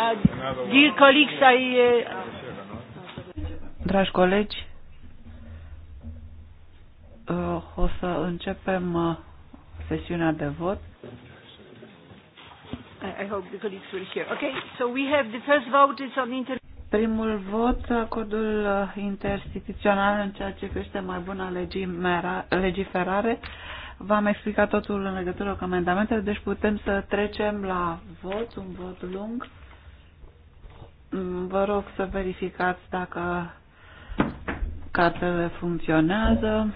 Uh, dear colleagues, I... Uh, Dragi colegi, uh, o să începem sesiunea de vot. I hope the colleagues will hear. Okay, so we have the first vote is on inter Primul vot, acordul interinstituțional în ceea ce crește mai bună legiferare. V-am explicat totul în legătură cu amendamentele, deci putem să trecem la vot, un vot lung. Vă rog să verificați dacă cartele funcționează.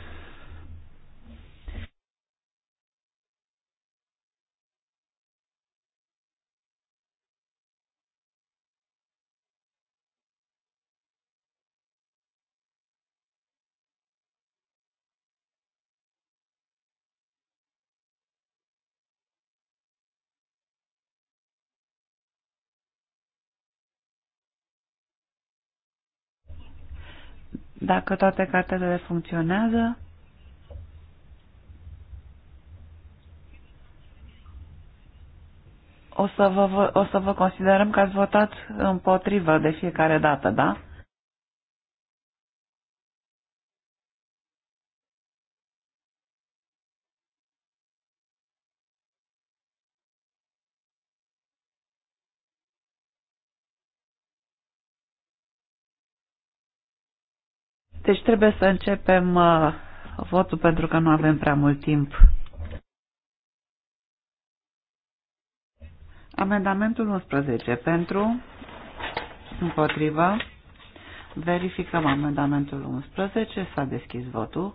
Dacă toate cartelele funcționează, o să vă, o să vă considerăm că ați votat împotrivă de fiecare dată, da? Deci trebuie să începem uh, votul pentru că nu avem prea mult timp. Amendamentul 11 pentru, împotriva, verificăm amendamentul 11, s-a deschis votul.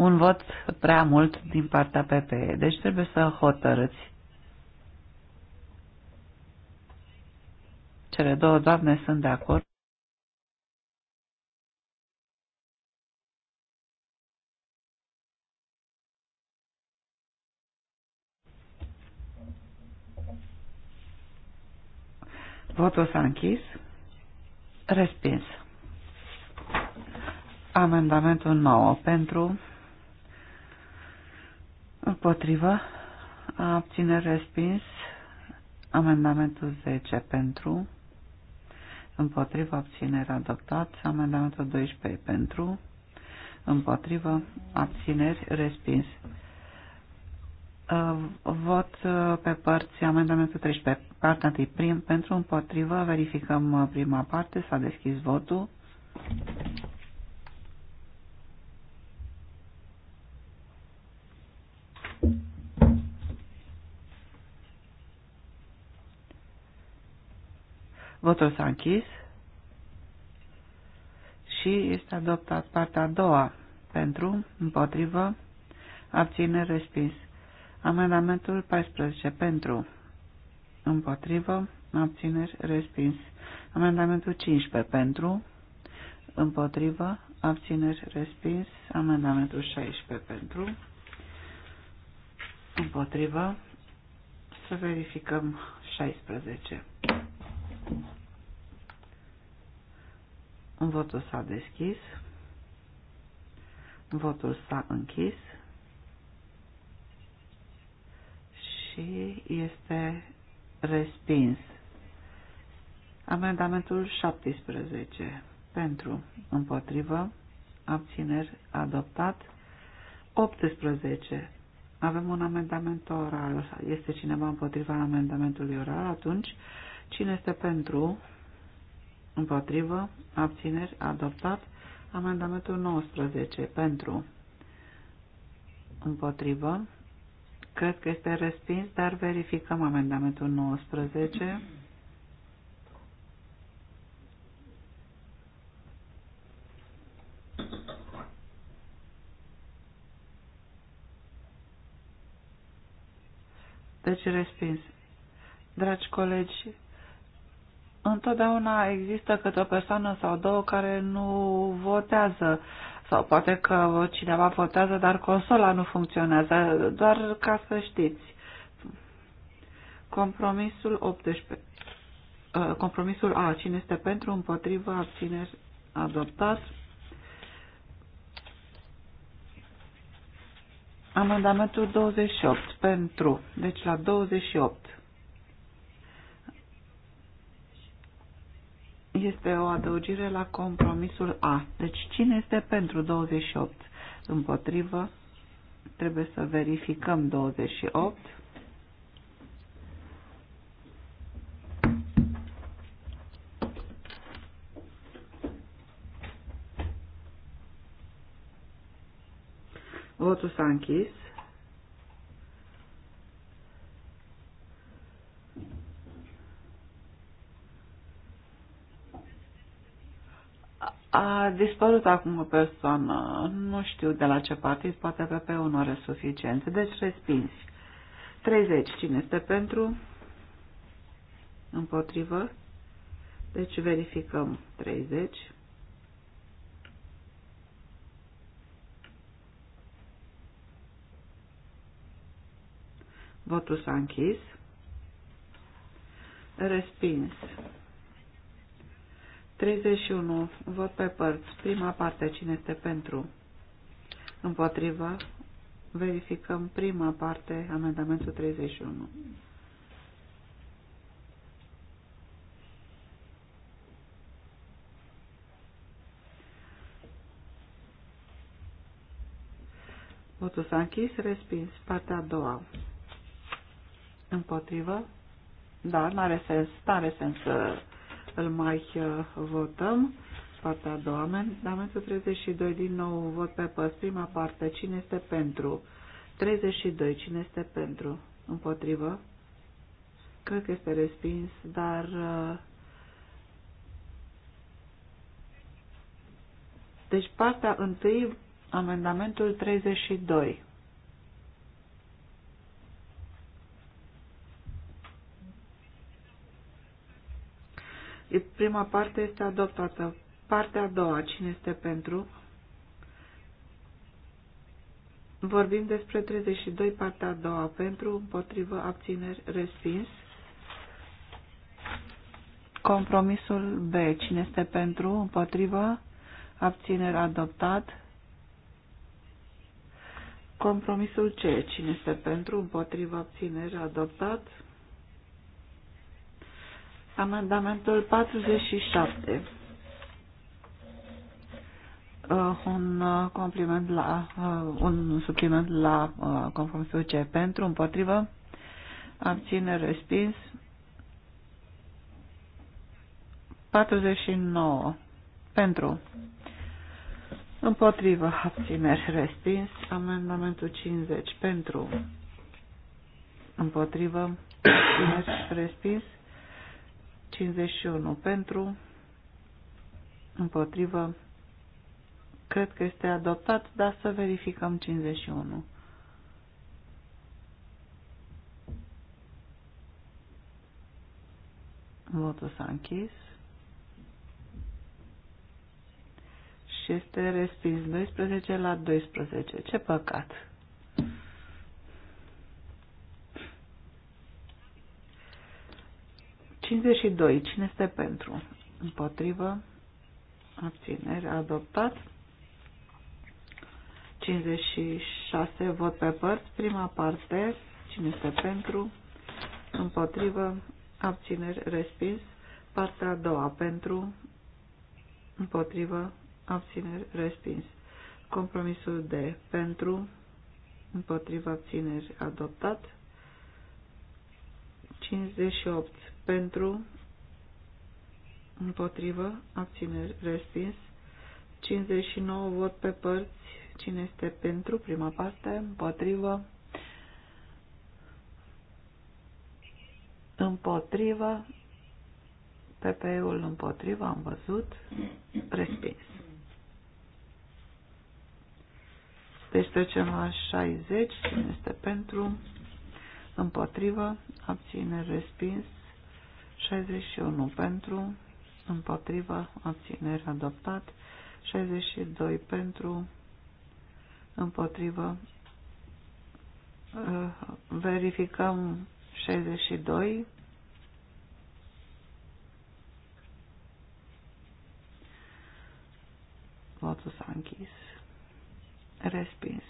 un vot prea mult din partea PPE. Deci trebuie să hotărâți. Cele două doamne sunt de acord. Votul s-a închis. Respins. Amendamentul 9 pentru Împotrivă. Abține respins. Amendamentul 10 pentru. Împotrivă abținere adoptat. Amendamentul 12 pentru. Împotrivă abțineri respins. Uh, vot uh, pe părți amendamentul 13. Partea 1. Prim pentru împotrivă. Verificăm uh, prima parte. S-a deschis votul. Votul s-a închis și este adoptat partea a doua pentru, împotrivă, abține, respins. Amendamentul 14 pentru, împotrivă, abțineri, respins. Amendamentul 15 pentru, împotrivă, abțineri, respins. Amendamentul 16 pentru, împotrivă, să verificăm 16. Votul s-a deschis. Votul s-a închis. Și este respins. Amendamentul 17. Pentru, împotrivă, abțineri, adoptat. 18. Avem un amendament oral. Este cineva împotriva amendamentului oral? Atunci Cine este pentru? Împotrivă. Abțineri. Adoptat. Amendamentul 19. Pentru. Împotrivă. Cred că este respins, dar verificăm amendamentul 19. Deci respins. Dragi colegi, întotdeauna există câte o persoană sau două care nu votează sau poate că cineva votează, dar consola nu funcționează, doar ca să știți. Compromisul 18. Uh, compromisul A. Cine este pentru, împotrivă, abțineri, adoptat. Amendamentul 28. Pentru. Deci la 28. Este o adăugire la compromisul A. Deci cine este pentru 28? Împotrivă? Trebuie să verificăm 28. Votul s-a închis. A dispărut acum o persoană, nu știu de la ce partid, poate avea pe nu oră suficient, deci respins. 30. Cine este pentru? Împotrivă. Deci verificăm 30. Votul s-a închis. Respins. 31. Vot pe părți. Prima parte. Cine este pentru? împotriva? Verificăm prima parte, amendamentul 31. Votul s-a închis, respins. Partea a doua. Împotrivă. Da, nu are sens, nu are sens să îl mai uh, votăm. Partea a doua, amendamentul 32 din nou, vot pe păs, prima parte, cine este pentru? 32, cine este pentru? Împotrivă? Cred că este respins, dar... Uh, deci partea întâi, amendamentul 32. Prima parte este adoptată. Partea a doua, cine este pentru? Vorbim despre 32, partea a doua, pentru, împotrivă, abțineri, respins. Compromisul B, cine este pentru, împotrivă, abțineri, adoptat. Compromisul C, cine este pentru, împotrivă, abțineri, adoptat. Amendamentul 47. Uh, un uh, compliment la, uh, un supliment la conformitul ce pentru, împotrivă, abține, respins. 49. Pentru. Împotrivă, abțineri, respins. Amendamentul 50. Pentru. Împotrivă, abțineri, respins. 51 pentru, împotrivă, cred că este adoptat, dar să verificăm 51. Votul s-a închis. Și este respins 12 la 12. Ce păcat! 52. Cine este pentru? Împotrivă. Abțineri. Adoptat. 56. Vot pe părți. Prima parte. Cine este pentru? Împotrivă. Abțineri. Respins. Partea a doua. Pentru. Împotrivă. Abțineri. Respins. Compromisul D. Pentru. Împotrivă. Abțineri. Adoptat. 58 pentru, împotrivă, abțineri, respins. 59 vot pe părți, cine este pentru prima parte, împotrivă, împotrivă, PP-ul împotrivă, am văzut, respins. Deci trecem la 60, cine este pentru, împotrivă, abține, respins, 61 pentru, împotriva, abțineri adoptat, 62 pentru, împotrivă. Eh, verificăm 62. Votul s-a închis. Respins.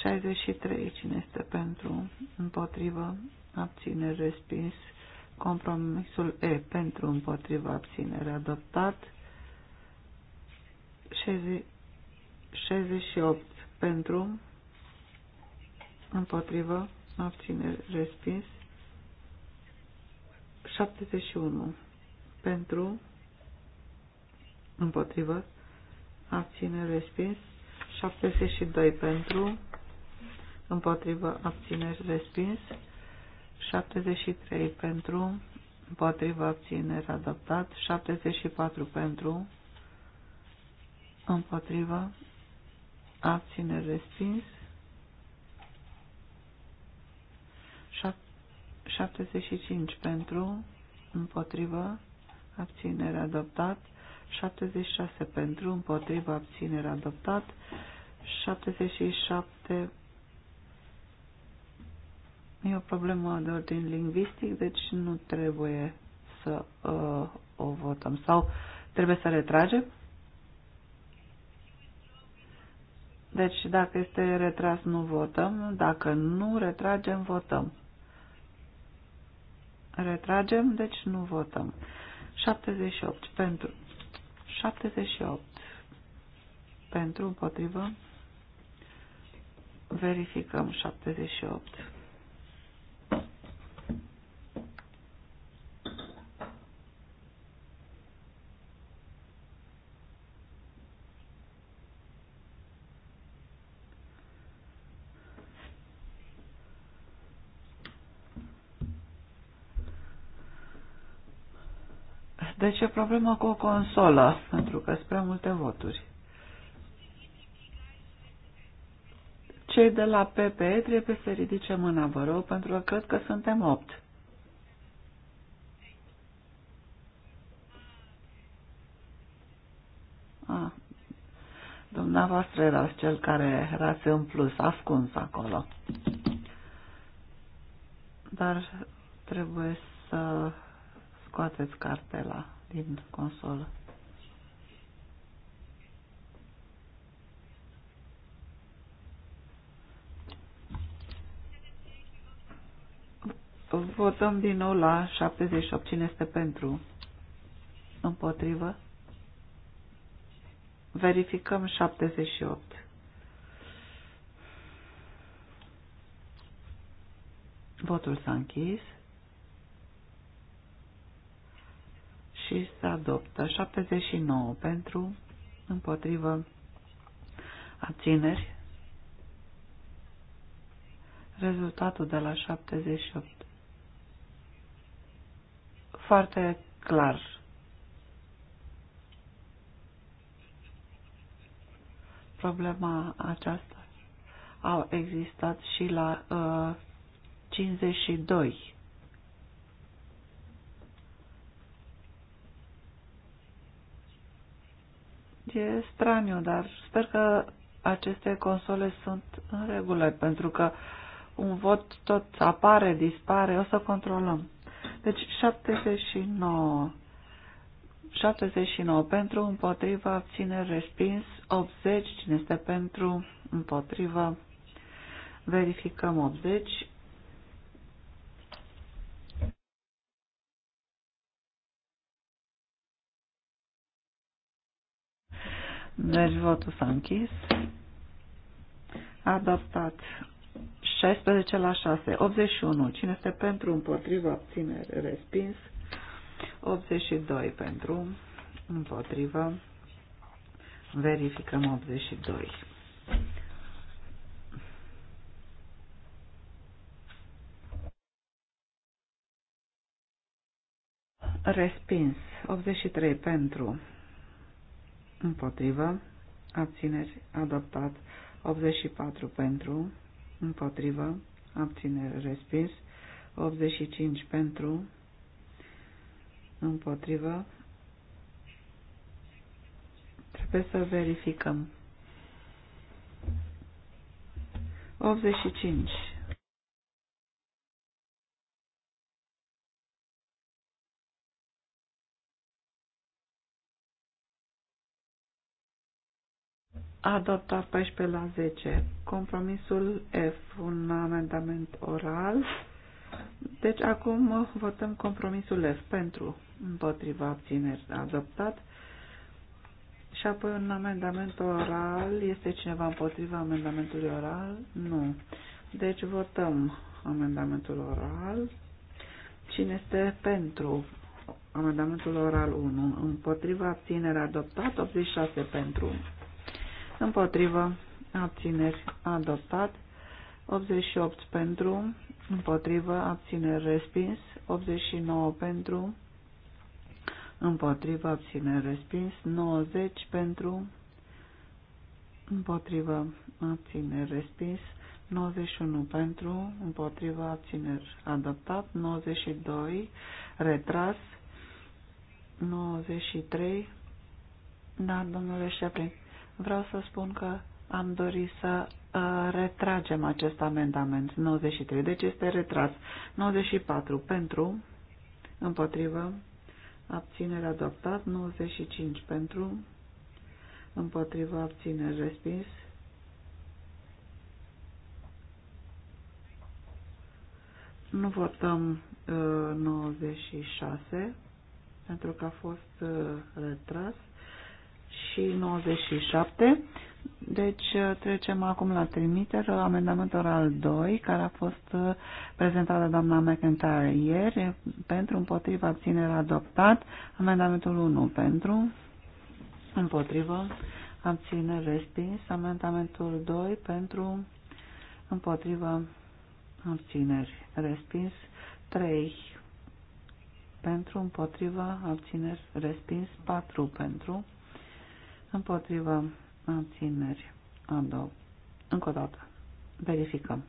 63. Cine este pentru? Împotrivă abțineri respins, compromisul E pentru împotriva abținere adoptat, 68 pentru împotriva abținere respins, 71 pentru împotriva abținere respins, 72 pentru împotriva abțineri respins, 73 pentru, împotriva abțineri adoptat, 74 pentru, împotriva abțineri respins, 75 pentru, împotriva abțineri adoptat, 76 pentru, împotriva abțineri adoptat, 77 E o problemă de ordin lingvistic, deci nu trebuie să uh, o votăm. Sau trebuie să retragem? Deci dacă este retras, nu votăm. Dacă nu retragem, votăm. Retragem, deci nu votăm. 78 pentru. 78 pentru, împotrivă. Verificăm 78. Deci e problema cu o consolă, pentru că sunt prea multe voturi. Cei de la PPE trebuie să ridice mâna, vă rog, pentru că cred că suntem opt. A, ah, dumneavoastră erați cel care erați în plus, ascuns acolo. Dar trebuie să scoateți cartela din consolă. Votăm din nou la 78. Cine este pentru? Împotrivă? Verificăm 78. Votul s-a închis. și se adoptă. 79 pentru, împotrivă, abțineri. Rezultatul de la 78. Foarte clar. Problema aceasta a existat și la uh, 52 E straniu, dar sper că aceste console sunt în regulă, pentru că un vot tot apare, dispare, o să controlăm. Deci 79. 79 pentru, împotriva, ține respins, 80, cine este pentru, împotriva, verificăm 80, Deci votul s-a închis. Adaptat 16 la 6. 81. Cine este pentru, împotrivă, abținere, respins. 82 pentru, împotrivă. Verificăm 82. Respins. 83 pentru, împotrivă, abțineri adoptat, 84 pentru, împotrivă, abțineri respins, 85 pentru, împotrivă, trebuie să verificăm. 85 adoptat 14 la 10. Compromisul F, un amendament oral. Deci acum votăm compromisul F pentru împotriva abțineri adoptat. Și apoi un amendament oral. Este cineva împotriva amendamentului oral? Nu. Deci votăm amendamentul oral. Cine este pentru amendamentul oral 1? Împotriva abținere adoptat, 86 pentru împotrivă, abțineri, adoptat. 88 pentru, împotrivă, abțineri, respins. 89 pentru, împotrivă, abțineri, respins. 90 pentru, împotrivă, abțineri, respins. 91 pentru, împotrivă, abțineri adoptat, 92 retras, 93 da, domnule Șeplin, Vreau să spun că am dorit să uh, retragem acest amendament 93, deci este retras. 94 pentru, împotrivă, abținere adoptat, 95 pentru, împotrivă, abținere respins. Nu votăm uh, 96 pentru că a fost uh, retras și 97. Deci uh, trecem acum la la amendamentul al 2, care a fost uh, prezentat de doamna McIntyre ieri, pentru împotriva abținere adoptat, amendamentul 1 pentru, împotrivă, abținere respins, amendamentul 2 pentru, împotriva, abțineri respins, 3 pentru, împotriva, abțineri respins, 4 pentru, împotriva abțineri adoptat. Încă o dată. Verificăm.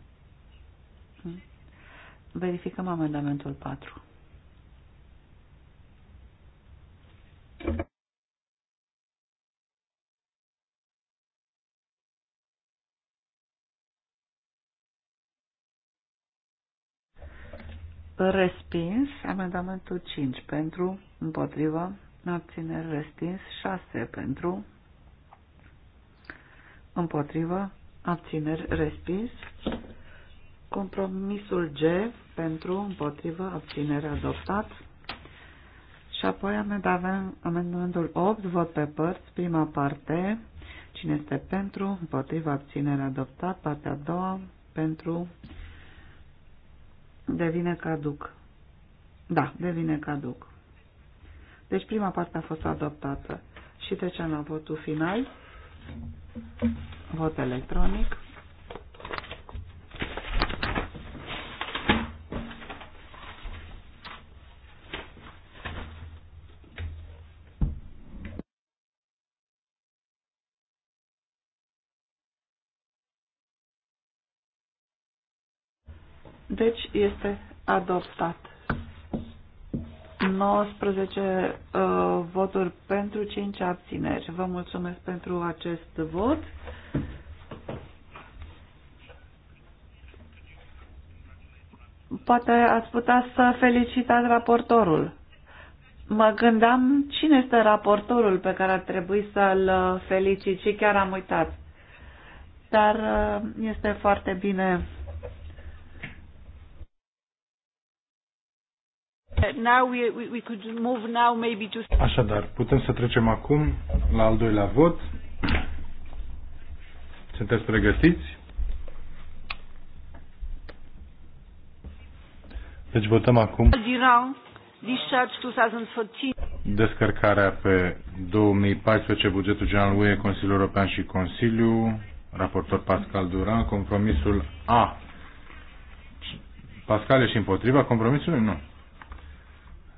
Verificăm amendamentul 4. Respins amendamentul 5 pentru împotriva abțineri respins 6 pentru, împotrivă, abțineri respins, compromisul G pentru, împotrivă, abținere adoptat și apoi avem amendamentul 8, vot pe părți, prima parte, cine este pentru, împotrivă, abținere adoptat, partea a doua, pentru, devine caduc. Da, devine caduc. Deci prima parte a fost adoptată. Și trecem la votul final. Vot electronic. Deci este adoptat. 19 uh, voturi pentru, 5 abțineri. Vă mulțumesc pentru acest vot. Poate ați putea să felicitați raportorul. Mă gândeam cine este raportorul pe care ar trebui să-l felicit și chiar am uitat. Dar uh, este foarte bine Now we, we, we could move now maybe to... Așadar, putem să trecem acum la al doilea vot. Sunteți pregătiți? Deci votăm acum 2014. Descărcarea pe 2014, bugetul general UE, Consiliul European și Consiliu, raportor Pascal Duran, compromisul A. Pascal e și împotriva compromisului? Nu.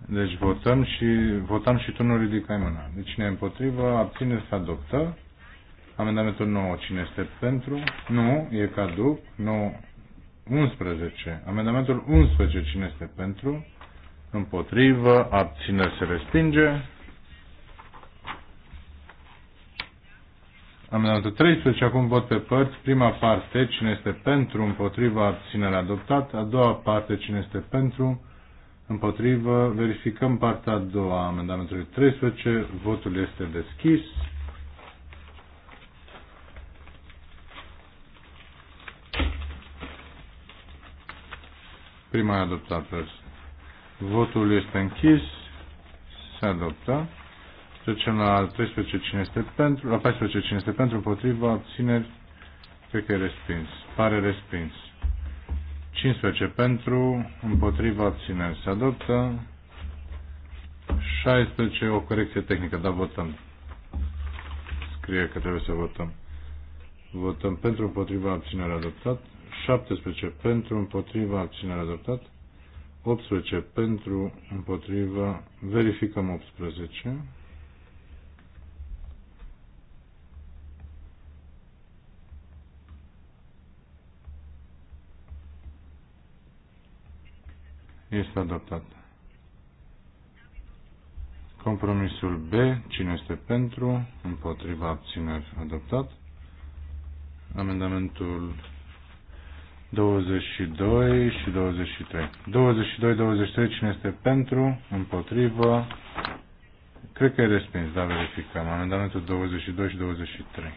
Deci votăm și, votăm și tu nu ridicai mâna. Deci cine împotrivă, abține, să adoptă. Amendamentul 9, cine este pentru? Nu, e caduc. Nu, 11. Amendamentul 11, cine este pentru? Împotrivă, abține, se respinge. Amendamentul 13, acum vot pe părți. Prima parte, cine este pentru, împotriva, abținere adoptat. A doua parte, cine este pentru, împotrivă, verificăm partea a doua a amendamentului 13, votul este deschis. Prima e adoptată. Votul este închis. Se adoptă. Trecem la 13 cine este pentru, la 14 cine este pentru, împotriva, abțineri, cred că e respins. Pare respins. 15 pentru, împotriva abțineri se adoptă. 16 o corecție tehnică, da, votăm. Scrie că trebuie să votăm. Votăm pentru, împotriva abținerea adoptat. 17 pentru, împotriva abținerea adoptat. 18 pentru, împotriva, verificăm 18. Este adoptat. Compromisul B. Cine este pentru? Împotriva abțineri. Adoptat. Amendamentul 22 și 23. 22-23. Cine este pentru? Împotrivă? Cred că e respins, dar verificăm. Amendamentul 22 și 23.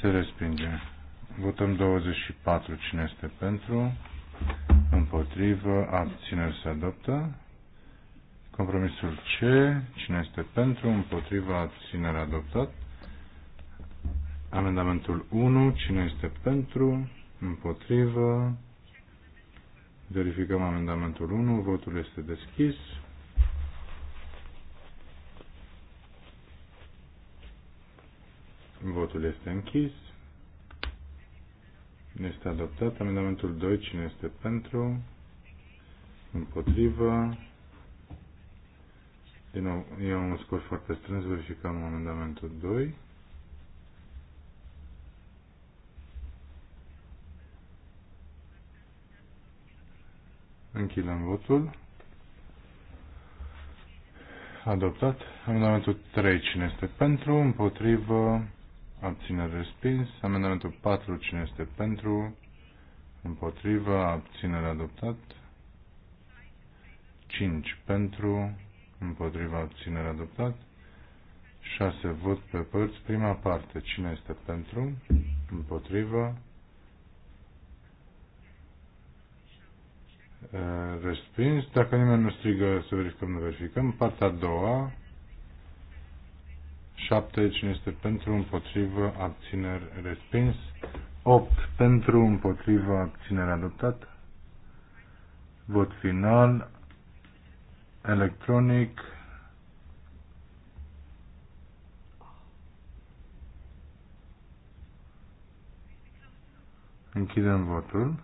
Se respinge. Votăm 24. Cine este pentru? Împotrivă. Abțineri se adoptă. Compromisul C. Cine este pentru? Împotrivă. Abținere adoptat. Amendamentul 1. Cine este pentru? Împotrivă. Verificăm amendamentul 1. Votul este deschis. Votul este închis. Este adoptat amendamentul 2. Cine este pentru? Împotrivă. Din nou, e un scor foarte strâns. Verificăm amendamentul 2. Închidem votul. Adoptat. Amendamentul 3. Cine este pentru? Împotrivă abțineri respins, amendamentul 4, cine este pentru, împotrivă, abținere adoptat, 5 pentru, împotriva abținere adoptat, 6 vot pe părți, prima parte, cine este pentru, împotrivă, respins, dacă nimeni nu strigă să verificăm, nu verificăm, partea a doua, 7. Cine este pentru, împotrivă, abțineri, respins. 8. Pentru, împotrivă, abținere, adoptat. Vot final. Electronic. Închidem votul.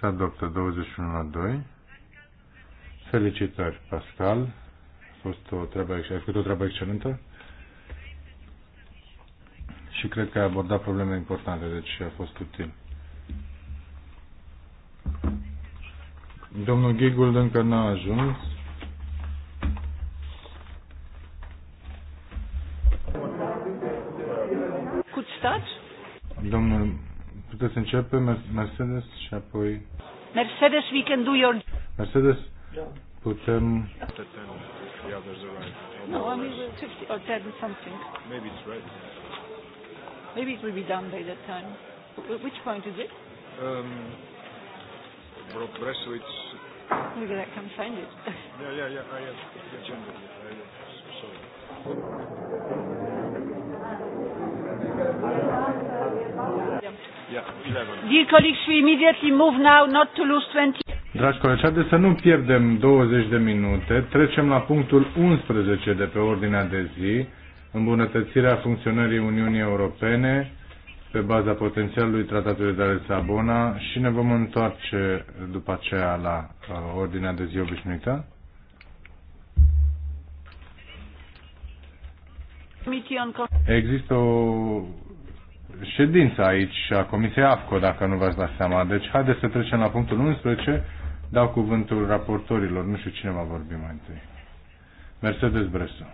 Se adoptă 21 la 2. Felicitări, Pascal. A fost o treabă, ai făcut o treabă excelentă și cred că ai abordat probleme importante, deci a fost util. Domnul Ghigul încă n-a ajuns. Domnul, puteți începe Mercedes și apoi... Mercedes, we can do your... Mercedes, putem... No, I mean, 50 or 10 something. Maybe it's right. Maybe it will be done by that time. Which point is it? Um, Bressowitz. Maybe I can find it. yeah, yeah, yeah. I have the agenda. sorry. Yeah, 11. Dear colleagues, we immediately move now, not to lose 20. Dragi colegi, haideți să nu pierdem 20 de minute. Trecem la punctul 11 de pe ordinea de zi, îmbunătățirea funcționării Uniunii Europene pe baza potențialului Tratatului de la Lisabona și ne vom întoarce după aceea la uh, ordinea de zi obișnuită. Există o ședință aici a Comisiei AFCO, dacă nu v-ați dat seama. Deci haideți să trecem la punctul 11, Dau cuvântul raportorilor, nu știu cine va vorbi mai întâi. Mercedes Bresu.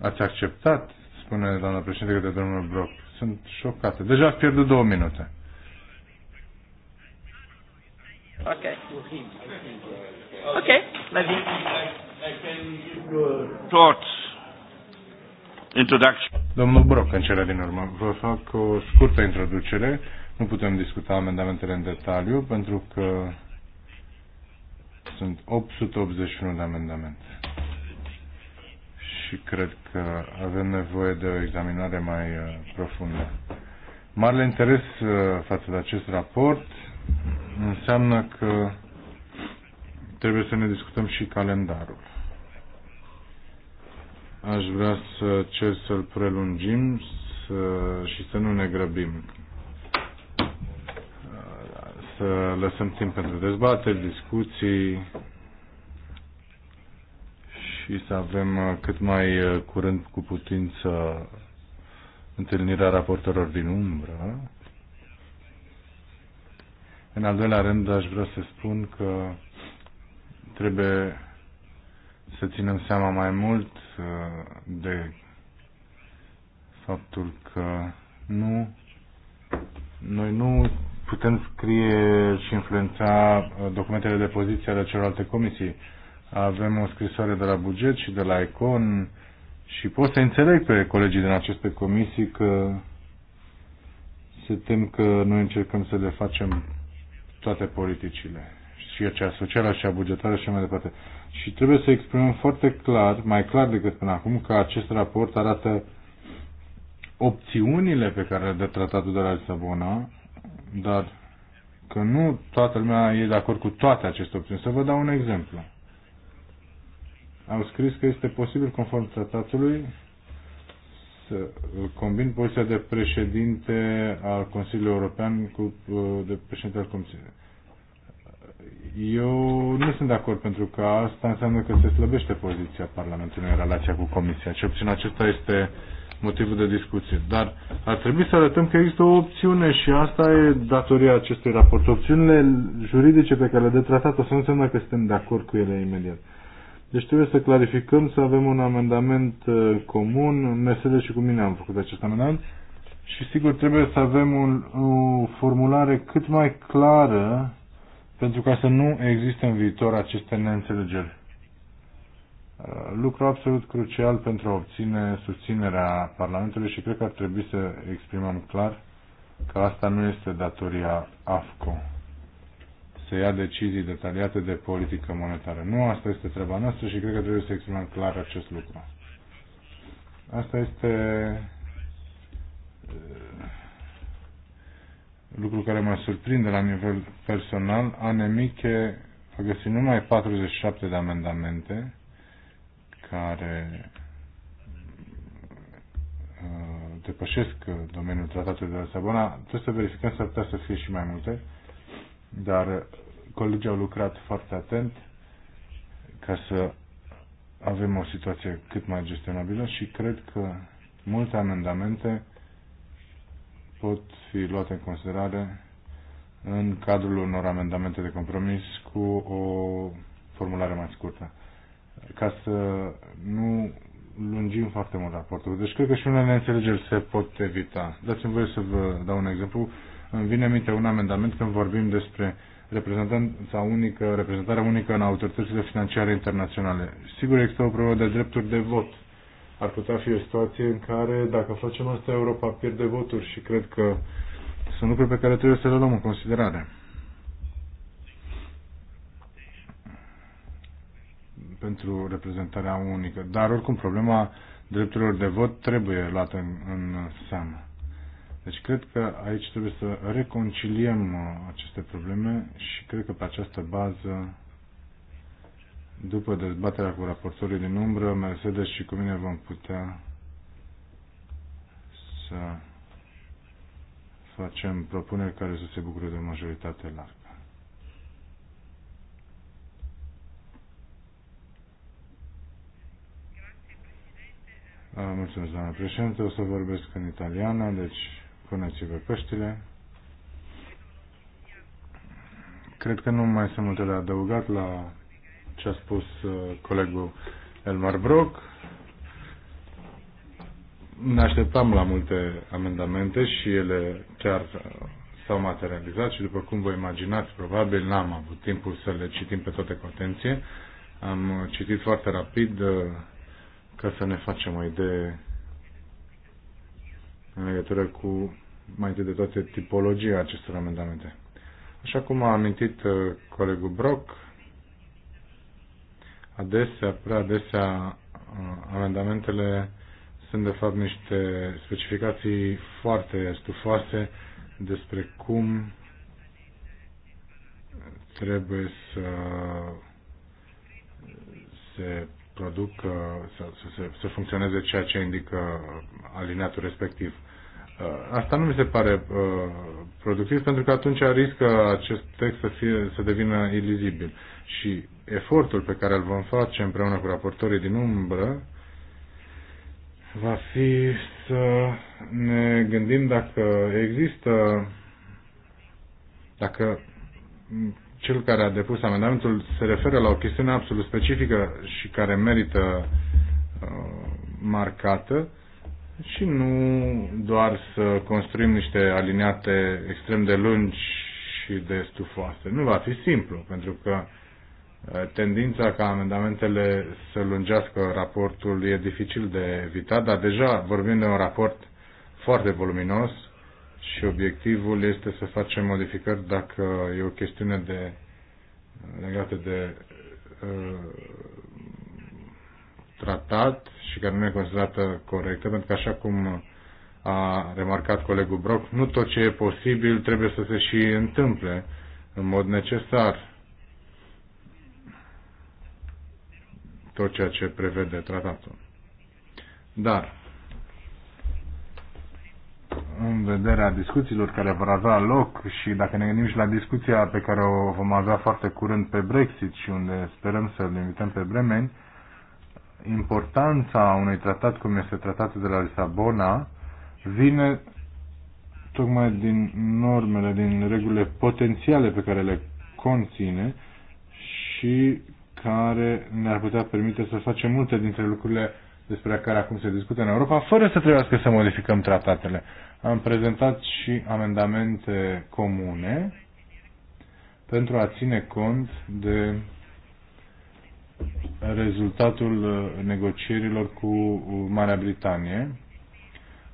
Ați acceptat, spune doamna președinte, de domnul Brock. Sunt șocată. Deja ați pierdut două minute. Ok. Ok, Levin. Thoughts introduction. Domnul Broc, în cele din urmă, vă fac o scurtă introducere. Nu putem discuta amendamentele în detaliu pentru că sunt 881 de amendamente. Și cred că avem nevoie de o examinare mai uh, profundă. Marele interes uh, față de acest raport înseamnă că trebuie să ne discutăm și calendarul. Aș vrea să cer să-l prelungim să, și să nu ne grăbim. Să lăsăm timp pentru dezbateri, discuții și să avem uh, cât mai uh, curând cu putință întâlnirea raportorilor din umbră. În al doilea rând, aș vrea să spun că trebuie să ținem seama mai mult uh, de faptul că nu noi nu putem scrie și influența uh, documentele de poziție ale celorlalte comisii. Avem o scrisoare de la buget și de la Econ și pot să înțeleg pe colegii din aceste comisii că se tem că noi încercăm să le facem toate politicile și cea socială și a bugetară și mai departe. Și trebuie să exprimăm foarte clar, mai clar decât până acum, că acest raport arată opțiunile pe care le dă tratatul de la Lisabona, dar că nu toată lumea e de acord cu toate aceste opțiuni. Să vă dau un exemplu. Au scris că este posibil, conform tratatului, să combin poziția de președinte al Consiliului European cu de președinte al Comisiei eu nu sunt de acord pentru că asta înseamnă că se slăbește poziția Parlamentului în relația cu Comisia. Și puțin acesta este motivul de discuție. Dar ar trebui să arătăm că există o opțiune și asta e datoria acestui raport. Opțiunile juridice pe care le dă tratatul să nu înseamnă că suntem de acord cu ele imediat. Deci trebuie să clarificăm, să avem un amendament uh, comun. Mesele și cu mine am făcut acest amendament. Și sigur trebuie să avem un, o formulare cât mai clară pentru ca să nu existe în viitor aceste neînțelegeri. Uh, lucru absolut crucial pentru a obține susținerea Parlamentului și cred că ar trebui să exprimăm clar că asta nu este datoria AFCO să ia decizii detaliate de politică monetară. Nu asta este treaba noastră și cred că trebuie să exprimăm clar acest lucru. Asta este uh, lucru care mă surprinde la nivel personal, Anemiche a găsit numai 47 de amendamente care uh, depășesc domeniul tratatului de la Sabona. Trebuie să verificăm, s-ar putea să fie și mai multe, dar colegii au lucrat foarte atent ca să avem o situație cât mai gestionabilă și cred că multe amendamente pot fi luate în considerare în cadrul unor amendamente de compromis cu o formulare mai scurtă, ca să nu lungim foarte mult raportul. Deci cred că și unele neînțelegeri se pot evita. Dați-mi voie să vă dau un exemplu. Îmi vine în minte un amendament când vorbim despre reprezentanța unică, reprezentarea unică în autoritățile financiare internaționale. Sigur, există o problemă de drepturi de vot ar putea fi o situație în care, dacă facem asta, Europa pierde voturi și cred că sunt lucruri pe care trebuie să le luăm în considerare. pentru reprezentarea unică. Dar, oricum, problema drepturilor de vot trebuie luată în, în seamă. Deci cred că aici trebuie să reconciliem uh, aceste probleme și cred că pe această bază după dezbaterea cu raportorii din umbră, Mercedes și cu mine vom putea să facem propuneri care să se bucure de majoritate largă. Ah, mulțumesc, doamna președinte. O să vorbesc în italiană, deci puneți-vă căștile. Cred că nu mai sunt multe de adăugat la ce a spus uh, colegul Elmar Brock. Ne așteptam la multe amendamente și ele chiar s-au materializat și după cum vă imaginați, probabil n-am avut timpul să le citim pe toate cu atenție. Am citit foarte rapid uh, ca să ne facem o idee în legătură cu mai întâi de toate tipologia acestor amendamente. Așa cum a amintit uh, colegul Brock, adesea, prea adesea, uh, amendamentele sunt de fapt niște specificații foarte stufoase despre cum trebuie să se producă, să, să, să funcționeze ceea ce indică alineatul respectiv. Uh, asta nu mi se pare uh, productiv pentru că atunci riscă acest text să, fie, să devină ilizibil. Și efortul pe care îl vom face împreună cu raportorii din umbră va fi să ne gândim dacă există, dacă cel care a depus amendamentul se referă la o chestiune absolut specifică și care merită uh, marcată și nu doar să construim niște aliniate extrem de lungi și de stufoase. Nu va fi simplu, pentru că uh, tendința ca amendamentele să lungească raportul e dificil de evitat, dar deja vorbim de un raport foarte voluminos și obiectivul este să facem modificări dacă e o chestiune de, legată de uh, tratat și care nu e considerată corectă, pentru că așa cum a remarcat colegul Brock, nu tot ce e posibil trebuie să se și întâmple în mod necesar. tot ceea ce prevede tratatul. Dar, în vederea discuțiilor care vor avea loc și dacă ne gândim și la discuția pe care o vom avea foarte curând pe Brexit și unde sperăm să-l invităm pe Bremeni, importanța unui tratat cum este tratatul de la Lisabona vine tocmai din normele, din regulile potențiale pe care le conține și care ne-ar putea permite să facem multe dintre lucrurile despre care acum se discută în Europa, fără să trebuiască să modificăm tratatele. Am prezentat și amendamente comune pentru a ține cont de rezultatul uh, negocierilor cu uh, Marea Britanie.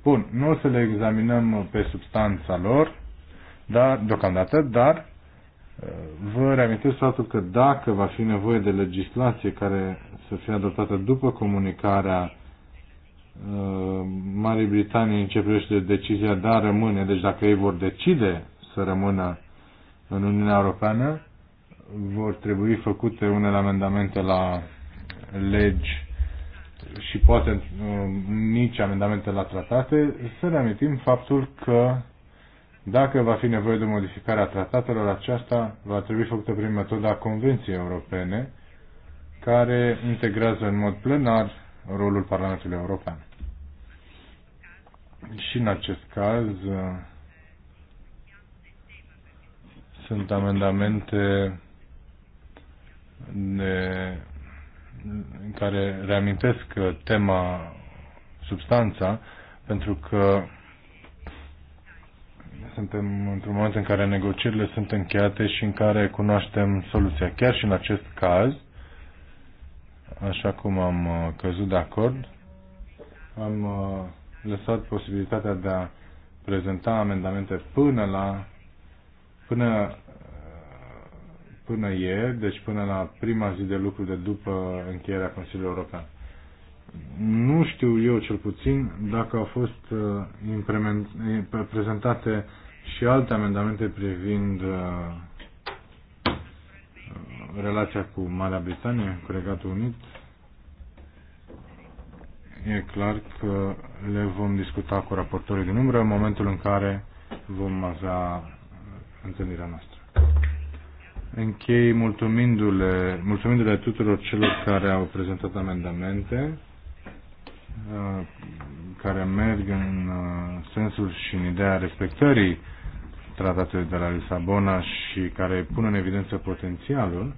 Bun, nu o să le examinăm uh, pe substanța lor, dar, deocamdată, dar vă reamintesc faptul că dacă va fi nevoie de legislație care să fie adoptată după comunicarea Marii Britanii în ce privește decizia de a rămâne, deci dacă ei vor decide să rămână în Uniunea Europeană, vor trebui făcute unele amendamente la legi și poate uh, nici amendamente la tratate, să reamintim faptul că dacă va fi nevoie de modificarea tratatelor, aceasta va trebui făcută prin metoda Convenției Europene, care integrează în mod plenar rolul Parlamentului European. Și în acest caz uh, sunt amendamente de, în care reamintesc uh, tema, substanța, pentru că suntem într-un moment în care negocierile sunt încheiate și în care cunoaștem soluția. Chiar și în acest caz, așa cum am uh, căzut de acord, am uh, lăsat posibilitatea de a prezenta amendamente până la până până ieri, deci până la prima zi de lucru de după încheierea Consiliului European. Nu știu eu cel puțin dacă au fost uh, prezentate și alte amendamente privind uh, relația cu Marea Britanie, cu Regatul Unit. E clar că le vom discuta cu raportorii din umbră în momentul în care vom avea uh, întâlnirea noastră. Închei mulțumindu-le, mulțumindu tuturor celor care au prezentat amendamente uh, care merg în uh, sensul și în ideea respectării tratatului de la Lisabona și care pun în evidență potențialul,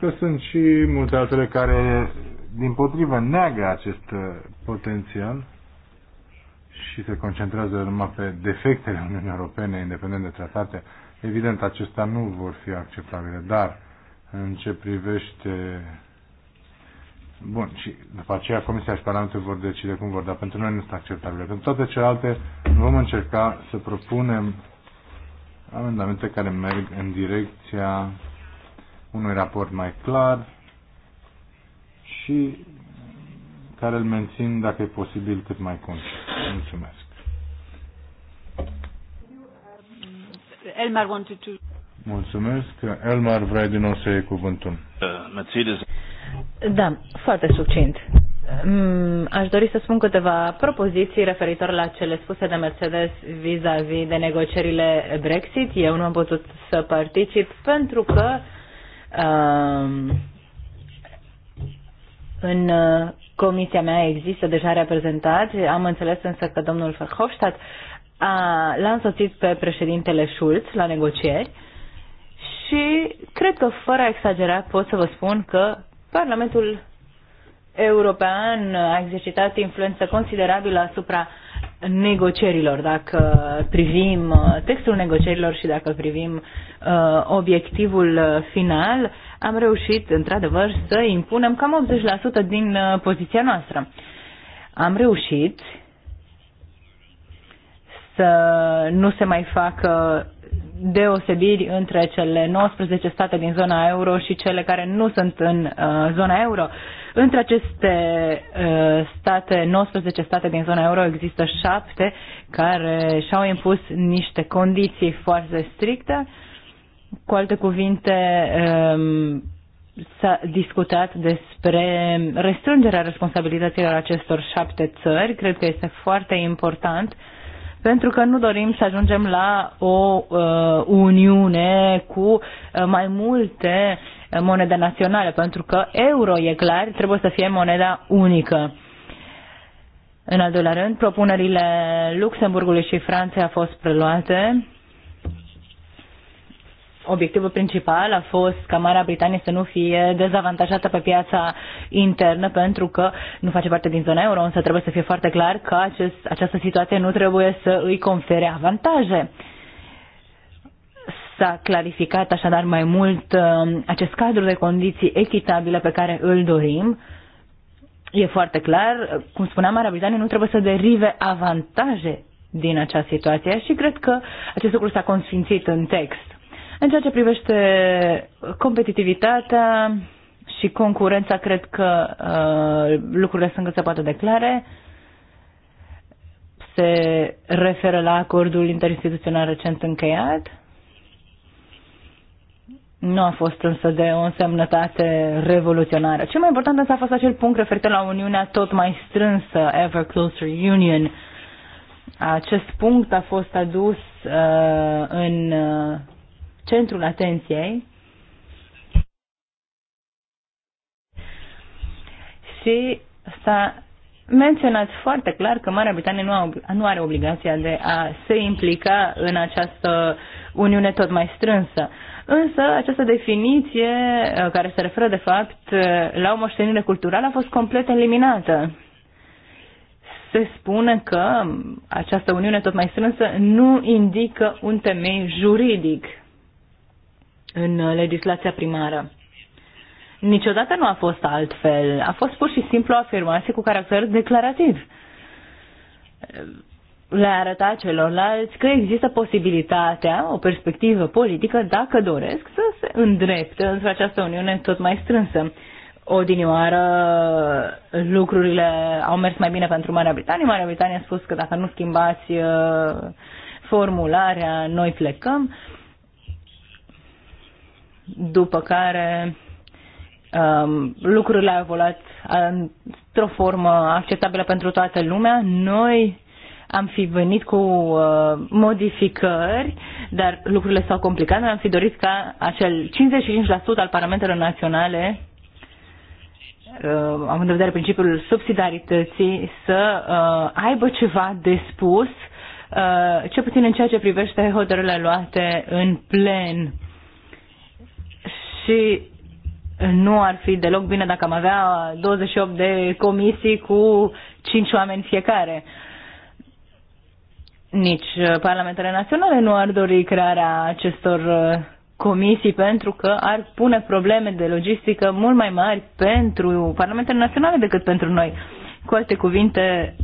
că sunt și multe altele care, din potrivă, neagă acest uh, potențial și se concentrează numai pe defectele Uniunii Europene, independent de tratate. Evident, acestea nu vor fi acceptabile, dar în ce privește... Bun, și după aceea Comisia și Parlamentul vor decide cum vor, dar pentru noi nu sunt acceptabile. Pentru toate celelalte vom încerca să propunem amendamente care merg în direcția unui raport mai clar și care îl mențin, dacă e posibil, cât mai concis. Mulțumesc. Elmar wanted to... Mulțumesc. Elmar vrea din nou să iei cuvântul. Uh, Mercedes. Da, foarte succint. Mm, aș dori să spun câteva propoziții referitor la cele spuse de Mercedes vis-a-vis -vis de negocierile Brexit. Eu nu am putut să particip pentru că um, în uh, comisia mea există deja reprezentat. Am înțeles însă că domnul Verhofstadt uh, l-a însoțit pe președintele Schulz la negocieri și cred că fără a exagera pot să vă spun că Parlamentul European a exercitat influență considerabilă asupra negocierilor, dacă privim uh, textul negocierilor și dacă privim uh, obiectivul uh, final, am reușit într-adevăr să impunem cam 80% din uh, poziția noastră. Am reușit să nu se mai facă deosebiri între cele 19 state din zona euro și cele care nu sunt în uh, zona euro. Între aceste uh, state, 19 state din zona euro, există șapte care și-au impus niște condiții foarte stricte. Cu alte cuvinte, um, s-a discutat despre restrângerea responsabilităților acestor șapte țări. Cred că este foarte important uh, pentru că nu dorim să ajungem la o uh, uniune cu uh, mai multe uh, monede naționale, pentru că euro, e clar, trebuie să fie moneda unică. În al doilea rând, propunerile Luxemburgului și Franței au fost preluate obiectivul principal a fost ca Marea Britanie să nu fie dezavantajată pe piața internă pentru că nu face parte din zona euro, însă trebuie să fie foarte clar că acest, această situație nu trebuie să îi confere avantaje. S-a clarificat așadar mai mult uh, acest cadru de condiții echitabile pe care îl dorim. E foarte clar, cum spuneam, Marea Britanie nu trebuie să derive avantaje din această situație și cred că acest lucru s-a consfințit în text. În ceea ce privește uh, competitivitatea și concurența, cred că uh, lucrurile sunt cât se poate declare. Se referă la acordul interinstituțional recent încheiat. Nu a fost însă de o însemnătate revoluționară. Cel mai important însă a fost acel punct referitor la Uniunea tot mai strânsă, Ever Closer Union. Acest punct a fost adus uh, în uh, centrul atenției și s-a menționat foarte clar că Marea Britanie nu, a, nu are obligația de a se implica în această uniune tot mai strânsă. Însă această definiție uh, care se referă de fapt uh, la o moștenire culturală a fost complet eliminată. Se spune că um, această uniune tot mai strânsă nu indică un temei juridic în uh, legislația primară. Niciodată nu a fost altfel. A fost pur și simplu o afirmație cu caracter declarativ. Uh, le-a arătat celorlalți că există posibilitatea, o perspectivă politică, dacă doresc, să se îndrepte într-o această uniune tot mai strânsă. Odinioară lucrurile au mers mai bine pentru Marea Britanie. Marea Britanie a spus că dacă nu schimbați uh, formularea, noi plecăm după care um, lucrurile au evoluat într-o formă acceptabilă pentru toată lumea. Noi am fi venit cu uh, modificări, dar lucrurile s-au complicat. Noi am fi dorit ca acel 55% al parlamentelor naționale uh, având în vedere principiul subsidiarității, să uh, aibă ceva de spus, uh, ce puțin în ceea ce privește hotărârile luate în plen și nu ar fi deloc bine dacă am avea 28 de comisii cu 5 oameni fiecare. Nici uh, parlamentele naționale nu ar dori crearea acestor uh, comisii pentru că ar pune probleme de logistică mult mai mari pentru parlamentele naționale decât pentru noi. Cu alte cuvinte,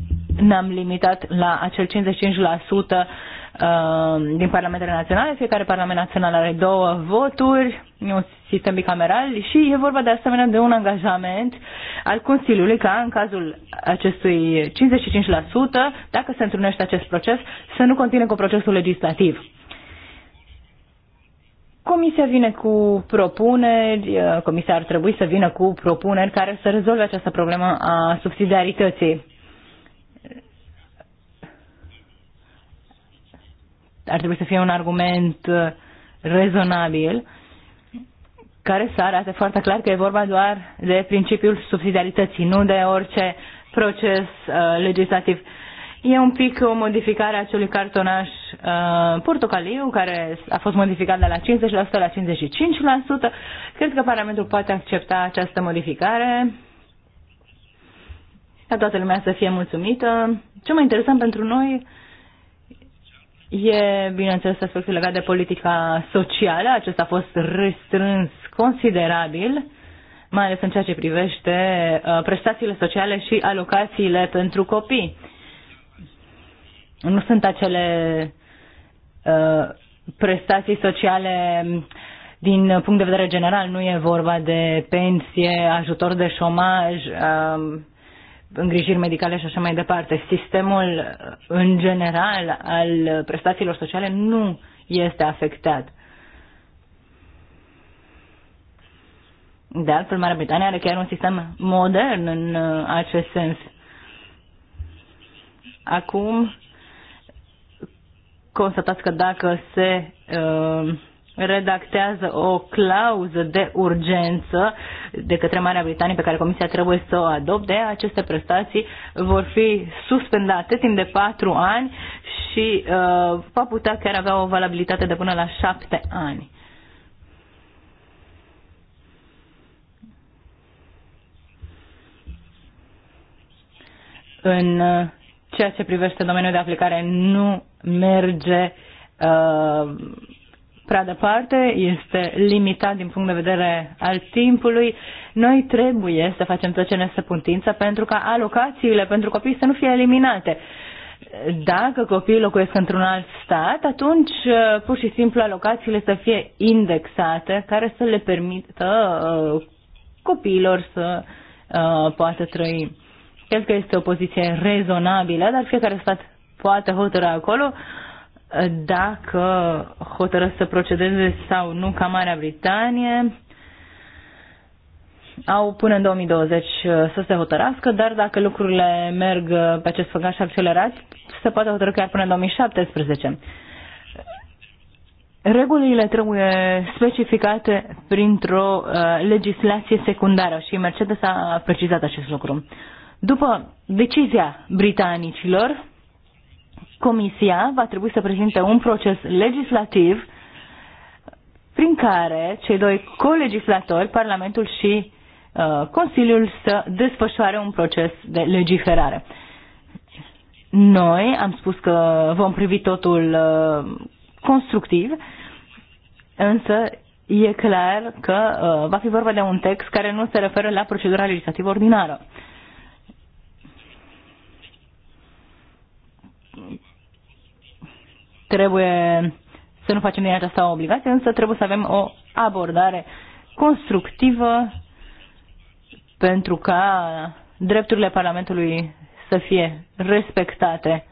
ne-am limitat la acel 55% Uh, din parlamentele naționale, fiecare parlament național are două voturi, un sistem bicameral și e vorba de asemenea de un angajament al Consiliului ca în cazul acestui 55%, dacă se întrunește acest proces, să nu continue cu procesul legislativ. Comisia vine cu propuneri, uh, comisia ar trebui să vină cu propuneri care să rezolve această problemă a subsidiarității ar trebui să fie un argument uh, rezonabil care să arate foarte clar că e vorba doar de principiul subsidiarității, nu de orice proces uh, legislativ. E un pic o modificare a acelui cartonaș uh, portocaliu, care a fost modificat de la 50% la 55%. Cred că Parlamentul poate accepta această modificare ca toată lumea să fie mulțumită. Ce mai interesant pentru noi E, bineînțeles, aspectul legat de politica socială. Acesta a fost restrâns considerabil, mai ales în ceea ce privește uh, prestațiile sociale și alocațiile pentru copii. Nu sunt acele uh, prestații sociale um, din punct de vedere general, nu e vorba de pensie, ajutor de șomaj, uh, îngrijiri medicale și așa mai departe. Sistemul în general al prestațiilor sociale nu este afectat. De altfel, Marea Britanie are chiar un sistem modern în uh, acest sens. Acum, constatați că dacă se uh, redactează o clauză de urgență de către Marea Britanie pe care Comisia trebuie să o adopte, aceste prestații vor fi suspendate timp de patru ani și uh, va putea chiar avea o valabilitate de până la șapte ani. În uh, ceea ce privește domeniul de aplicare nu merge uh, prea departe, este limitat din punct de vedere al timpului. Noi trebuie să facem tot ce ne stă putință pentru ca alocațiile pentru copii să nu fie eliminate. Dacă copiii locuiesc într-un alt stat, atunci uh, pur și simplu alocațiile să fie indexate, care să le permită uh, copiilor să uh, poată trăi. Cred că este o poziție rezonabilă, dar fiecare stat poate hotărâ acolo uh, dacă hotărăsc să procedeze sau nu ca Marea Britanie. Au până în 2020 uh, să se hotărască, dar dacă lucrurile merg uh, pe acest făgaș accelerat, se poate hotărâ chiar până în 2017. Regulile trebuie specificate printr-o uh, legislație secundară și Mercedes a precizat acest lucru. După decizia britanicilor, Comisia va trebui să prezinte un proces legislativ prin care cei doi colegislatori, Parlamentul și uh, Consiliul, să desfășoare un proces de legiferare. Noi am spus că vom privi totul uh, constructiv, însă e clar că uh, va fi vorba de un text care nu se referă la procedura legislativă ordinară. Trebuie să nu facem din aceasta o obligație, însă trebuie să avem o abordare constructivă pentru ca drepturile Parlamentului să fie respectate.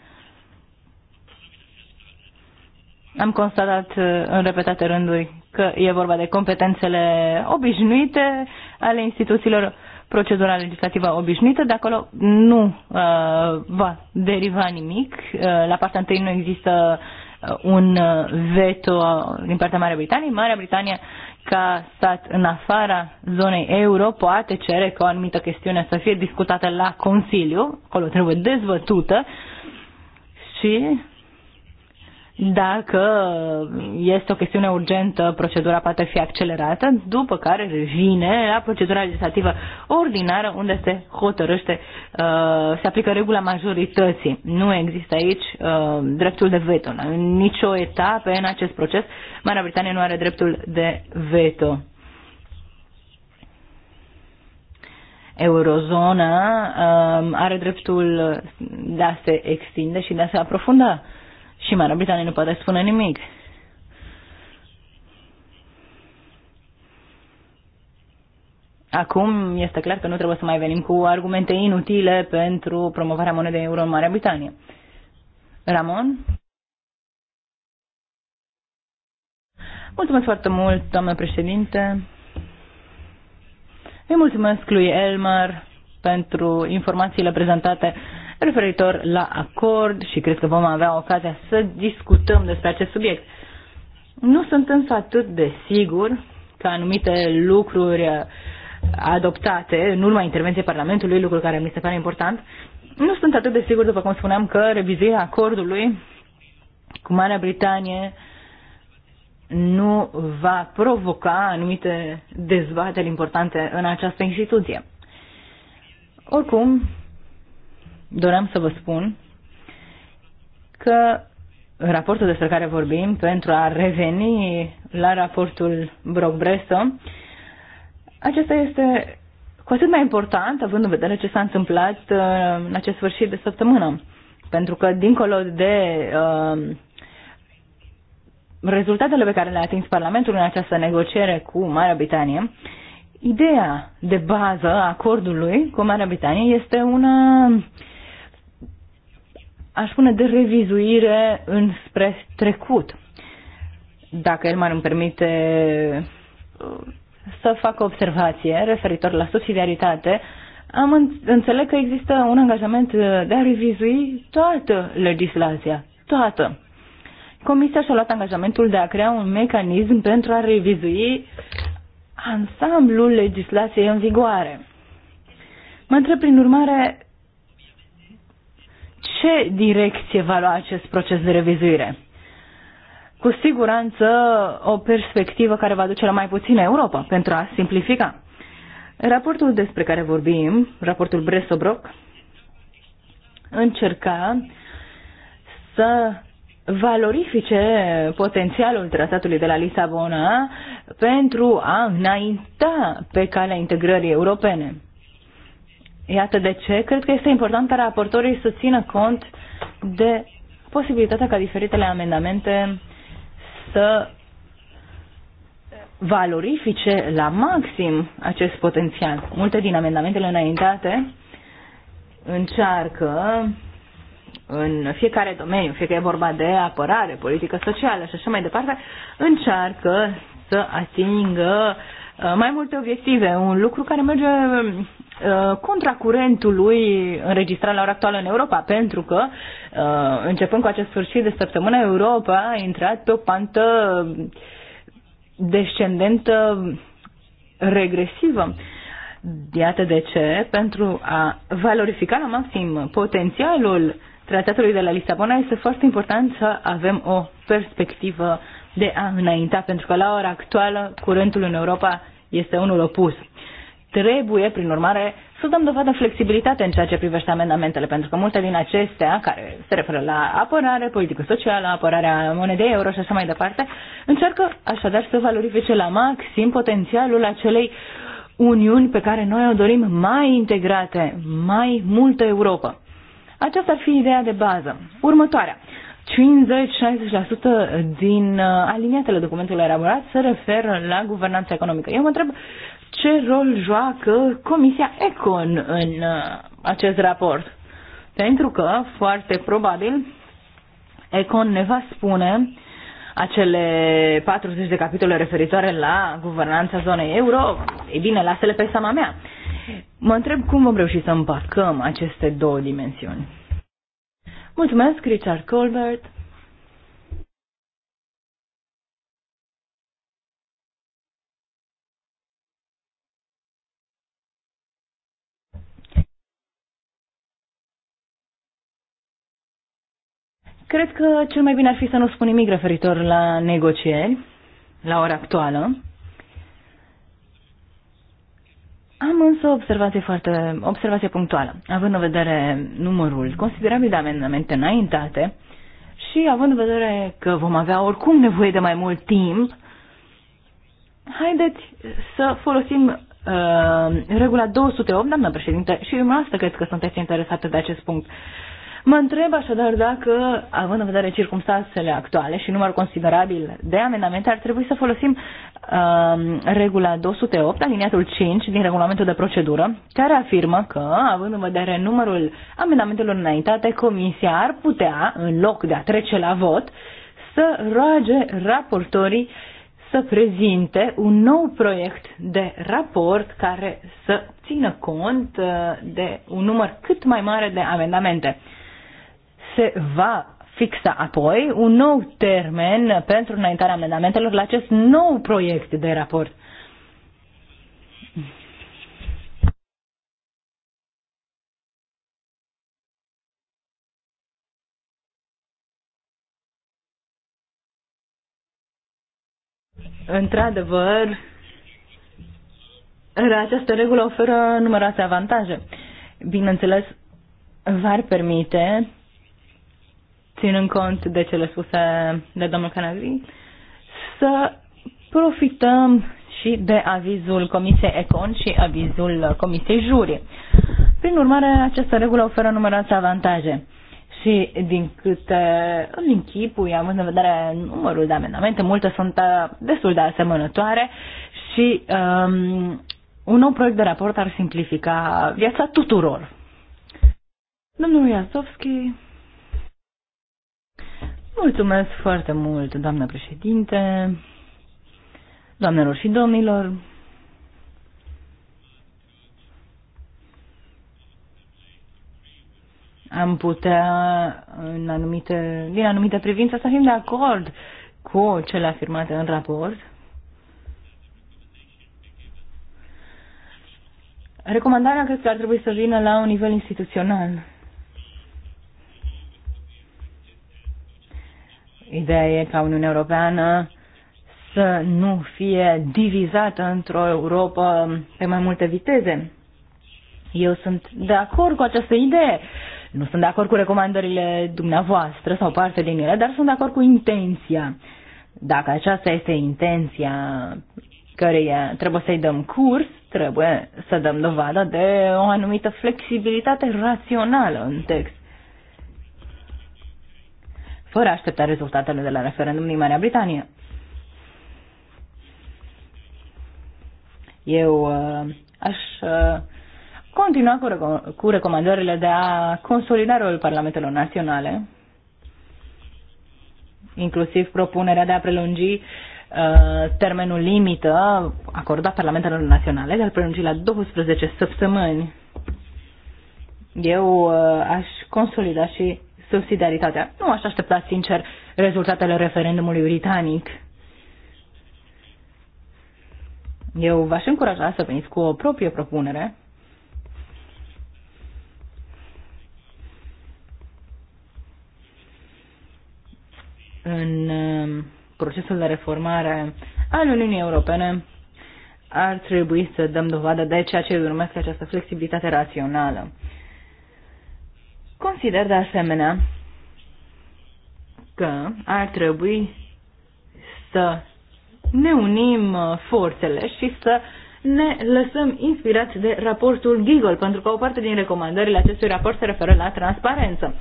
Am constatat în repetate rânduri că e vorba de competențele obișnuite ale instituțiilor, procedura legislativă obișnuită, de acolo nu uh, va deriva nimic. Uh, la partea întâi nu există Uh, un uh, veto uh, din partea Marea Britanie. Marea Britanie, ca stat în afara zonei euro, poate cere că o anumită chestiune să fie discutată la Consiliu, acolo trebuie dezvătută și dacă este o chestiune urgentă, procedura poate fi accelerată, după care revine la procedura legislativă ordinară unde se hotărăște, uh, se aplică regula majorității. Nu există aici uh, dreptul de veto. În nicio etapă în acest proces, Marea Britanie nu are dreptul de veto. Eurozona um, are dreptul de a se extinde și de a se aprofunda și Marea Britanie nu poate spune nimic. Acum este clar că nu trebuie să mai venim cu argumente inutile pentru promovarea monedei euro în Marea Britanie. Ramon? Mulțumesc foarte mult, doamnă președinte. Îi mulțumesc lui Elmar pentru informațiile prezentate referitor la acord și cred că vom avea ocazia să discutăm despre acest subiect. Nu sunt însă atât de sigur că anumite lucruri uh, adoptate în urma intervenției Parlamentului, lucru care mi se pare important, nu sunt atât de sigur, după cum spuneam, că revizuirea acordului cu Marea Britanie nu va provoca anumite dezbateri importante în această instituție. Oricum, doream să vă spun că raportul despre care vorbim, pentru a reveni la raportul Brock-Bresso, acesta este cu atât mai important, având în vedere ce s-a întâmplat uh, în acest sfârșit de săptămână. Pentru că, dincolo de uh, rezultatele pe care le-a atins Parlamentul în această negociere cu Marea Britanie, ideea de bază a acordului cu Marea Britanie este una uh, aș spune, de revizuire înspre trecut. Dacă el îmi permite să fac o observație referitor la subsidiaritate, am înțeles că există un angajament de a revizui toată legislația, toată. Comisia și-a luat angajamentul de a crea un mecanism pentru a revizui ansamblul legislației în vigoare. Mă întreb, prin urmare, ce direcție va lua acest proces de revizuire? Cu siguranță o perspectivă care va duce la mai puțină Europa pentru a simplifica. Raportul despre care vorbim, raportul Bresobroc, încerca să valorifice potențialul tratatului de la Lisabona pentru a înainta pe calea integrării europene. Iată de ce cred că este important ca raportorii să țină cont de posibilitatea ca diferitele amendamente să valorifice la maxim acest potențial. Multe din amendamentele înaintate încearcă în fiecare domeniu, fie că e vorba de apărare, politică socială și așa mai departe, încearcă să atingă uh, mai multe obiective. Un lucru care merge Uh, contra curentului înregistrat la ora actuală în Europa, pentru că uh, începând cu acest sfârșit de săptămână, Europa a intrat pe o pantă descendentă regresivă. Iată de ce, pentru a valorifica la maxim potențialul tratatului de la Lisabona, este foarte important să avem o perspectivă de a înainta, pentru că la ora actuală curentul în Europa este unul opus. Trebuie, prin urmare, să dăm dovadă flexibilitate în ceea ce privește amendamentele, pentru că multe din acestea, care se referă la apărare, politică socială, apărarea monedei euro și așa mai departe, încearcă așadar să valorifice la maxim potențialul acelei uniuni pe care noi o dorim mai integrate, mai multă Europa. Aceasta ar fi ideea de bază. Următoarea. 50-60% din uh, aliniatele documentului elaborat se referă la guvernanța economică. Eu mă întreb ce rol joacă Comisia Econ în uh, acest raport. Pentru că, foarte probabil, Econ ne va spune acele 40 de capitole referitoare la guvernanța zonei euro, e bine, lasă-le pe seama mea. Mă întreb cum vom reuși să împacăm aceste două dimensiuni. Mulțumesc, Richard Colbert. Cred că cel mai bine ar fi să nu spun nimic referitor la negocieri, la ora actuală. Am însă o observație foarte, observație punctuală, având în vedere numărul considerabil de amendamente înaintate și având în vedere că vom avea oricum nevoie de mai mult timp, haideți să folosim uh, regula 208, doamnă președinte, și dumneavoastră cred că sunteți interesată de acest punct. Uh, Mă întreb așadar dacă, având în vedere circumstanțele actuale și număr considerabil de amendamente, ar trebui să folosim uh, regula 208, aliniatul 5 din regulamentul de procedură, care afirmă că, având în vedere numărul amendamentelor înaintate, Comisia ar putea, în loc de a trece la vot, să roage raportorii să prezinte un nou proiect de raport care să țină cont uh, de un număr cât mai mare de amendamente se va fixa apoi un nou termen pentru înaintarea amendamentelor la acest nou proiect de raport. Într-adevăr, această regulă oferă numeroase avantaje. Bineînțeles, v-ar permite ținând cont de cele spuse de domnul Canavri, să profităm și de avizul Comisiei Econ și avizul Comisiei Juri. Prin urmare, această regulă oferă numeroase avantaje. Și din câte îmi închipui, având în vedere numărul de amendamente, multe sunt uh, destul de asemănătoare și um, un nou proiect de raport ar simplifica viața tuturor. Domnul Iasovski, Mulțumesc foarte mult, doamnă președinte, doamnelor și domnilor. Am putea, în anumite, din anumite privințe, să fim de acord cu cele afirmate în raport. Recomandarea cred că ar trebui să vină la un nivel instituțional Ideea e ca Uniunea Europeană să nu fie divizată într-o Europa pe mai multe viteze. Eu sunt de acord cu această idee. Nu sunt de acord cu recomandările dumneavoastră sau parte din ele, dar sunt de acord cu intenția. Dacă aceasta este intenția căreia trebuie să-i dăm curs, trebuie să dăm dovadă de o anumită flexibilitate rațională în text fără a aștepta rezultatele de la referendum din Marea Britanie. Eu uh, aș uh, continua cu, reco- cu recomandările de a consolida rolul Parlamentelor Naționale, inclusiv propunerea de a prelungi uh, termenul limită acordat Parlamentelor Naționale, de a prelungi la 12 săptămâni. Eu uh, aș consolida și subsidiaritatea. Nu aș aștepta, sincer, rezultatele referendumului britanic. Eu v-aș încuraja să veniți cu o proprie propunere. În um, procesul de reformare al Uniunii Europene ar trebui să dăm dovadă de ceea ce urmează această flexibilitate rațională. Consider de asemenea că ar trebui să ne unim uh, forțele și să ne lăsăm inspirați de raportul Giggle, pentru că o parte din recomandările acestui raport se referă la transparență.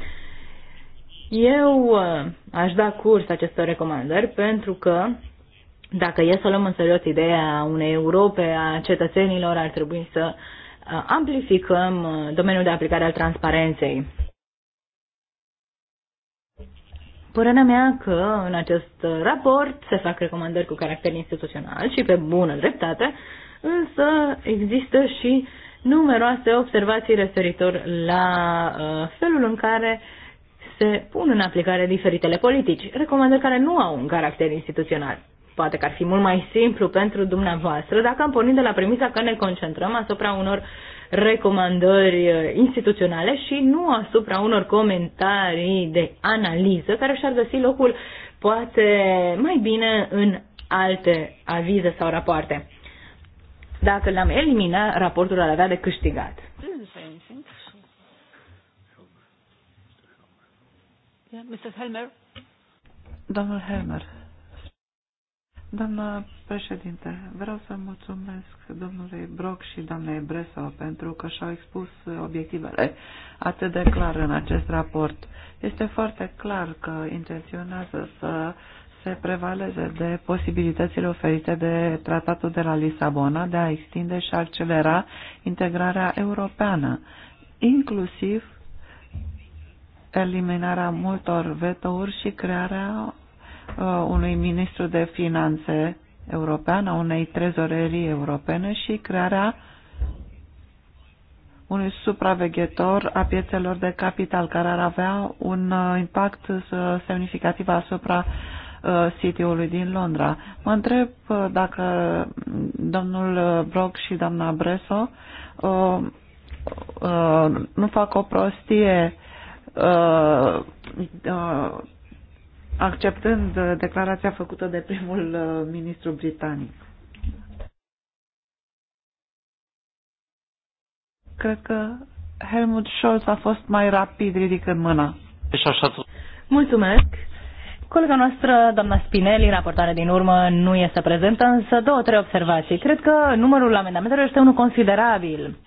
Eu uh, aș da curs acestor recomandări pentru că dacă e să luăm în serios ideea unei Europe a cetățenilor, ar trebui să uh, amplificăm domeniul de aplicare al transparenței. părerea mea că în acest raport se fac recomandări cu caracter instituțional și pe bună dreptate, însă există și numeroase observații referitor la uh, felul în care se pun în aplicare diferitele politici, recomandări care nu au un caracter instituțional. Poate că ar fi mult mai simplu pentru dumneavoastră dacă am pornit de la premisa că ne concentrăm asupra unor recomandări uh, instituționale și nu asupra unor comentarii de analiză care și-ar găsi locul poate mai bine în alte avize sau rapoarte. Dacă l-am eliminat, raportul ar avea de câștigat. Mr. Helmer. Donald Helmer. Doamnă președinte, vreau să mulțumesc domnului Brock și doamnei Breso pentru că și-au expus obiectivele atât de clar în acest raport. Este foarte clar că intenționează să se prevaleze de posibilitățile oferite de tratatul de la Lisabona de a extinde și accelera integrarea europeană, inclusiv eliminarea multor vetouri și crearea Uh, unui ministru de finanțe european, a unei trezorerii europene și crearea unui supraveghetor a piețelor de capital, care ar avea un uh, impact uh, semnificativ asupra City-ului din Londra. Mă întreb dacă domnul Brock și doamna Breso nu fac o prostie acceptând uh, declarația făcută de primul uh, ministru britanic. Cred că Helmut Scholz a fost mai rapid ridicând mâna. Mulțumesc! Colega noastră, doamna Spinelli, raportare din urmă, nu este prezentă, însă două, trei observații. Cred că numărul amendamentelor este unul considerabil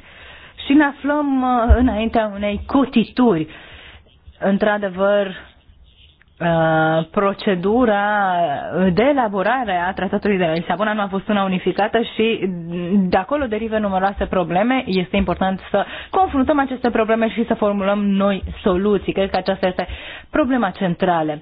și ne aflăm uh, înaintea unei cotituri. Într-adevăr, Uh, procedura de elaborare a tratatului de la Lisabona nu a fost una unificată și de acolo derivă numeroase probleme. Este important să confruntăm aceste probleme și să formulăm noi soluții. Cred că aceasta este problema centrală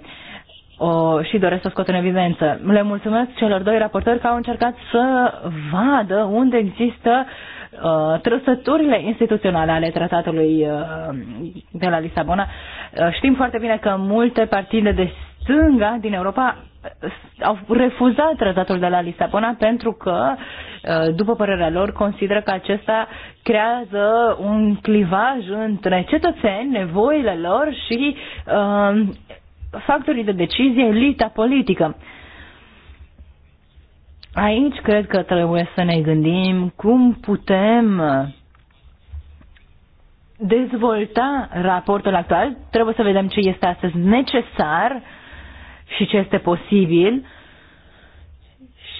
o, și doresc să scot în evidență. Le mulțumesc celor doi raportori că au încercat să vadă unde există uh, trăsăturile instituționale ale tratatului uh, de la Lisabona. Uh, știm foarte bine că multe partide de stânga din Europa uh, au refuzat tratatul de la Lisabona pentru că, uh, după părerea lor, consideră că acesta creează un clivaj între cetățeni, nevoile lor și uh, factorii de decizie, elita politică. Aici cred că trebuie să ne gândim cum putem dezvolta raportul actual. Trebuie să vedem ce este astăzi necesar și ce este posibil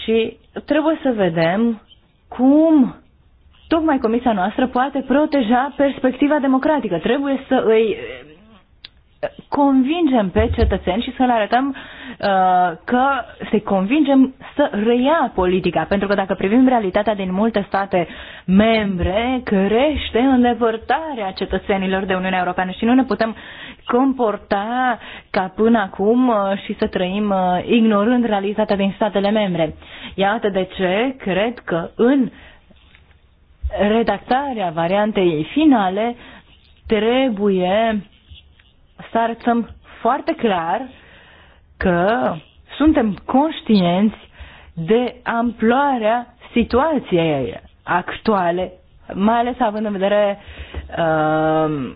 și trebuie să vedem cum tocmai comisia noastră poate proteja perspectiva democratică. Trebuie să îi convingem pe cetățeni și să le arătăm uh, că să-i convingem să reia politica. Pentru că dacă privim realitatea din multe state membre, crește îndepărtarea cetățenilor de Uniunea Europeană și nu ne putem comporta ca până acum uh, și să trăim uh, ignorând realitatea din statele membre. Iată de ce cred că în redactarea variantei finale trebuie să arătăm foarte clar că suntem conștienți de amploarea situației actuale, mai ales având în vedere uh,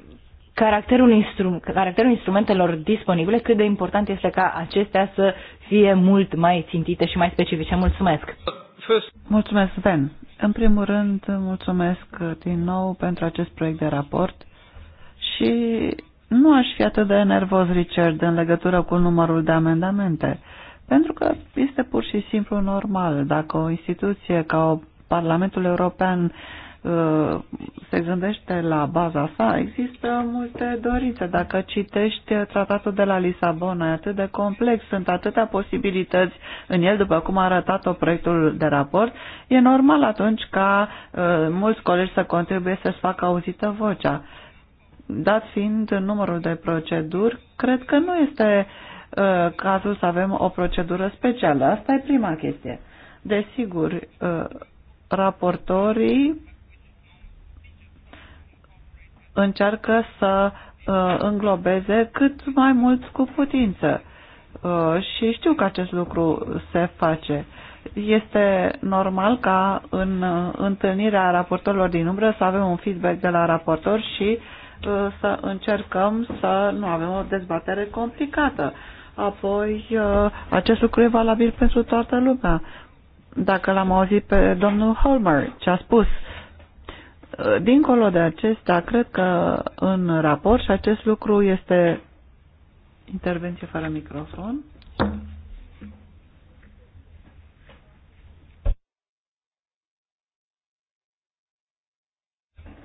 caracterul, instru- caracterul instrumentelor disponibile, cât de important este ca acestea să fie mult mai țintite și mai specifice. Mulțumesc! Mulțumesc, Ben! În primul rând, mulțumesc din nou pentru acest proiect de raport și nu aș fi atât de nervos, Richard, în legătură cu numărul de amendamente, pentru că este pur și simplu normal. Dacă o instituție ca Parlamentul European uh, se gândește la baza sa, există multe dorințe. Dacă citești tratatul de la Lisabona, e atât de complex, sunt atâtea posibilități în el, după cum a arătat-o proiectul de raport, e normal atunci ca uh, mulți colegi să contribuie să-și facă auzită vocea dat fiind numărul de proceduri, cred că nu este uh, cazul să avem o procedură specială. Asta e prima chestie. Desigur, uh, raportorii încearcă să uh, înglobeze cât mai mult cu putință. și știu că acest lucru se face. Este normal ca în întâlnirea raportorilor din umbră să avem un feedback de la raportor și uh, Uh, să încercăm să nu avem o dezbatere complicată. Apoi, uh, acest lucru e valabil pentru toată lumea. Dacă l-am auzit pe domnul Holmer ce a spus, uh, dincolo de acesta, cred că în raport și acest lucru este intervenție fără microfon.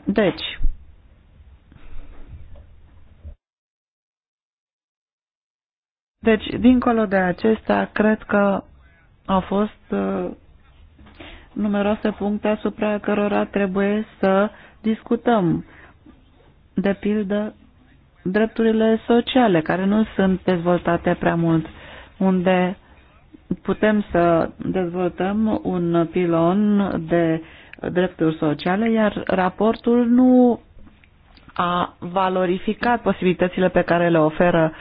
Deci, Deci, dincolo de acestea, cred că au fost uh, numeroase puncte asupra cărora trebuie să discutăm. De pildă, drepturile sociale, care nu sunt dezvoltate prea mult, unde putem să dezvoltăm un pilon de drepturi sociale, iar raportul nu a valorificat posibilitățile pe care le oferă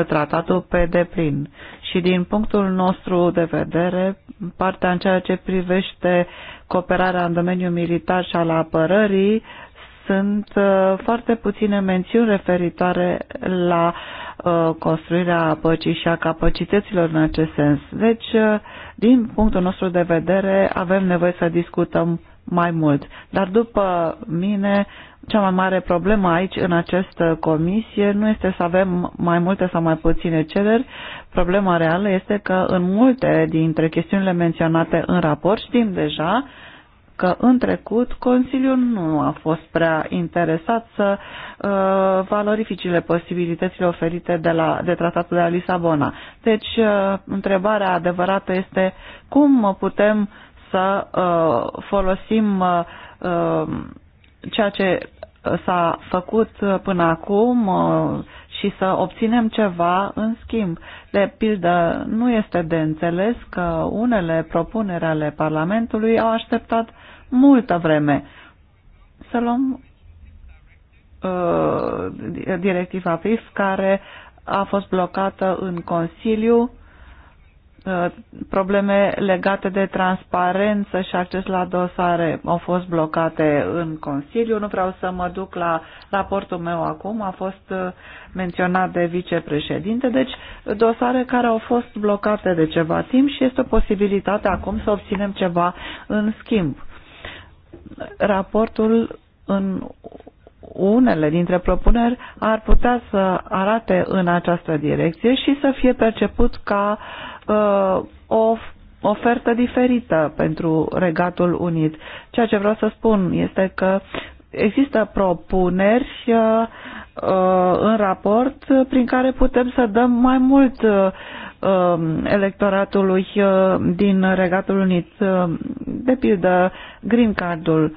tratatul pe deplin. Și din punctul nostru de vedere, partea în ceea ce privește cooperarea în domeniul militar și al apărării, sunt uh, foarte puține mențiuni referitoare la uh, construirea păcii și a capacităților în acest sens. Deci, uh, din punctul nostru de vedere, avem nevoie să discutăm mai mult. Dar după mine, cea mai mare problemă aici, în această comisie, nu este să avem mai multe sau mai puține cereri. Problema reală este că în multe dintre chestiunile menționate în raport știm deja că în trecut Consiliul nu a fost prea interesat să uh, valorificile posibilitățile oferite de, la, de tratatul de la Lisabona. Deci, uh, întrebarea adevărată este cum putem să uh, folosim uh, uh, ceea ce s-a făcut uh, până acum uh, și să obținem ceva în schimb. De pildă, nu este de înțeles că unele propuneri ale Parlamentului au așteptat multă vreme. Să luăm uh, directiva PIF care a fost blocată în Consiliu Uh, probleme legate de transparență și acces la dosare au fost blocate în Consiliu. Nu vreau să mă duc la raportul meu acum, a fost uh, menționat de vicepreședinte, deci dosare care au fost blocate de ceva timp și este o posibilitate acum să obținem ceva în schimb. Raportul în unele dintre propuneri ar putea să arate în această direcție și să fie perceput ca uh, Uh, o ofertă diferită pentru Regatul Unit. Ceea ce vreau să spun este că există propuneri uh, uh, în raport prin care putem să dăm mai mult um, electoratului din Regatul Unit, de pildă Green Cardul.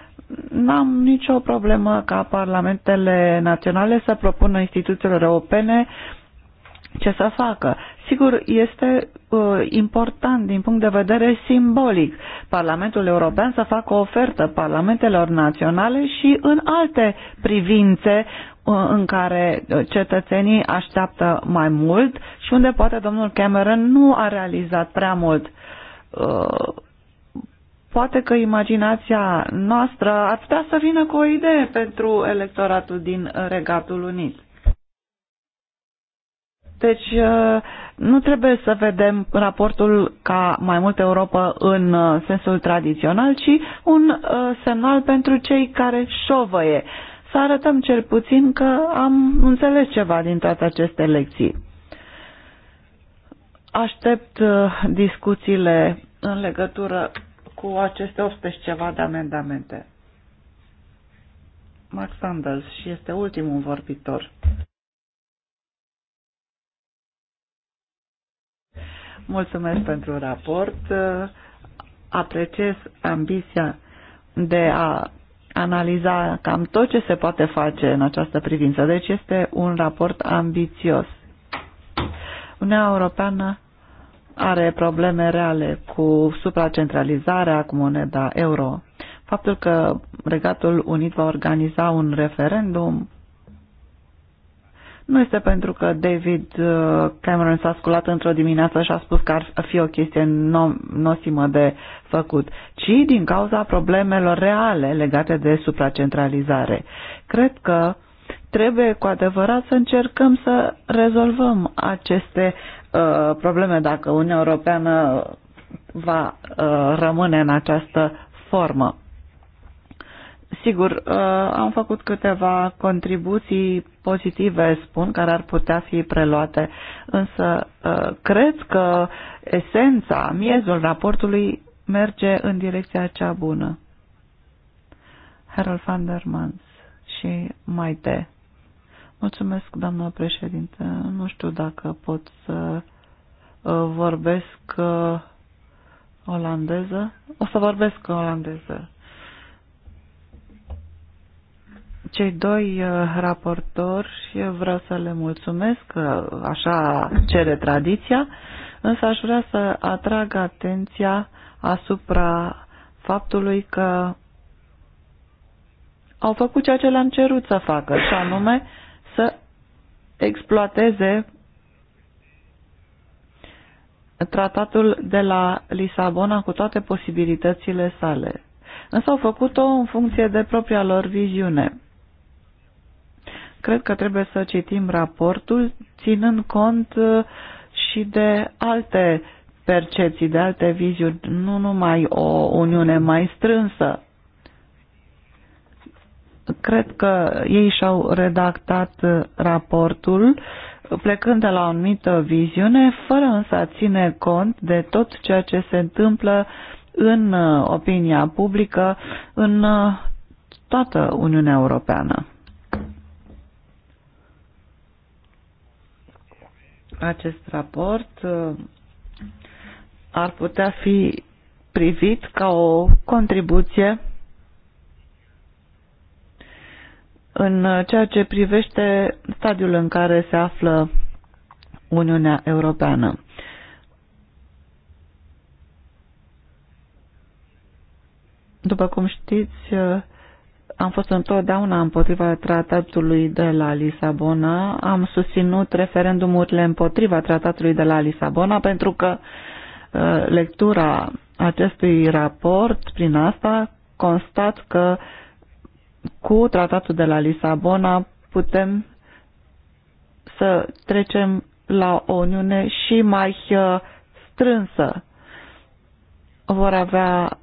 N-am nicio problemă ca parlamentele naționale să propună instituțiilor europene ce să facă. Sigur, este uh, important din punct de vedere simbolic Parlamentul European să facă o ofertă parlamentelor naționale și în alte privințe uh, în care uh, cetățenii așteaptă mai mult și unde poate domnul Cameron nu a realizat prea mult. Uh, poate că imaginația noastră ar putea să vină cu o idee pentru electoratul din Regatul Unit. Deci uh, nu trebuie să vedem raportul ca mai mult Europa în uh, sensul tradițional, ci un uh, semnal pentru cei care șovăie. Să arătăm cel puțin că am înțeles ceva din toate aceste lecții. Aștept discuțiile în legătură cu aceste 18 ceva de amendamente. Max Sanders și este ultimul vorbitor. Mulțumesc pentru raport. Apreciez ambiția de a analiza cam tot ce se poate face în această privință. Deci este un raport ambițios. Uniunea Europeană are probleme reale cu supracentralizarea, cu moneda euro. Faptul că Regatul Unit va organiza un referendum nu este pentru că David uh, Cameron s-a sculat într-o dimineață și a spus că ar fi o chestie nosimă de făcut, ci din cauza problemelor reale legate de supracentralizare. Cred că trebuie cu adevărat să încercăm să rezolvăm aceste uh, probleme dacă Uniunea Europeană va uh, rămâne în această formă. Sigur, uh, am făcut câteva contribuții pozitive, spun, care ar putea fi preluate, însă uh, cred că esența, miezul raportului merge în direcția cea bună. Harold van der Mans și mai de. Mulțumesc, doamnă președinte. Nu știu dacă pot să uh, vorbesc olandeză. O să vorbesc olandeză. cei doi uh, raportori vreau să le mulțumesc, că uh, așa cere tradiția, însă aș vrea să atrag atenția asupra faptului că au făcut ceea ce le-am cerut să facă, și anume să exploateze tratatul de la Lisabona cu toate posibilitățile sale. Însă au făcut-o în funcție de propria lor viziune cred că trebuie să citim raportul ținând cont uh, și de alte percepții, de alte viziuni, nu numai o uniune mai strânsă. Cred că ei și-au redactat uh, raportul plecând de la o anumită viziune, fără însă a ține cont de tot ceea ce se întâmplă în uh, opinia publică, în toată Uniunea Europeană. Acest raport uh, ar putea fi privit ca o contribuție în ceea ce privește stadiul în care se află Uniunea Europeană. După cum știți, uh, am fost întotdeauna împotriva tratatului de la Lisabona, am susținut referendumurile împotriva tratatului de la Lisabona pentru că uh, lectura acestui raport prin asta constat că cu tratatul de la Lisabona putem să trecem la o uniune și mai uh, strânsă. Vor avea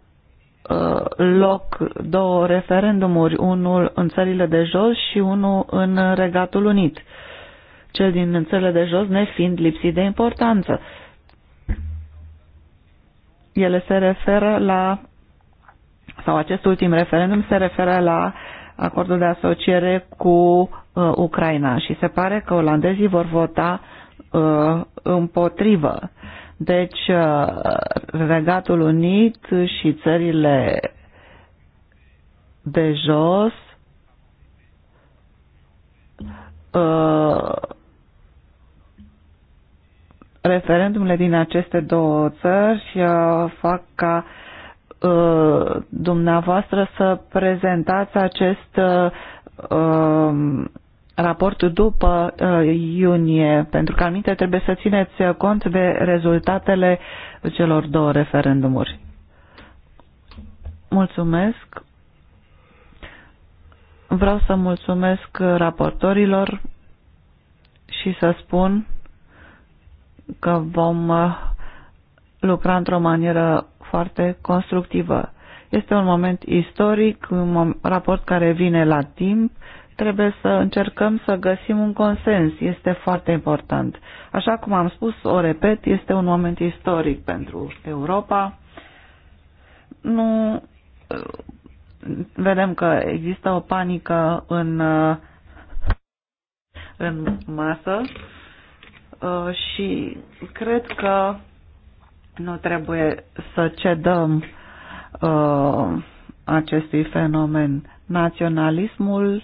Uh, loc două referendumuri, unul în țările de jos și unul în Regatul Unit, cel din țările de jos nefiind lipsit de importanță. Ele se referă la, sau acest ultim referendum se referă la acordul de asociere cu uh, Ucraina și se pare că olandezii vor vota uh, împotrivă. Uh, deci, uh, Regatul Unit și țările de jos uh, referendumele din aceste două țări uh, fac ca dumneavoastră să prezentați acest um, raportul după uh, iunie, pentru că aminte trebuie să țineți cont de rezultatele celor două referendumuri. Mulțumesc. Vreau să mulțumesc raportorilor și să spun că vom uh, lucra într-o manieră foarte constructivă. Este un moment istoric, un raport care vine la timp, trebuie să încercăm să găsim un consens. Este foarte important. Așa cum am spus, o repet, este un moment istoric pentru Europa. Nu vedem că există o panică în, în masă uh, și cred că nu trebuie să cedăm uh, acestui fenomen. Naționalismul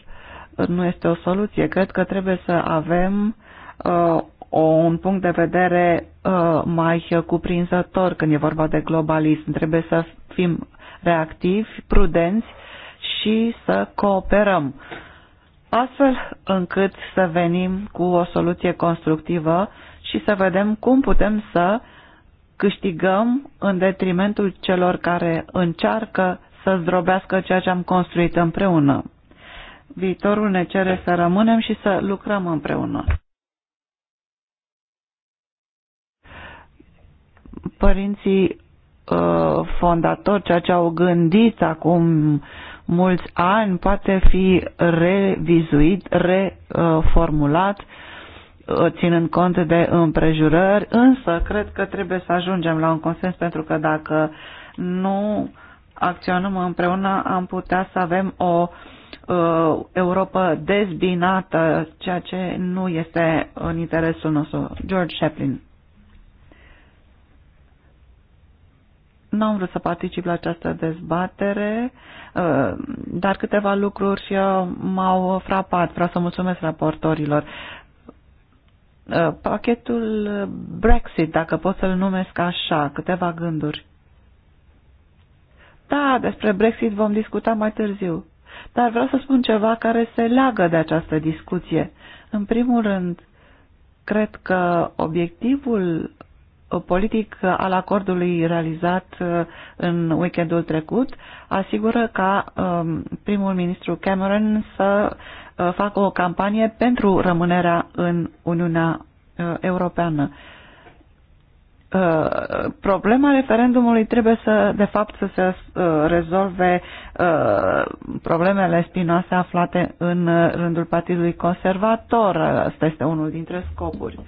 nu este o soluție. Cred că trebuie să avem uh, o, un punct de vedere uh, mai cuprinzător când e vorba de globalism. Trebuie să fim reactivi, prudenți și să cooperăm. Astfel încât să venim cu o soluție constructivă și să vedem cum putem să câștigăm în detrimentul celor care încearcă să zdrobească ceea ce am construit împreună. Viitorul ne cere să rămânem și să lucrăm împreună. Părinții uh, fondatori, ceea ce au gândit acum mulți ani, poate fi revizuit, reformulat, uh, ținând cont de împrejurări, însă cred că trebuie să ajungem la un consens pentru că dacă nu acționăm împreună am putea să avem o uh, Uh, Europa dezbinată, ceea ce nu este în interesul nostru. George Chaplin. Nu am vrut să particip la această dezbatere, uh, dar câteva lucruri uh, m-au frapat. Vreau să mulțumesc raportorilor. Pachetul Brexit, dacă pot să-l numesc așa, câteva gânduri. Da, despre Brexit vom discuta mai târziu. Dar vreau să spun ceva care se leagă de această discuție. În primul rând, cred că obiectivul uh, politic al acordului realizat uh, în weekendul trecut asigură ca um, primul ministru Cameron să uh, facă o campanie pentru rămânerea în Uniunea Europeană. Uh, problema referendumului trebuie să, de fapt, să se uh, rezolve uh, problemele spinoase aflate în rândul Partidului Conservator. Asta este unul dintre scopuri.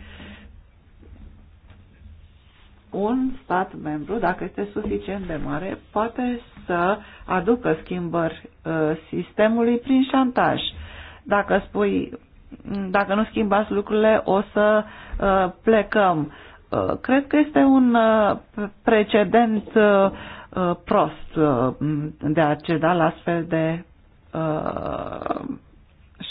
Un stat membru, dacă este suficient de mare, poate să aducă schimbări sistemului prin șantaj. Dacă spui, dacă nu schimbați lucrurile, o să plecăm Uh, cred că este un uh, precedent uh, prost de a ceda la astfel de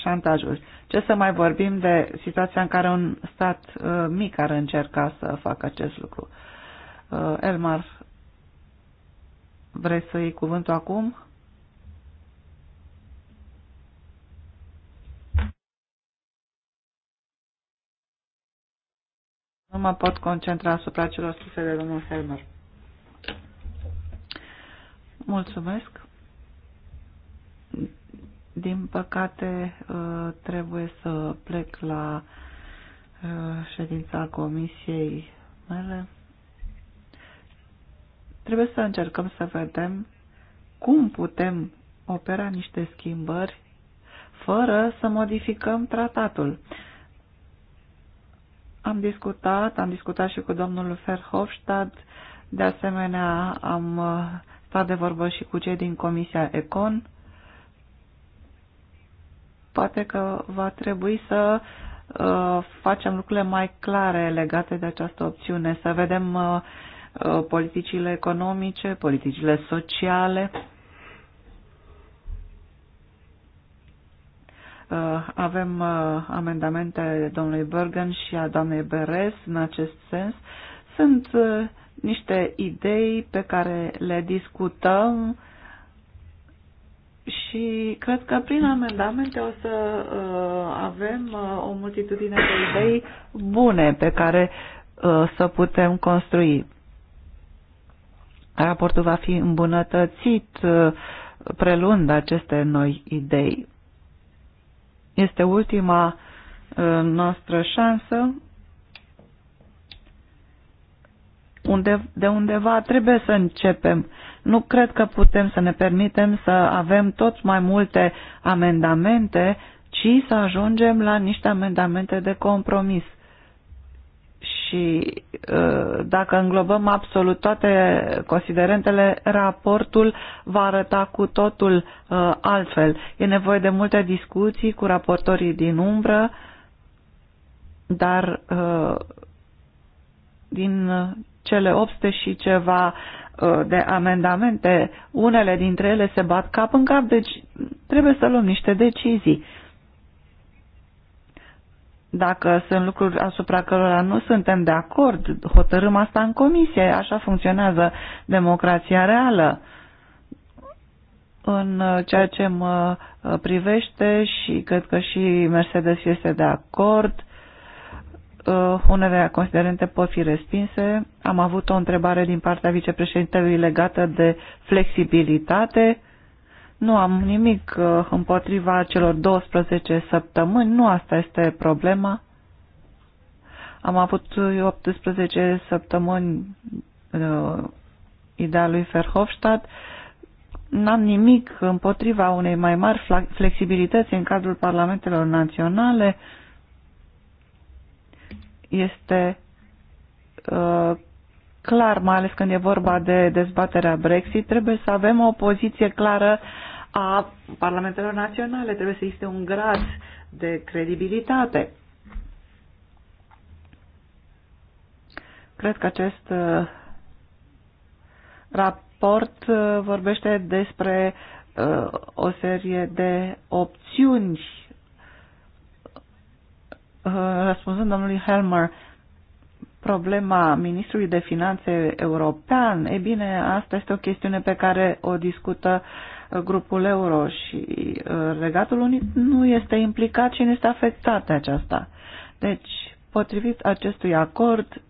șantajuri. Ce să mai vorbim de situația în care un stat mic ar încerca să facă acest lucru. Elmar, vrei să iei cuvântul acum? Nu mă pot concentra asupra celor spuse de domnul Helmer. Mulțumesc. Din păcate, uh, trebuie să plec la uh, ședința comisiei mele. Trebuie să încercăm să vedem cum putem opera niște schimbări fără să modificăm tratatul. Am discutat, am discutat și cu domnul Ferhofstadt, de asemenea am uh, stat de vorbă și cu cei din Comisia Econ. Poate că va trebui să uh, facem lucrurile mai clare legate de această opțiune, să vedem uh, uh politicile economice, politicile sociale, Uh, avem uh, amendamente domnului Bergen și a doamnei Beres în acest sens. Sunt uh, niște idei pe care le discutăm și cred că prin amendamente o să avem o multitudine de idei bune pe care să putem construi. Raportul va fi îmbunătățit prelund aceste noi idei. Este ultima uh, noastră șansă unde, de undeva trebuie să începem. Nu cred că putem să ne permitem să avem tot mai multe amendamente, ci să ajungem la niște amendamente de compromis și ă, dacă înglobăm absolut toate considerentele, raportul va arăta cu totul ă, altfel. E nevoie de multe discuții cu raportorii din umbră, dar ă, din cele 800 și ceva de amendamente, unele dintre ele se bat cap în cap, deci trebuie să luăm niște decizii. Dacă sunt lucruri asupra cărora nu suntem de acord, hotărâm asta în comisie. Așa funcționează democrația reală. În uh, ceea ce mă uh, privește și cred că și Mercedes este de acord, uh, unele considerente pot fi respinse. Am avut o întrebare din partea vicepreședintelui legată de flexibilitate nu am nimic uh, împotriva celor 12 săptămâni, nu asta este problema. Am avut 18 uh, săptămâni uh, ideea lui Verhofstadt. N-am nimic împotriva unei mai mari flexibilități în cadrul parlamentelor naționale. Este uh, clar, mai ales când e vorba de dezbaterea Brexit, trebuie să avem o poziție clară a parlamentelor naționale. Trebuie să existe un grad de credibilitate. Cred că acest uh, raport uh, vorbește despre uh, o serie de opțiuni. Răspunzând domnului Helmer, problema ministrului de finanțe european, e bine, asta este o chestiune pe care o discută uh, grupul euro și uh, Regatul Unit nu este implicat și nu este afectat de aceasta. Deci, potrivit acestui acord,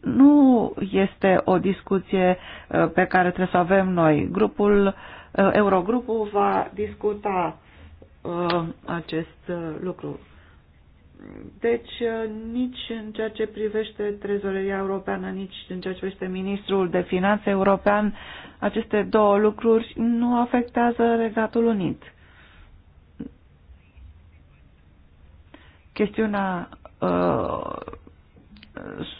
nu este o discuție uh, pe care trebuie să o avem noi. Grupul, uh, Eurogrupul va discuta acest lucru. Deci, uh, nici în ceea ce privește trezoreria europeană, nici în ceea ce privește ministrul de finanțe european, aceste două lucruri nu afectează Regatul Unit. Chestiunea uh,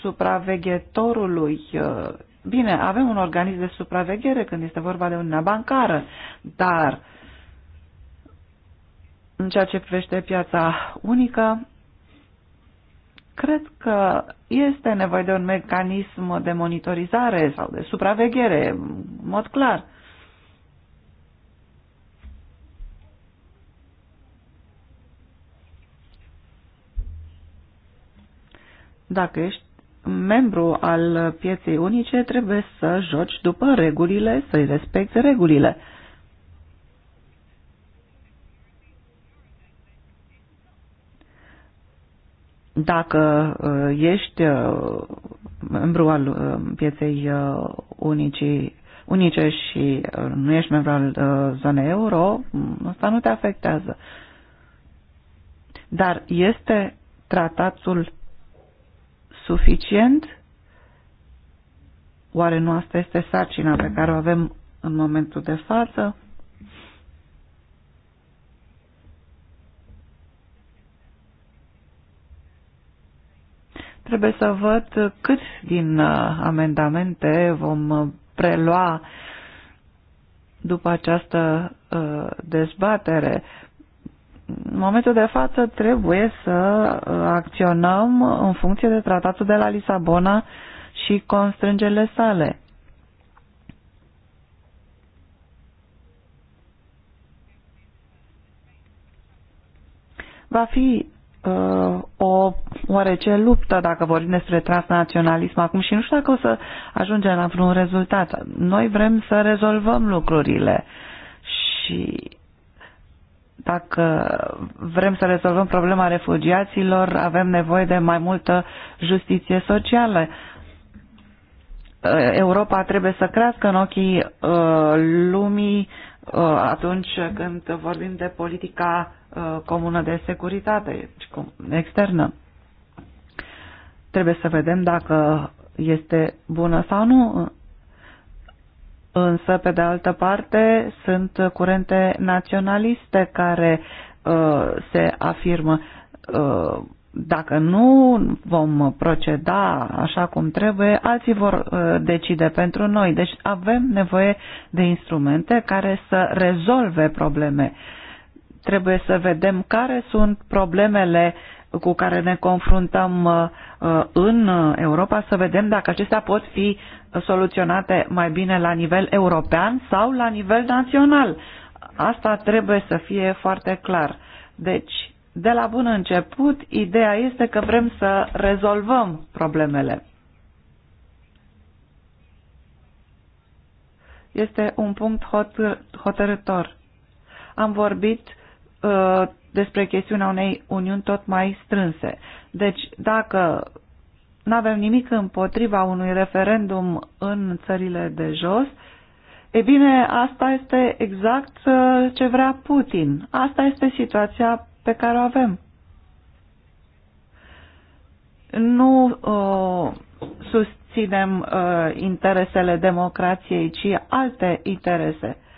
supraveghetorului. Uh, bine, avem un organism de supraveghere când este vorba de Uniunea Bancară, dar în ceea ce privește piața unică, Cred că este nevoie de un mecanism de monitorizare sau de supraveghere, în mod clar. Dacă ești membru al pieței unice, trebuie să joci după regulile, să-i respecti regulile. Uh, Dacă uh, ești uh, membru al uh, pieței unicii, unice și nu ești membru al zonei euro, mm, asta nu te afectează. Dar este tratatul suficient? Oare nu asta este sarcina pe care o avem în momentul de față? Trebuie să văd cât din uh, amendamente vom uh, prelua după această uh, dezbatere. În momentul de față trebuie să acționăm în funcție de tratatul de la Lisabona și constrângele sale. Va fi Uh, o oarece luptă dacă vorbim despre transnaționalism acum și nu știu dacă o să ajungem la vreun rezultat. Noi vrem să rezolvăm lucrurile și dacă vrem să rezolvăm problema refugiaților, avem nevoie de mai multă justiție socială. Uh, Europa trebuie să crească în ochii uh, lumii atunci când vorbim de politica Uh, comună de securitate deci externă. Trebuie să vedem dacă este bună sau nu. Însă, pe de altă parte, sunt curente naționaliste care uh, se afirmă uh, dacă nu vom proceda așa cum trebuie, alții vor uh, decide pentru noi. Deci avem nevoie de instrumente care să rezolve probleme. Uh, trebuie să vedem care sunt problemele cu care ne confruntăm uh, uh, în Europa, să vedem dacă acestea pot fi soluționate mai bine la nivel european sau la nivel național. Asta trebuie să fie foarte clar. Deci, de la bun început, ideea este că vrem să rezolvăm problemele. Este un punct hotărător. Am vorbit Uh, despre chestiunea unei uniuni tot mai strânse. Deci, dacă nu avem nimic împotriva unui referendum în țările de jos, e bine, asta este exact uh, ce vrea Putin. Asta este situația pe care o avem. Nu uh, susținem uh, interesele democrației, ci alte interese. Uh,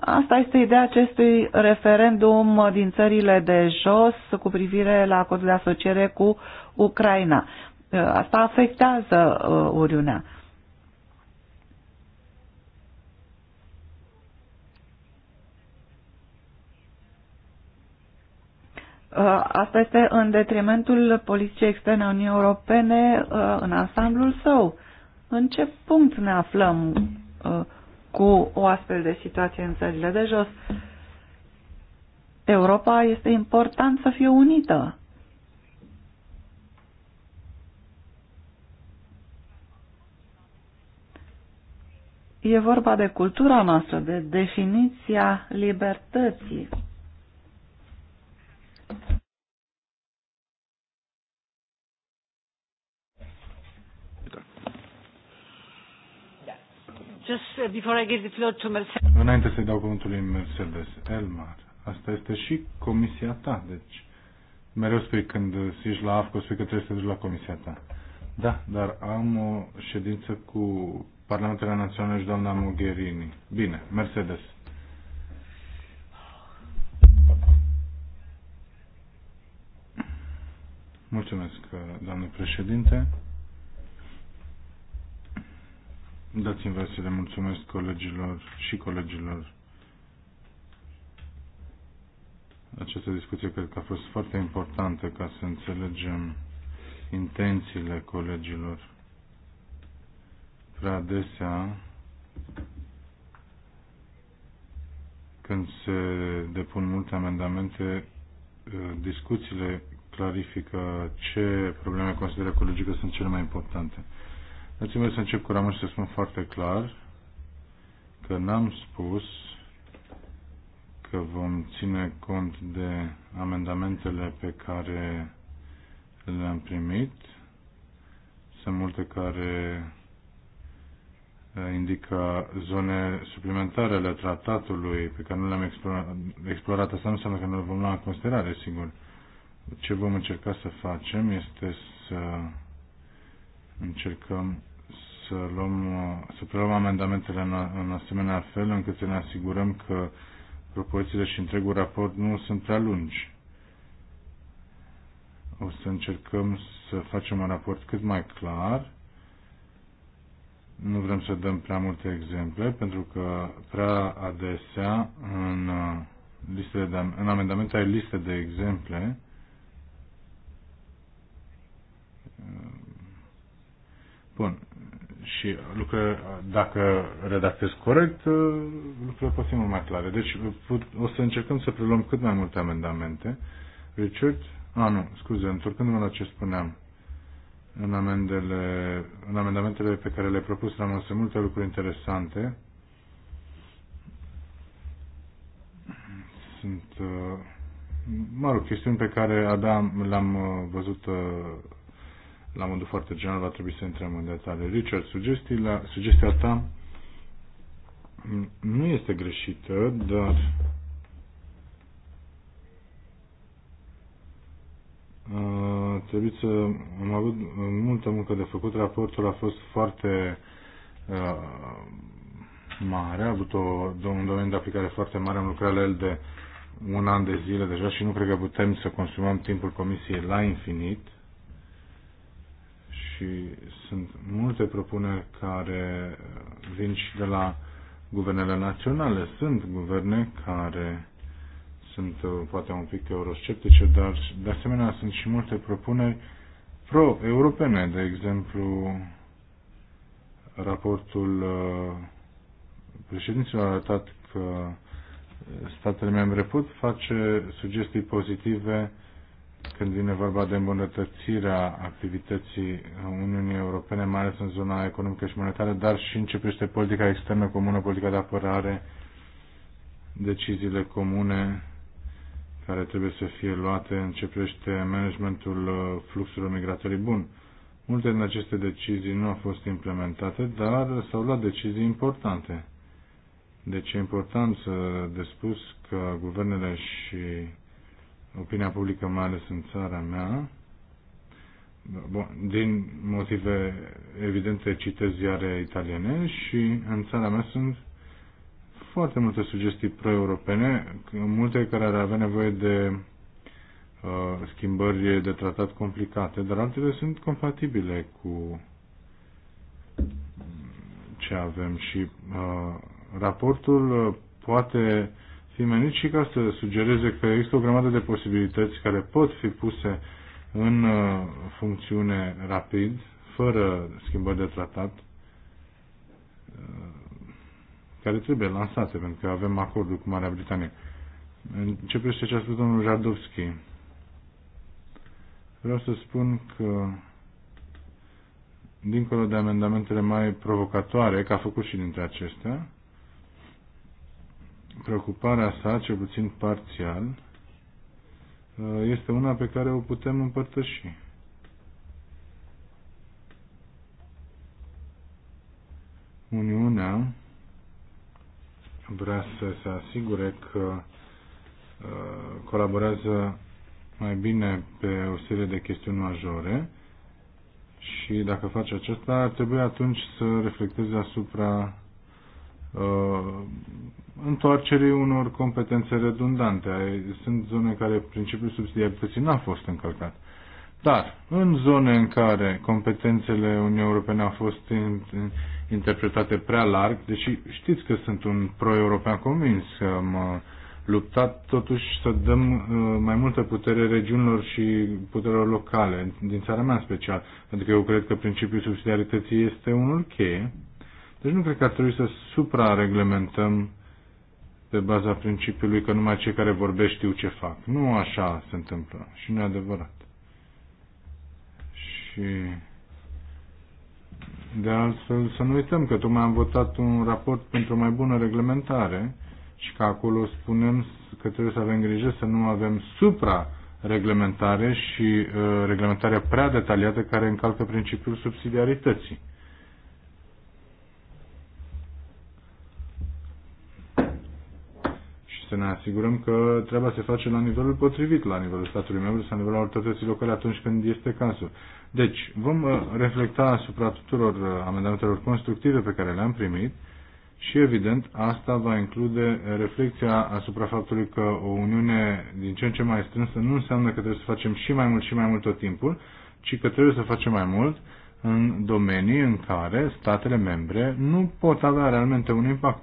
Asta este ideea acestui referendum din țările de jos cu privire la acordul de asociere cu Ucraina. Uh, asta afectează Uriunea. Uh, uh, asta este în detrimentul politicii externe a Uniunii Europene în ansamblul său. În ce punct ne aflăm? cu o astfel de situație în țările de jos. Europa este important să fie unită. E vorba de cultura noastră, de definiția libertății. Just uh, before I give the floor to Mercedes. Înainte să-i dau cuvântul lui Mercedes, Elmar, asta este și comisia ta, deci mereu spui când ești la AFCO, spui că trebuie să duci la comisia ta. Da, dar am o ședință cu Parlamentele Naționale și doamna Mogherini. Bine, Mercedes. Mulțumesc, doamne președinte. Dați-mi voie să le mulțumesc colegilor și colegilor. Această discuție cred că a fost foarte importantă ca să înțelegem intențiile colegilor. Prea adesea, când se depun multe amendamente, uh, discuțiile clarifică ce probleme consideră colegii că sunt cele mai importante mai să încep cu Ramon și să spun foarte clar că n-am spus că vom ține cont de amendamentele pe care le-am primit. Sunt multe care eh, indică zone suplimentare ale tratatului pe care nu le-am explorat, explorat. Asta nu înseamnă că nu le vom lua în considerare, sigur. Ce vom încerca să facem este să Încercăm să, luăm, să preluăm amendamentele în, în asemenea fel încât să ne asigurăm că propozițiile și întregul raport nu sunt prea lungi. O să încercăm să facem un raport cât mai clar. Nu vrem să dăm prea multe exemple, pentru că prea adesea în, uh, listele de, în amendamente ai liste de exemple Bun. Și lucră dacă redactez corect, uh, lucrurile pot fi mult mai clare. Deci uh, put, o să încercăm să preluăm cât mai multe amendamente. Richard? A, nu, scuze, întorcându-mă la ce spuneam. În, amendele, în amendamentele pe care le propus am să multe lucruri interesante. Sunt, uh, mă rog, chestiuni pe care Adam le-am văzut la modul foarte general va trebui să intrăm în detalii. Richard, sugestia, sugestia ta nu este greșită, dar trebuie să... Am avut multă muncă de făcut. Raportul a fost foarte mare. A avut o, un domeniu de aplicare foarte mare. Am lucrat la el de un an de zile deja și nu cred că putem să consumăm timpul comisiei la infinit și sunt multe propuneri care vin și de la guvernele naționale. Sunt guverne care sunt uh, poate un pic eurosceptice, dar de asemenea sunt și multe propuneri pro-europene, de exemplu raportul uh, președinților a arătat că statele membre pot face sugestii pozitive când vine vorba de îmbunătățirea activității Uniunii Europene, mai ales în zona economică și monetară, dar și începește politica externă comună, politica de apărare, deciziile comune care trebuie să fie luate, începește managementul uh, fluxurilor migratorii bun. Multe din aceste decizii nu au fost implementate, dar s-au luat decizii importante. Deci e important să despus că guvernele și opinia publică, mai ales în țara mea. Bun, din motive evidente citesc ziare italiene și în țara mea sunt foarte multe sugestii pro-europene, multe care ar avea nevoie de uh, schimbări de tratat complicate, dar altele sunt compatibile cu ce avem și uh, raportul poate fi menit și ca să sugereze că există o grămadă de posibilități care pot fi puse în uh, funcțiune rapid, fără schimbări de tratat, uh, care trebuie lansate, pentru că avem acordul cu Marea Britanie. Începește ce a spus domnul Jardovski. Vreau să spun că, dincolo de amendamentele mai provocatoare, ca a făcut și dintre acestea, preocuparea sa, cel puțin parțial, uh, este una pe care o putem împărtăși. Uniunea vrea să se asigure că uh, colaborează mai bine pe o serie de chestiuni majore și dacă face acesta, ar trebui atunci să reflecteze asupra uh, întoarcerii unor competențe redundante. Sunt zone în care principiul subsidiarității n-a fost încălcat. Dar, în zone în care competențele Uniunii Europene au fost interpretate prea larg, deși știți că sunt un pro-european convins că am uh, luptat totuși să dăm uh, mai multă putere regiunilor și puterilor locale, din țara mea în special, pentru că adică eu cred că principiul subsidiarității este unul cheie. Deci nu cred că ar trebui să suprareglementăm pe baza principiului că numai cei care vorbesc știu ce fac. Nu așa se întâmplă și nu e adevărat. Și de altfel să nu uităm că tocmai am votat un raport pentru o mai bună reglementare și că acolo spunem că trebuie să avem grijă să nu avem supra-reglementare și uh, reglementarea prea detaliată care încalcă principiul subsidiarității. și să ne asigurăm că treaba se face la nivelul potrivit, la nivelul statului membru sau la nivelul autorității locale atunci când este cazul. Deci, vom uh, reflecta asupra tuturor uh, amendamentelor constructive pe care le-am primit și, evident, asta va include reflexia asupra faptului că o uniune din ce în ce mai strânsă nu înseamnă că trebuie să facem și mai mult și mai mult tot timpul, ci că trebuie să facem mai mult în domenii în care statele membre nu pot avea realmente un impact.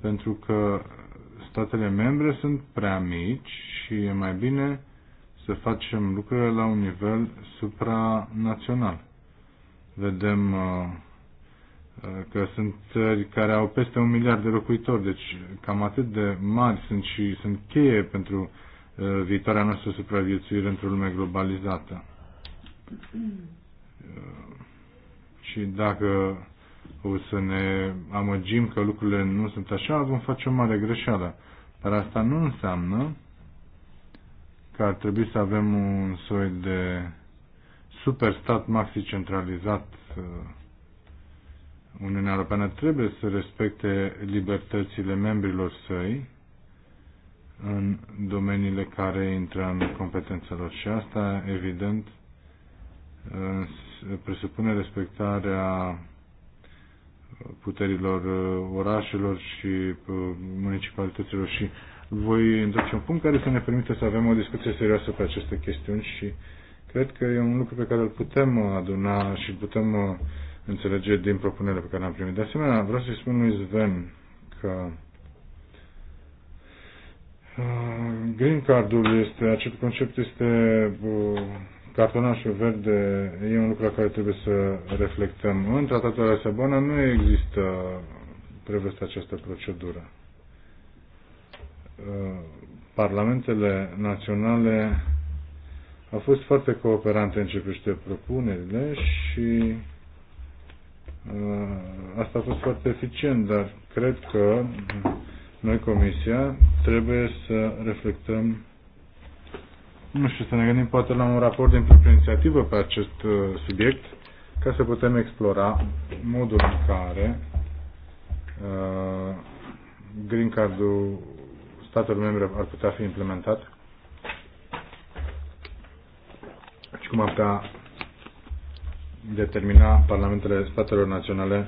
Pentru că statele membre sunt prea mici și e mai bine să facem lucrurile la un nivel supranațional. Vedem uh, uh, că sunt țări care au peste un miliard de locuitori, deci cam atât de mari sunt și sunt cheie pentru uh, viitoarea noastră supraviețuire într-o lume globalizată. Și dacă o să ne amăgim că lucrurile nu sunt așa, vom face o mare greșeală. Dar asta nu înseamnă că ar trebui să avem un soi de superstat maxi centralizat. Uh, Uniunea Europeană trebuie să respecte libertățile membrilor săi în domeniile care intră în competența lor. Și asta, evident, uh, presupune respectarea puterilor uh, orașelor și uh, municipalităților și voi întoarce un punct care să ne permită să avem o discuție serioasă pe aceste chestiuni și cred că e un lucru pe care îl putem uh, aduna și putem înțelege din propunerea pe care am primit. De asemenea, vreau să-i spun lui Sven că green card-ul este, acest concept este cartonașul verde e un lucru la care trebuie să reflectăm. În tratatul de Lisabona nu există prevestă această procedură. Uh, Parlamentele naționale au fost foarte cooperante în ce privește propunerile și uh, asta a fost foarte eficient, dar cred că noi, Comisia, trebuie să reflectăm nu știu, să ne gândim poate la un raport din propria inițiativă pe acest uh, subiect, ca să putem explora modul în care uh, green card-ul statelor membre ar putea fi implementat și cum ar putea determina parlamentele statelor naționale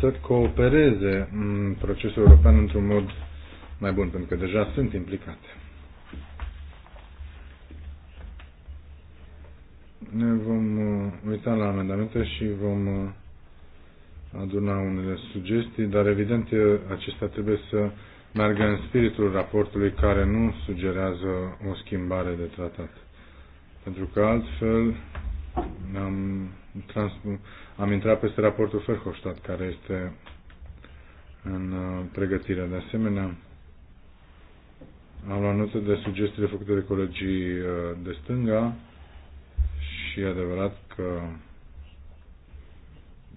să coopereze în procesul european într-un mod mai bun, pentru că deja sunt implicate. Ne vom uh, uita la amendamente și vom uh, aduna unele sugestii, dar evident uh, acestea trebuie să meargă în spiritul raportului care nu sugerează o schimbare de tratat. Pentru că altfel am, trans, am intrat peste raportul Ferhofstadt, care este în pregătire. De asemenea, am luat notă de sugestiile făcute de colegii de stânga și e adevărat că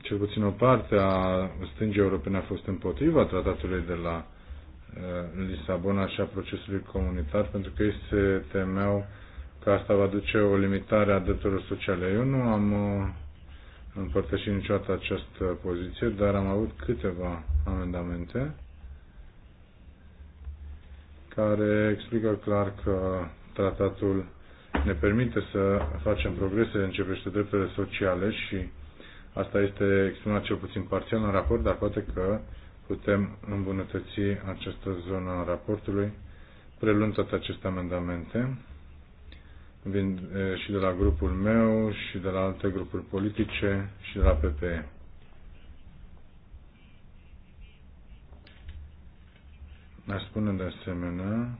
cel puțin o parte a stângii europene a fost împotriva tratatului de la uh, Lisabona și a procesului comunitar, pentru că ei se temeau că asta va duce o limitare a drepturilor sociale. Eu nu am uh, împărtășit niciodată această poziție, dar am avut câteva amendamente care explică clar că tratatul ne permite să facem progrese în ce privește drepturile sociale și asta este exprimat cel puțin parțial în raport, dar poate că putem îmbunătăți această zonă a raportului preluând toate aceste amendamente vin și de la grupul meu și de la alte grupuri politice și de la PPE. Mai spune de asemenea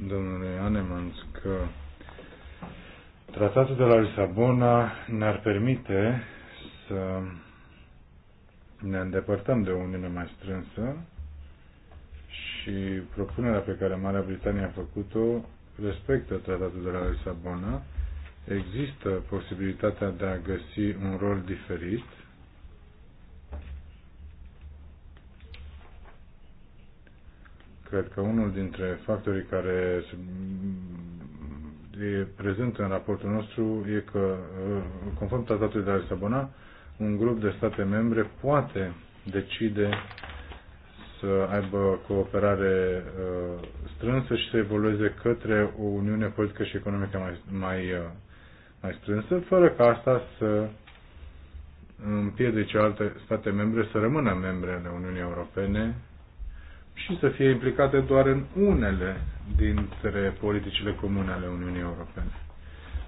Domnule Anemans că tratatul de la Lisabona ne-ar permite să ne îndepărtăm de o uniune mai strânsă și propunerea pe care Marea Britanie a făcut-o respectă tratatul de la Lisabona. Există posibilitatea de a găsi un rol diferit cred că unul dintre factorii care e prezent în raportul nostru e că, uh, conform tratatului de la Lisabona, un grup de state membre poate decide să aibă cooperare uh, strânsă și să evolueze către o uniune politică și economică mai, mai, uh, mai strânsă, fără ca asta să împiedice alte state membre să rămână membre ale Uniunii Europene și să fie implicate doar în unele dintre politicile comune ale Uniunii Europene.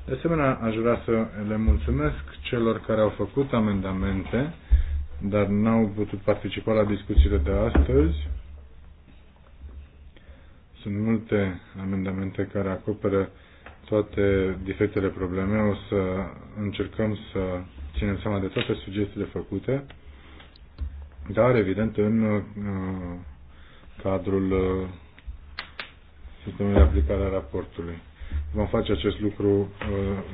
De asemenea, aș vrea să le mulțumesc celor care au făcut amendamente, dar n-au putut participa la discuțiile de astăzi. Sunt multe amendamente care acoperă toate diferitele probleme. O să încercăm să ținem seama de toate sugestiile făcute, dar, evident, în uh, cadrul uh, sistemului de aplicare a raportului. Vom face acest lucru, uh,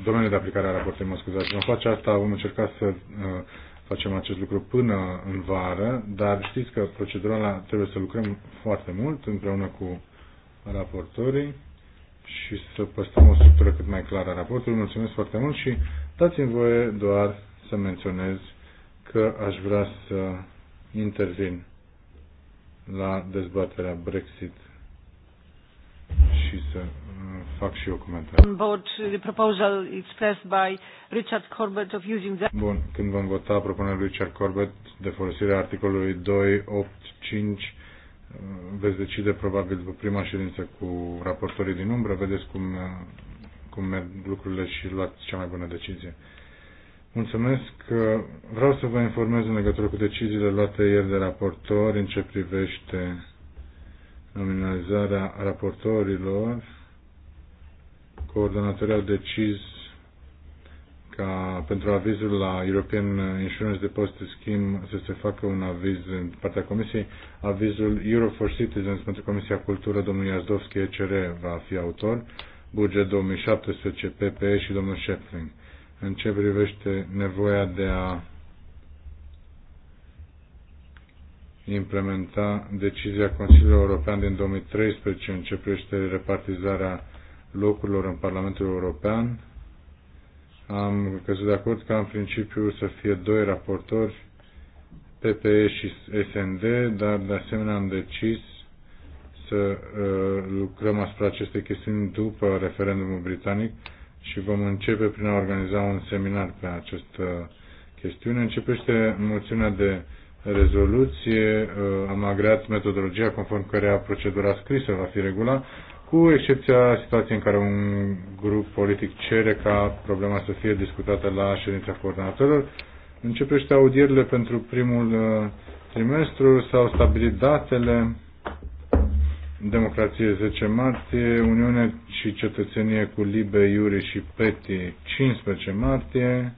domeniul de aplicare a raportului, mă scuzați, vom face asta, vom încerca să uh, facem acest lucru până în vară, dar știți că la trebuie să lucrăm foarte mult împreună cu raportorii și să păstrăm o structură cât mai clară a raportului. Mulțumesc foarte mult și dați-mi voie doar să menționez că aș vrea să intervin la dezbaterea Brexit și să uh, fac și eu comentarii. Vote the proposal expressed by Richard Corbett of using the... Bun, când vom vota propunerea lui Richard Corbett de folosirea articolului 285 uh, veți decide probabil după prima ședință cu raportorii din umbră, vedeți cum, uh, cum merg lucrurile și luați cea mai bună decizie. Mulțumesc. Vreau să vă informez în legătură cu deciziile luate ieri de raportori în ce privește nominalizarea raportorilor. Coordonatorii au decis ca pentru avizul la European Insurance Deposit Scheme să se facă un aviz în partea Comisiei. Avizul Euro for Citizens pentru Comisia Cultură, domnul Iazdovski ECR va fi autor, buget 2017 PPE și domnul Shepling în ce privește nevoia de a implementa decizia Consiliului European din 2013 în ce privește repartizarea locurilor în Parlamentul European. Am căzut de acord ca în principiu să fie doi raportori, PPE și SND, dar de asemenea am decis să uh, lucrăm asupra acestei chestiuni după referendumul britanic și vom începe prin a organiza un seminar pe această chestiune. Începește mulțimea de rezoluție, uh, am agreat metodologia conform cărea procedura scrisă va fi regula, cu excepția situației în care un grup politic cere ca problema să fie discutată la ședința coordonatorilor. Începește audierile pentru primul uh, trimestru, s-au stabilit datele, Democrație 10 martie, Uniune și Cetățenie cu Libe, Iuri și Peti 15 martie,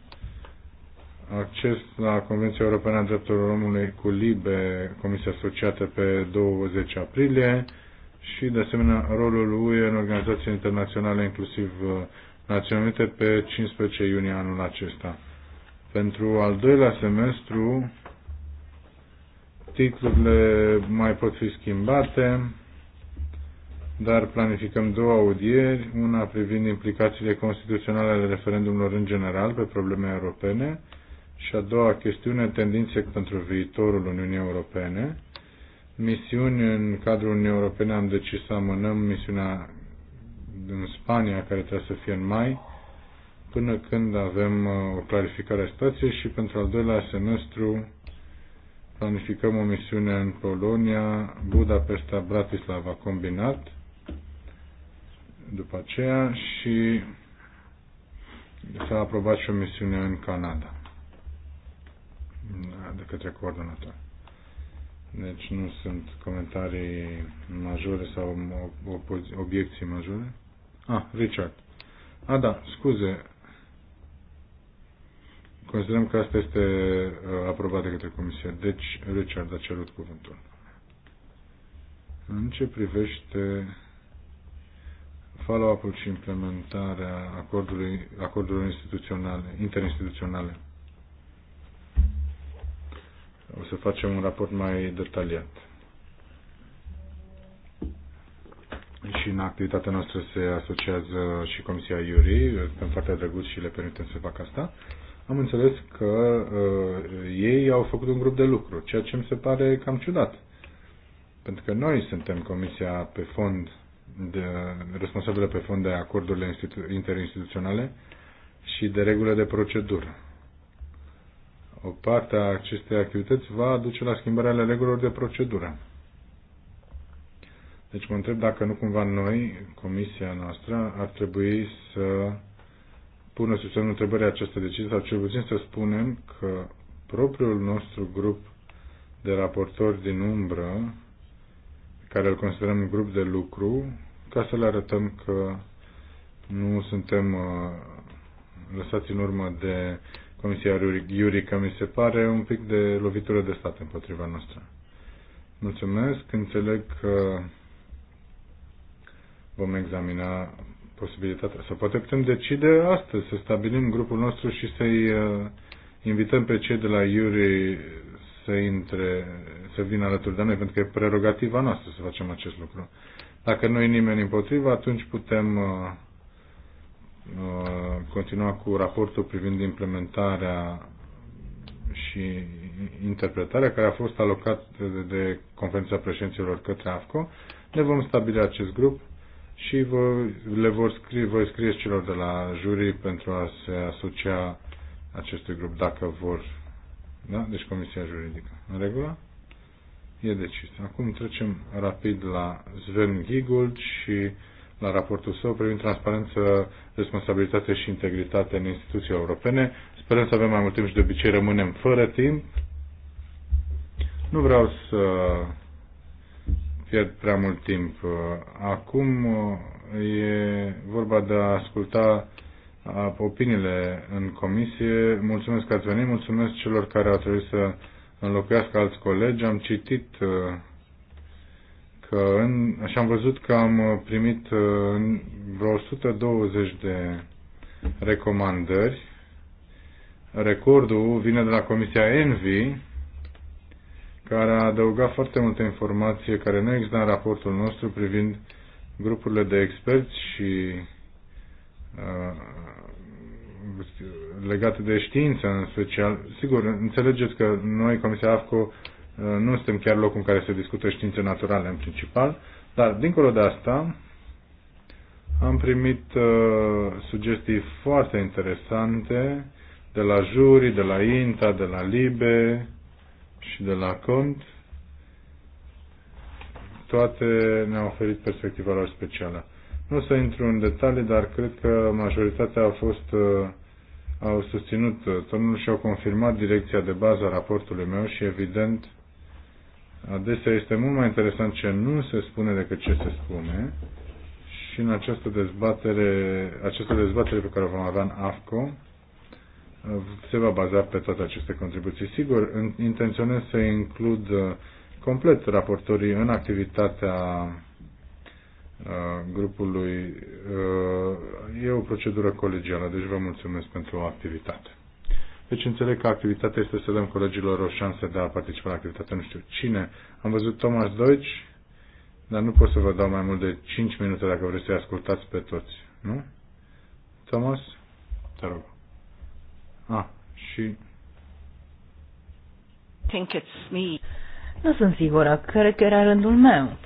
acces la Convenția Europeană a Drepturilor Omului cu Libe, Comisia Asociată pe 20 aprilie și, de asemenea, rolul UE în organizații internaționale, inclusiv uh, Națiunile Unite, pe 15 iunie anul acesta. Pentru al doilea semestru, titlurile mai pot fi schimbate dar planificăm două audieri, una privind implicațiile constituționale ale referendumelor în general pe probleme europene și a doua chestiune, tendințe pentru viitorul Uniunii Europene. Misiuni în cadrul Uniunii Europene am decis să amânăm misiunea în Spania, care trebuie să fie în mai, până când avem uh, o clarificare a situației și pentru al doilea semestru planificăm o misiune în Polonia, Budapesta, Bratislava combinat după aceea și s-a aprobat și o misiune în Canada de către coordonator. Deci nu sunt comentarii majore sau obiecții majore. Ah, Richard. Ah, da, scuze. Considerăm că asta este uh, aprobat de către Comisie. Deci, Richard a cerut cuvântul. În ce privește follow-up-ul și implementarea acordului, acordului instituționale, interinstituționale. O să facem un raport mai detaliat. Și în activitatea noastră se asociază și Comisia Iuri, suntem foarte drăguți și le permitem să facă asta. Am înțeles că uh, ei au făcut un grup de lucru, ceea ce mi se pare cam ciudat. Pentru că noi suntem Comisia pe fond uh, de, responsabilă pe fond de acordurile interinstituționale și de regulă de procedură. O parte a acestei activități va duce la schimbarea ale regulilor de procedură. Deci mă întreb dacă nu cumva noi, comisia noastră, ar trebui să pună sub semnul întrebării această decizie sau cel puțin să spunem că propriul nostru grup de raportori din umbră care îl considerăm un grup de lucru, ca să le arătăm că nu suntem uh, lăsați în urmă de Comisia Iurica, mi se pare un pic de lovitură de stat împotriva noastră. Mulțumesc, înțeleg că vom examina posibilitatea. Sau poate putem decide astăzi să stabilim grupul nostru și să-i uh, invităm pe cei de la Iuri să intre să vină alături de noi, pentru că e prerogativa noastră să facem acest lucru. Dacă nu e nimeni împotrivă, atunci putem uh, uh, continua cu raportul privind implementarea și interpretarea care a fost alocat de, de conferința președinților către AFCO. Ne vom stabili acest grup și vă, le vor scrie, voi scrie celor de la jury pentru a se asocia acestui grup dacă vor. Da? Deci Comisia Juridică. În regulă? E decis. Acum trecem rapid la Sven Giegold și la raportul său privind transparență, responsabilitate și integritate în instituții europene. Sperăm să avem mai mult timp și de obicei rămânem fără timp. Nu vreau să pierd prea mult timp. Acum e vorba de a asculta opiniile în comisie. Mulțumesc că ați venit, mulțumesc celor care au trebuit să înlocuiască alți colegi, am citit uh, că în, și am văzut că am uh, primit uh, vreo 120 de recomandări. Recordul vine de la Comisia Envi, care a adăugat foarte multă informație care nu există în raportul nostru privind grupurile de experți și legate de știință în special. Sigur, înțelegeți că noi, Comisia AFCO, uh, nu suntem chiar locul în care se discută științe naturale în principal, dar dincolo de asta am primit uh, sugestii foarte interesante de la juri, de la INTA, de la LIBE și de la CONT. Toate ne-au oferit perspectiva lor specială. Nu o să intru în detalii, dar cred că majoritatea au fost uh, au susținut turnul uh, și au confirmat direcția de bază a raportului meu și, evident, adesea este mult mai interesant ce nu se spune decât ce se spune și în această dezbatere, această dezbatere pe care o vom avea în AFCO uh, se va baza pe toate aceste contribuții. Sigur, intenționez să includ uh, complet raportorii în activitatea grupului uh, e o procedură colegială, deci vă mulțumesc pentru o activitate. Deci înțeleg că activitatea este să dăm colegilor o șansă de a participa la activitate. Nu știu cine. Am văzut Thomas Deutsch, dar nu pot să vă dau mai mult de 5 minute dacă vreți să-i ascultați pe toți. Nu? Thomas? Te rog. Ah, și... Think it's me. Nu sunt sigură. Cred că era rândul meu.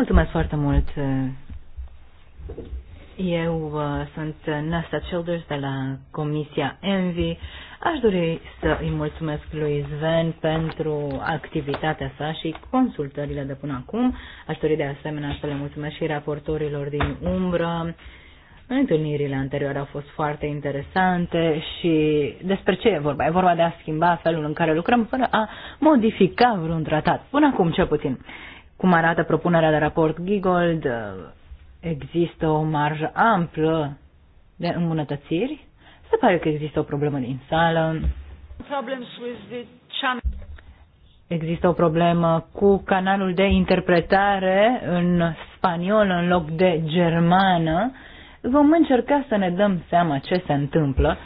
Mulțumesc foarte mult. Eu uh, sunt Nasta Childers de la Comisia Envy. Aș dori să îi mulțumesc lui Sven pentru activitatea sa și consultările de până acum. Aș dori de asemenea să le mulțumesc și raportorilor din umbră. Întâlnirile anterioare au fost foarte interesante și despre ce e vorba? E vorba de a schimba felul în care lucrăm fără a modifica vreun tratat. Până acum, ce puțin cum arată propunerea de raport Gigold, eh, există o marjă amplă de îmbunătățiri. Se pare că există o problemă din sală. Există o problemă cu canalul de interpretare în spaniolă în loc de germană. Vom încerca să ne dăm seama ce se întâmplă.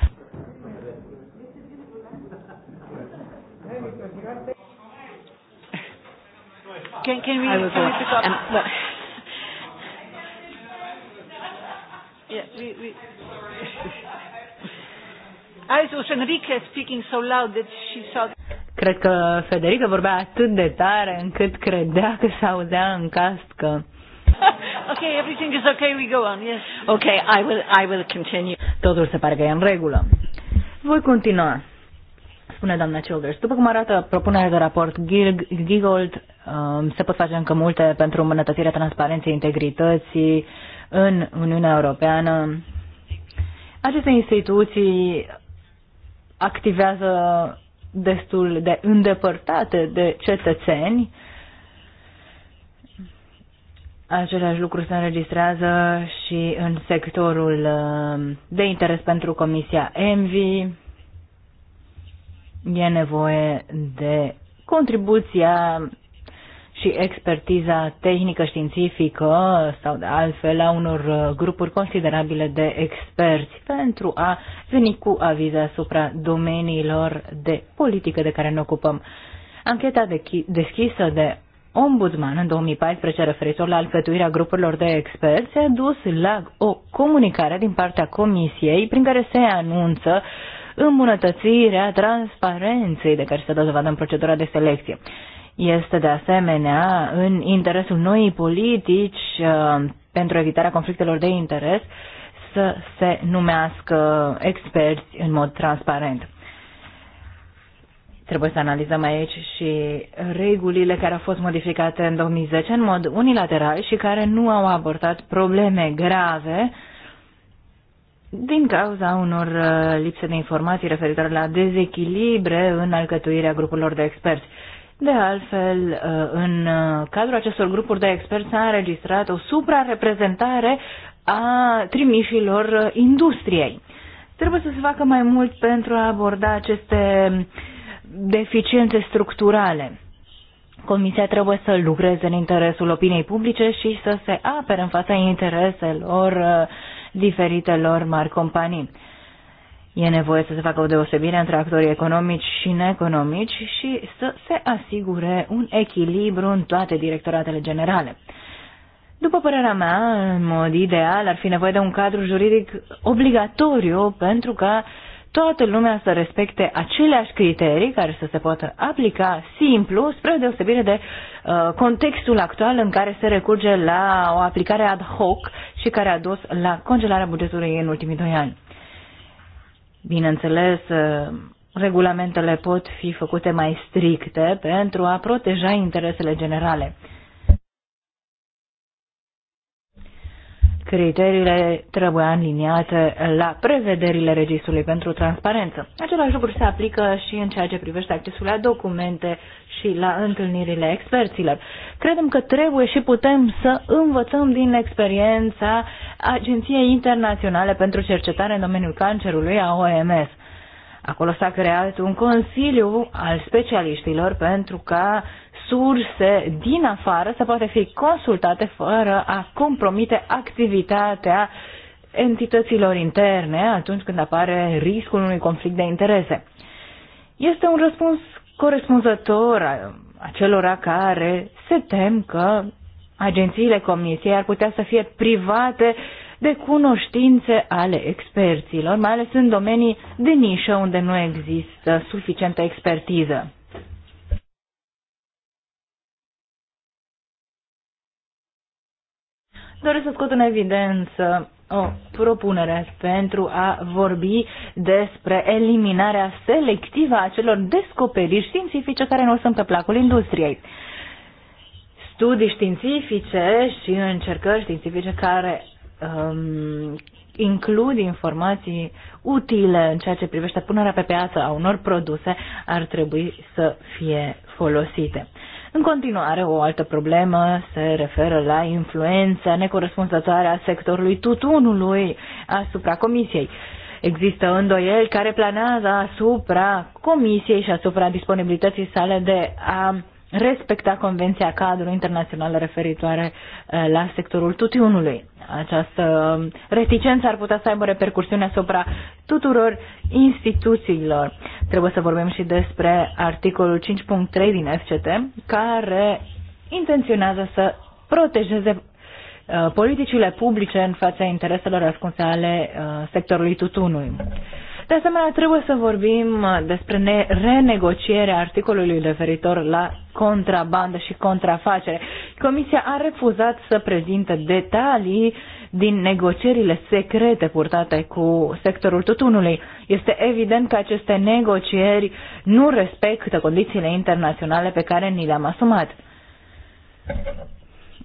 Can, can we, I was can we pick up? Um, yeah, we, we. I was Enrique speaking so loud that she saw. Cred că Federica vorbea atât de tare încât credea că se auzea în cască. okay, everything is okay, we go on, yes. Okay, I will, I will continue. Totul se pare că e în regulă. Voi continua spune doamna Childers. După cum arată propunerea de raport Giggold, um, se pot face încă multe pentru îmbunătățirea transparenței integrității în Uniunea Europeană. Aceste instituții activează destul de îndepărtate de cetățeni. Același lucru se înregistrează și în sectorul um, de interes pentru Comisia ENVI e nevoie de contribuția și expertiza tehnică științifică sau de altfel a unor grupuri considerabile de experți pentru a veni cu avize asupra domeniilor de politică de care ne ocupăm. Ancheta deschisă de Ombudsman în 2014 referitor la alfătuirea grupurilor de experți a dus la o comunicare din partea Comisiei prin care se anunță uh, îmbunătățirea transparenței de care se dă dovadă în procedura de selecție. Este de asemenea în interesul noii politici uh, pentru evitarea conflictelor de interes să se numească experți în mod transparent. Trebuie să analizăm aici și regulile care au fost modificate în 2010 în mod unilateral și care nu au abordat probleme grave din cauza unor uh, lipse de informații referitoare la dezechilibre în alcătuirea grupurilor de experți. De altfel, uh, în uh, cadrul acestor grupuri de experți s-a înregistrat o suprareprezentare a trimișilor industriei. Trebuie să se facă mai mult pentru a aborda aceste deficiențe structurale. Comisia trebuie să lucreze în interesul opiniei publice și să se apere în fața intereselor diferitelor mari companii. E nevoie să se facă o deosebire între actorii economici și neeconomici și să se asigure un echilibru în toate directoratele generale. După părerea mea, în mod ideal, ar fi nevoie de un cadru juridic obligatoriu pentru ca uh, toată lumea să respecte aceleași criterii care să se poată aplica simplu, spre deosebire de uh, contextul actual în care se recurge la o aplicare ad hoc și care a dus la congelarea bugetului în ultimii doi ani. Bineînțeles, uh, regulamentele pot fi făcute mai stricte pentru a proteja interesele generale. criteriile trebuie aliniate la prevederile Registrului pentru Transparență. Același lucru se aplică și în ceea ce privește accesul la documente și la întâlnirile experților. Credem că trebuie și putem să învățăm din experiența Agenției Internaționale pentru Cercetare în domeniul cancerului a OMS. Acolo s-a creat un consiliu al specialiștilor pentru ca surse din afară să poată fi consultate fără a compromite activitatea entităților interne atunci când apare riscul unui conflict de interese. Este un răspuns corespunzător acelora care se tem că agențiile comisiei ar putea să fie private de cunoștințe ale experților, mai ales în domenii de nișă unde nu există suficientă expertiză. doresc să scot în evidență o propunere pentru a vorbi despre eliminarea selectivă a celor descoperiri științifice care nu sunt pe placul industriei. Studii științifice și încercări științifice care um, includ informații utile în ceea ce privește punerea pe piață a unor produse ar trebui să fie folosite. În continuare, o altă problemă se referă la influența necorespunzătoare a sectorului tutunului asupra Comisiei. Există îndoieli care planează asupra Comisiei și asupra disponibilității sale de a respecta Convenția Cadru Internațională referitoare eh, la sectorul tutiunului. Această eh, reticență ar putea să aibă repercursiune asupra tuturor instituțiilor. Trebuie să vorbim și despre articolul 5.3 din FCT, care intenționează să protejeze eh, politicile publice în fața intereselor ascunse ale sectorului tutunului. De asemenea, trebuie să vorbim uh, despre renegocierea articolului referitor la contrabandă și contrafacere. Comisia a refuzat să prezinte detalii din negocierile secrete purtate cu sectorul tutunului. Este evident că aceste negocieri nu respectă condițiile internaționale pe care ni le-am asumat.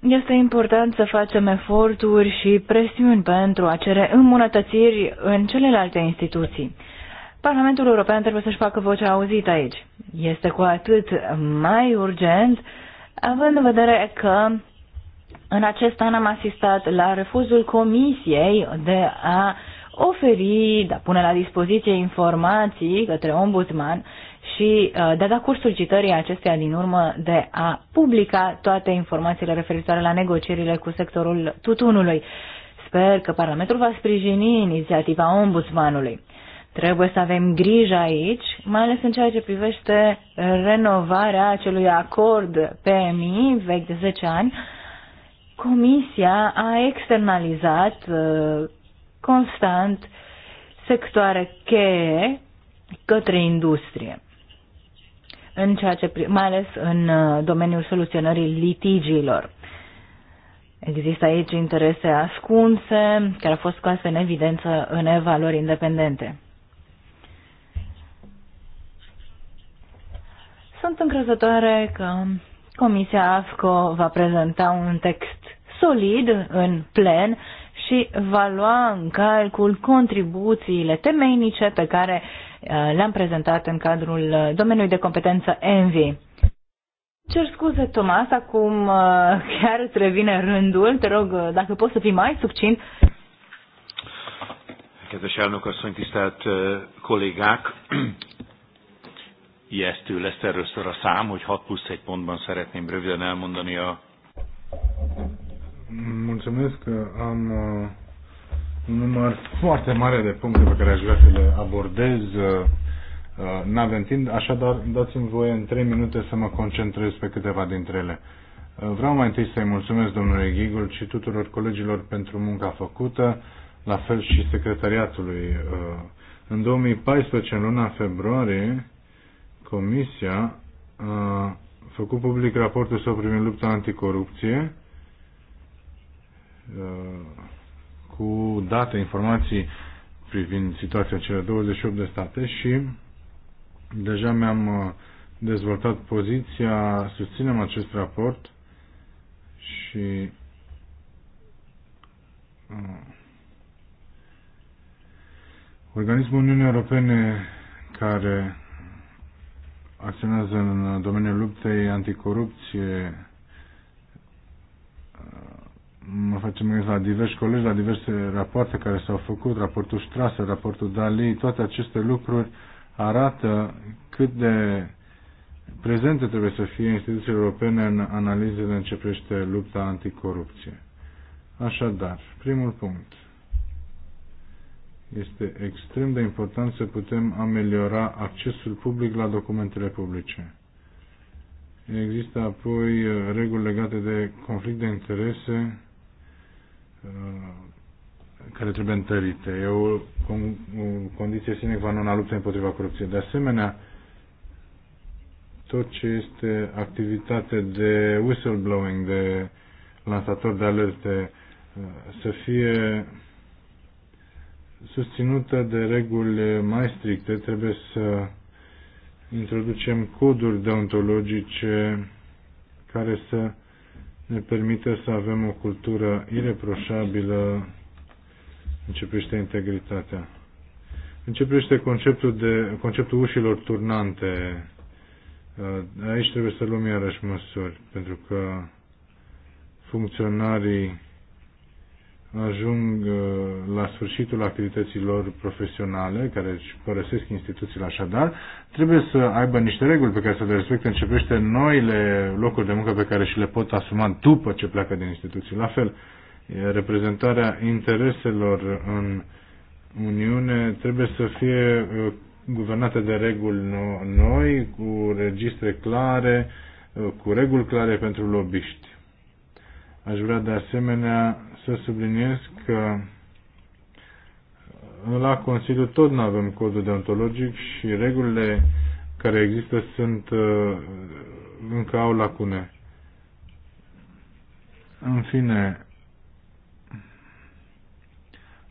Este important să facem eforturi și presiuni pentru a cere îmbunătățiri în celelalte instituții. Parlamentul European trebuie să-și facă vocea auzită aici. Este cu atât mai urgent, având în vedere că în acest an am asistat la refuzul Comisiei de a oferi, de a pune la dispoziție informații către ombudsman și uh, de a da cursul citării acesteia din urmă de a publica toate informațiile referitoare la negocierile cu sectorul tutunului. Sper că Parlamentul va sprijini inițiativa ombudsmanului. Trebuie să avem grijă aici, mai ales în ceea ce privește renovarea acelui acord PMI vechi de 10 ani. Comisia a externalizat uh, constant sectoare cheie către industrie în ceea ce, mai ales în uh, domeniul soluționării litigiilor. Există aici interese ascunse, care au fost scoase în evidență în evaluări independente. Sunt încrezătoare că Comisia AFCO va prezenta un text solid în plen și va lua în calcul contribuțiile temeinice pe care Eh, le-am prezentat în cadrul eh, domeniului de competență ENVI. Cer scuze, Tomas, acum eh, chiar îți revine rândul. Te rog, dacă poți să fii mai succint. Kedves elnök asszony, tisztelt kollégák! Ijesztő lesz először a szám, hogy 6 plusz 1 pontban szeretném röviden elmondani a... Mulțumesc, am număr foarte mare de puncte pe care aș vrea să le abordez. Uh, uh, n-avem timp, așadar dați-mi voie în 3 minute să mă concentrez pe câteva dintre ele. Uh, vreau mai întâi să-i mulțumesc domnului Ghigul și tuturor colegilor pentru munca făcută, la fel și secretariatului. În 2014, în luna februarie, Comisia a făcut public raportul său privind lupta anticorupție cu date, informații privind situația celor 28 de state și deja mi-am uh, dezvoltat poziția, susținem acest raport și uh, Organismul Uniunii Europene care acționează în domeniul luptei anticorupție mă facem gândesc la diversi colegi, la diverse rapoarte care s-au făcut, raportul Strasă, raportul Dali, toate aceste lucruri arată cât de prezente trebuie să fie instituțiile europene în analizele în ce privește lupta anticorupție. Așadar, primul punct. Este extrem de important să putem ameliora accesul public la documentele publice. Există apoi uh, reguli legate de conflict de interese, Uh, care trebuie întărite. E o, condiție sine qua non a luptei împotriva corupției. De asemenea, tot ce este activitate de whistleblowing, de lansator de alerte, uh, să fie susținută de reguli mai stricte, trebuie să introducem coduri deontologice care să ne permite să avem o cultură ireproșabilă începește integritatea. Începește conceptul, de, conceptul ușilor turnante. Aici trebuie să luăm iarăși măsuri, pentru că funcționarii ajung uh, la sfârșitul activităților profesionale, care își părăsesc instituțiile așadar, trebuie să aibă niște reguli pe care să le respecte începește noile locuri de muncă pe care și le pot asuma după ce pleacă din instituții. La fel, reprezentarea intereselor în Uniune trebuie să fie uh, guvernată de reguli noi, cu registre clare, uh, cu reguli clare pentru lobbyști. Aș vrea de asemenea să subliniez că uh, la Consiliu tot nu avem codul deontologic și regulile care există sunt uh, încă au lacune. În fine,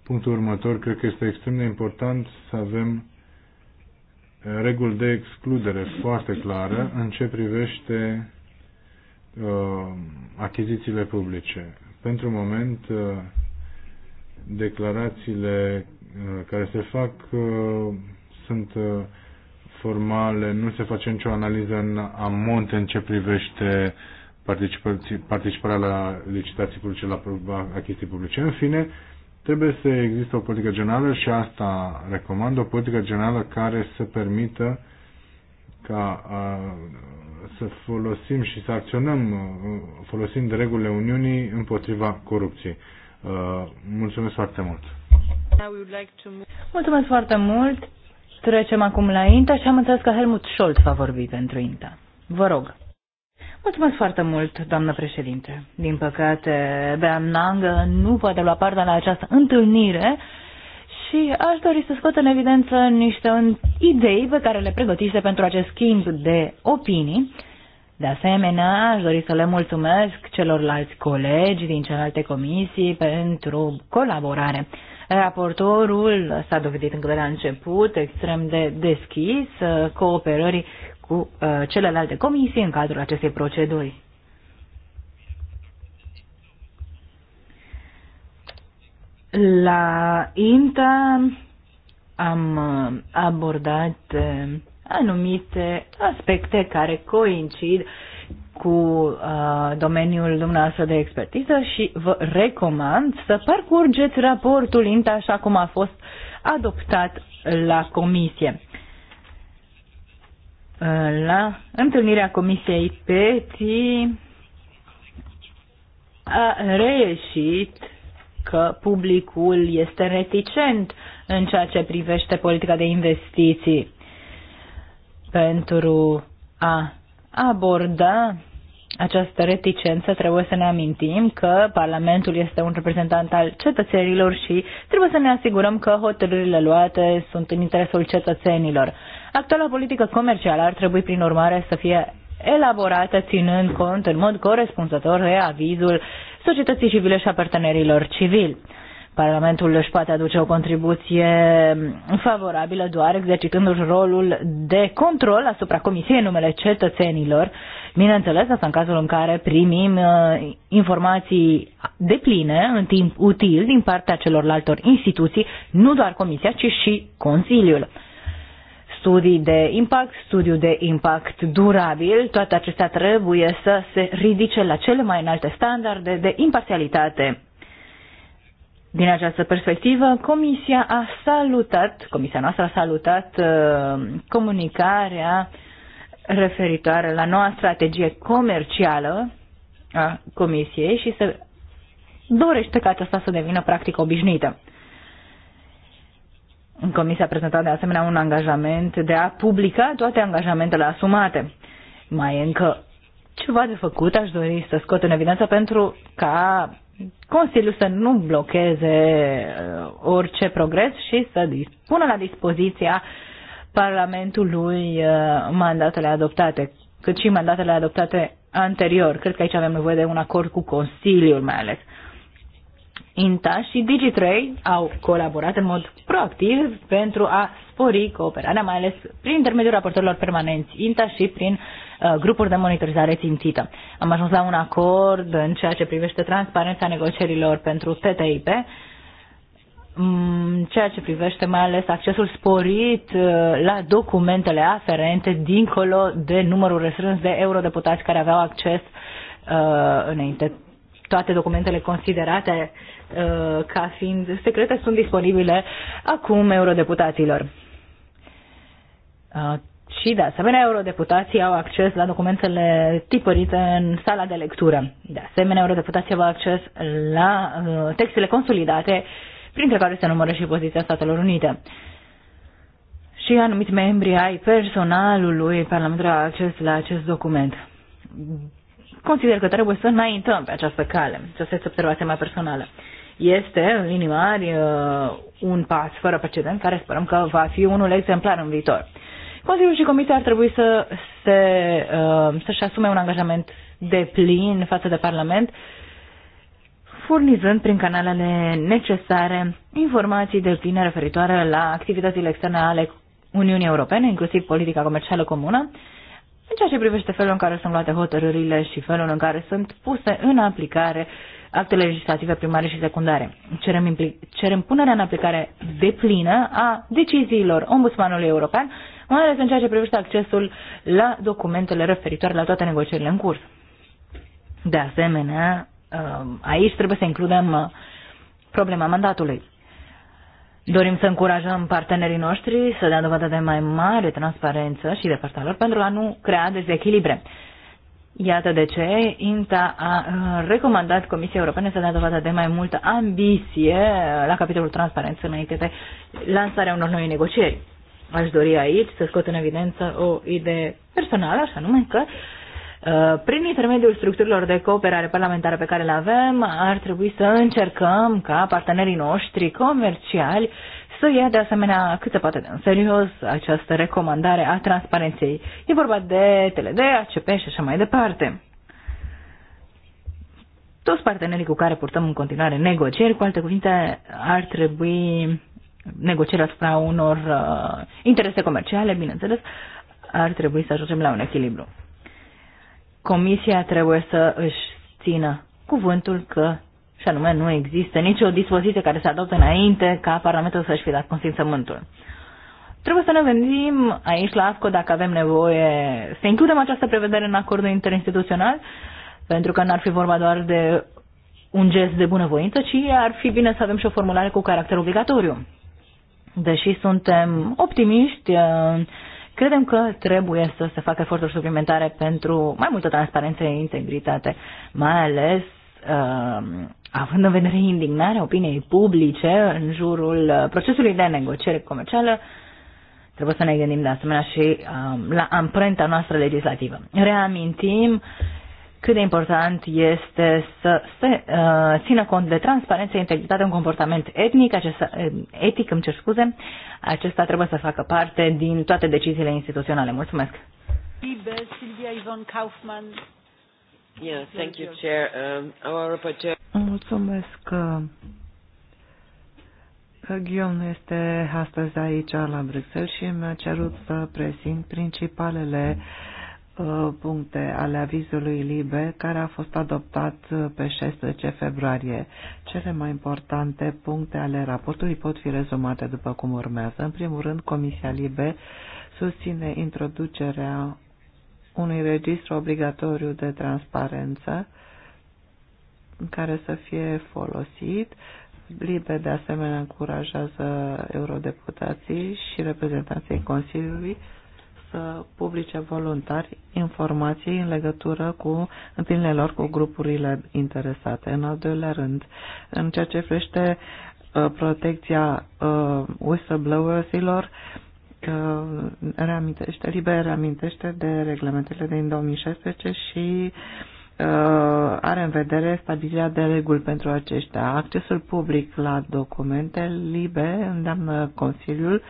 punctul următor, cred că este extrem de important să avem uh, reguli de excludere foarte clară în ce privește uh, achizițiile publice. Pentru moment, uh, declarațiile uh, care se fac uh, sunt formale, nu se face nicio analiză în amont în ce privește participarea la licitații publice, la achiziții publice. În fine, trebuie să există o politică generală și asta recomand, o politică generală care să permită ca să folosim și să acționăm uh, folosind regulile Uniunii împotriva corupției. Uh, mulțumesc foarte mult! Mulțumesc foarte mult! Trecem acum la INTA și am înțeles că Helmut Scholz va vorbi pentru INTA. Vă rog! Mulțumesc foarte mult, doamnă președinte. Din păcate, Bea Nangă nu poate lua parte la această întâlnire, și aș dori să scot în evidență niște idei pe care le pregătise pentru acest schimb de opinii. De asemenea, aș dori să le mulțumesc celorlalți colegi din celelalte comisii pentru colaborare. Raportorul s-a dovedit încă de la început extrem de deschis cooperării cu uh, celelalte comisii în cadrul acestei proceduri. La INTA am uh, abordat uh, anumite aspecte care coincid cu uh, domeniul dumneavoastră de expertiză și vă recomand să parcurgeți raportul INTA așa cum a fost adoptat la comisie. Uh, la întâlnirea comisiei PETI a reieșit că publicul este reticent în ceea ce privește politica de investiții pentru a aborda această reticență, trebuie să ne amintim că Parlamentul este un reprezentant al cetățenilor și trebuie să ne asigurăm că hotărârile luate sunt în interesul cetățenilor. Actuala politică comercială ar trebui, prin urmare, să fie elaborată ținând cont în mod corespunzător de avizul societății civile și a partenerilor civili. Parlamentul își poate aduce o contribuție favorabilă doar exercitându-și rolul de control asupra Comisiei în numele cetățenilor. Bineînțeles, asta în cazul în care primim uh, informații depline în timp util din partea celorlalte instituții, nu doar Comisia, ci și Consiliul studii de impact, studiu de impact durabil, toate acestea trebuie să se ridice la cele mai înalte standarde de imparțialitate. Din această perspectivă, Comisia a salutat, Comisia noastră a salutat uh, comunicarea referitoare la noua strategie comercială a Comisiei și se dorește ca aceasta să devină practică obișnuită. Comisia a prezentat de asemenea un angajament de a publica toate angajamentele asumate. Mai e încă ceva de făcut, aș dori să scot în evidență pentru ca Consiliul să nu blocheze uh, orice progres și să pună la dispoziția Parlamentului uh, mandatele adoptate, cât și mandatele adoptate anterior. Cred că aici avem nevoie de un acord cu Consiliul mai ales. INTA și Digi3 au colaborat în mod proactiv pentru a spori cooperarea, mai ales prin intermediul raportorilor permanenți INTA și prin uh, grupuri de monitorizare țintită. Am ajuns la un acord în ceea ce privește transparența negocierilor pentru TTIP, mm, ceea ce privește mai ales accesul sporit uh, la documentele aferente dincolo de numărul restrâns de eurodeputați care aveau acces uh, înainte toate documentele considerate Uh, ca fiind secrete sunt disponibile acum eurodeputaților. Uh, și de asemenea, eurodeputații au acces la documentele tipărite în sala de lectură. De asemenea, eurodeputații au acces la uh, textele consolidate, printre care se numără și poziția Statelor Unite. Și anumiți membri ai personalului parlamentar au acces la acest document. Consider că trebuie să înaintăm pe această cale. să se observație mai personală este, în linii mari, uh, un pas fără precedent care sperăm că va fi unul exemplar în viitor. Consiliul și Comisia ar trebui să se, uh, să-și asume un angajament de plin față de Parlament, furnizând prin canalele necesare informații de plină referitoare la activitățile externe ale Uniunii Europene, inclusiv politica comercială comună, în ceea ce privește felul în care sunt luate hotărârile și felul în care sunt puse în aplicare uh, actele legislative primare și secundare. Cerem, cerem punerea în aplicare deplină a deciziilor Ombudsmanului European, mai ales în ceea ce privește accesul la documentele referitoare la toate negocierile în curs. De asemenea, um, aici trebuie să includem uh, problema mandatului. Dorim să încurajăm partenerii noștri să dea dovadă de mai mare transparență și de partea lor pentru a nu crea dezechilibre. Iată de ce INTA a uh, recomandat Comisiei Europene să dea dovadă de mai multă ambiție la capitolul transparență înainte de lansarea unor noi negocieri. Aș dori aici să scot în evidență o idee personală, așa numai că uh, prin intermediul structurilor de cooperare parlamentară pe care le avem, ar trebui să încercăm ca partenerii noștri comerciali să ia de asemenea cât se poate de în serios această recomandare a transparenței. E vorba de TLD, ACP și așa mai departe. Toți partenerii cu care purtăm în continuare negocieri, cu alte cuvinte, ar trebui negocieri asupra unor uh, interese comerciale, bineînțeles, ar trebui să ajungem la un echilibru. Comisia trebuie să își țină cuvântul că și anume nu există nicio dispoziție care se adoptă înainte ca Parlamentul să-și fi dat consimțământul. Trebuie să ne gândim aici la AFCO dacă avem nevoie să includem această prevedere în acordul interinstituțional, pentru că n-ar fi vorba doar de un gest de bunăvoință, ci ar fi bine să avem și o formulare cu caracter obligatoriu. Deși suntem optimiști, credem că trebuie să se facă eforturi suplimentare pentru mai multă transparență și integritate, mai ales având în vedere indignarea opiniei publice în jurul uh, procesului de negociere comercială, trebuie să ne gândim de asemenea și um, la amprenta noastră legislativă. Reamintim cât de important este să se uh, țină cont de transparență, integritate, un comportament etnic, acesta, uh, etic, îmi cer scuze, acesta trebuie să facă parte din toate deciziile instituționale. Mulțumesc! Liebe Silvia Ivon Kaufmann, Yeah, thank you, Chair. Um, our rapporteur... Mulțumesc. Uh, uh, Guillaume este astăzi aici la Bruxelles și mi-a cerut să prezint principalele uh, puncte ale avizului LIBE care a fost adoptat pe 16 februarie. Cele mai importante puncte ale raportului pot fi rezumate după cum urmează. În primul rând, Comisia LIBE susține introducerea unui registru obligatoriu de transparență în care să fie folosit. Libe de asemenea încurajează eurodeputații și reprezentanții Consiliului să publice voluntari informații în legătură cu întâlnirile lor cu grupurile interesate. În al doilea rând, în ceea ce privește uh, protecția whistleblowers-ilor, uh, că reamintește, liber reamintește de reglementele din 2016 și uh, are în vedere stabilirea de reguli pentru aceștia. Accesul public la documente libe îndeamnă Consiliul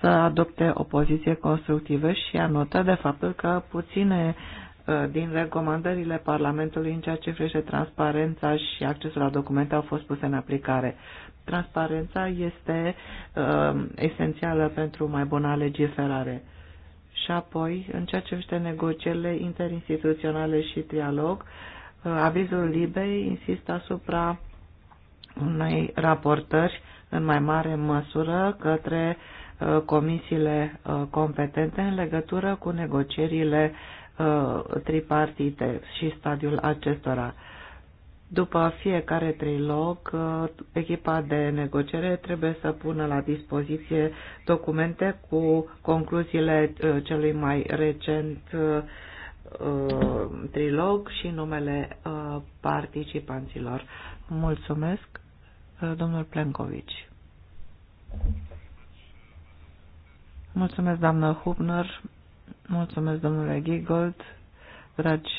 să adopte o poziție constructivă și anotă de faptul că puține uh, din recomandările Parlamentului în ceea ce privește transparența și accesul la documente au fost puse în aplicare transparența este uh, esențială pentru mai bună legiferare. Și apoi, în ceea ce vește negocierile interinstituționale și trialog, uh, avizul Libei insistă asupra unei raportări în mai mare măsură către uh, comisiile uh, competente în legătură cu negocierile uh, tripartite și stadiul acestora. Uh, după fiecare trilog, uh, echipa de negociere trebuie să pună la dispoziție documente cu concluziile uh, celui mai recent uh, trilog și numele participanților. Mulțumesc, domnul Plencovici. Mulțumesc, doamnă Hubner. Mulțumesc, domnule Gigold. Dragi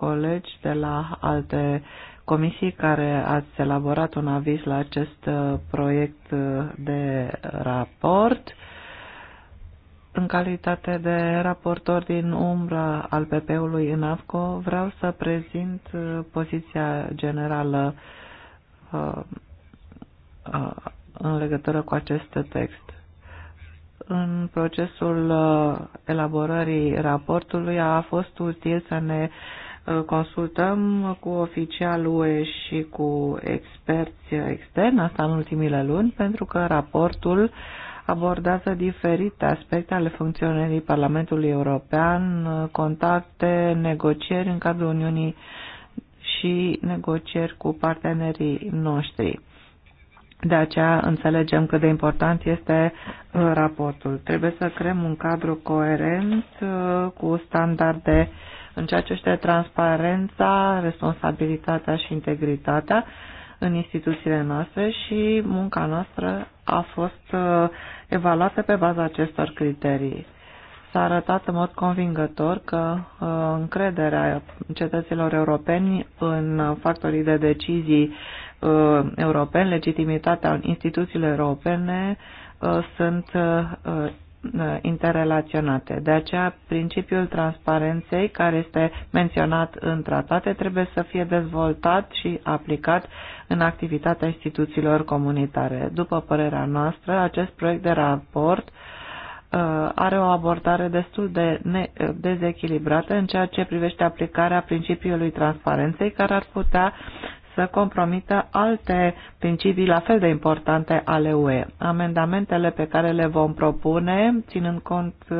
colegi de la alte comisii care ați elaborat un aviz la acest uh, proiect uh, de raport. În calitate de raportor din umbră al PP-ului în AFCO, vreau să prezint uh, poziția generală în legătură cu acest text. În procesul elaborării raportului a fost util să ne consultăm cu oficial UE și cu experți externi, asta în ultimile luni, pentru că raportul abordează diferite aspecte ale funcționării Parlamentului European, contacte, negocieri în cadrul Uniunii și negocieri cu partenerii noștri. De aceea înțelegem cât de important este uh, raportul. Trebuie să creăm un cadru coerent uh, cu standarde uh, în ceea ce este transparența, responsabilitatea și integritatea în instituțiile noastre și munca noastră a fost uh, evaluată pe baza acestor criterii. S-a arătat în mod convingător că uh, încrederea cetățenilor europeni în factorii de decizii uh, europeni, legitimitatea instituțiilor europene sunt Uh, interrelaționate. De aceea, principiul transparenței care este menționat în tratate trebuie să fie dezvoltat și aplicat în activitatea instituțiilor comunitare. După părerea noastră, acest proiect de raport uh, are o abordare destul de uh, dezechilibrată în ceea ce privește aplicarea principiului transparenței care ar putea să compromită alte principii la fel de importante ale UE. Amendamentele pe care le vom propune, ținând cont uh,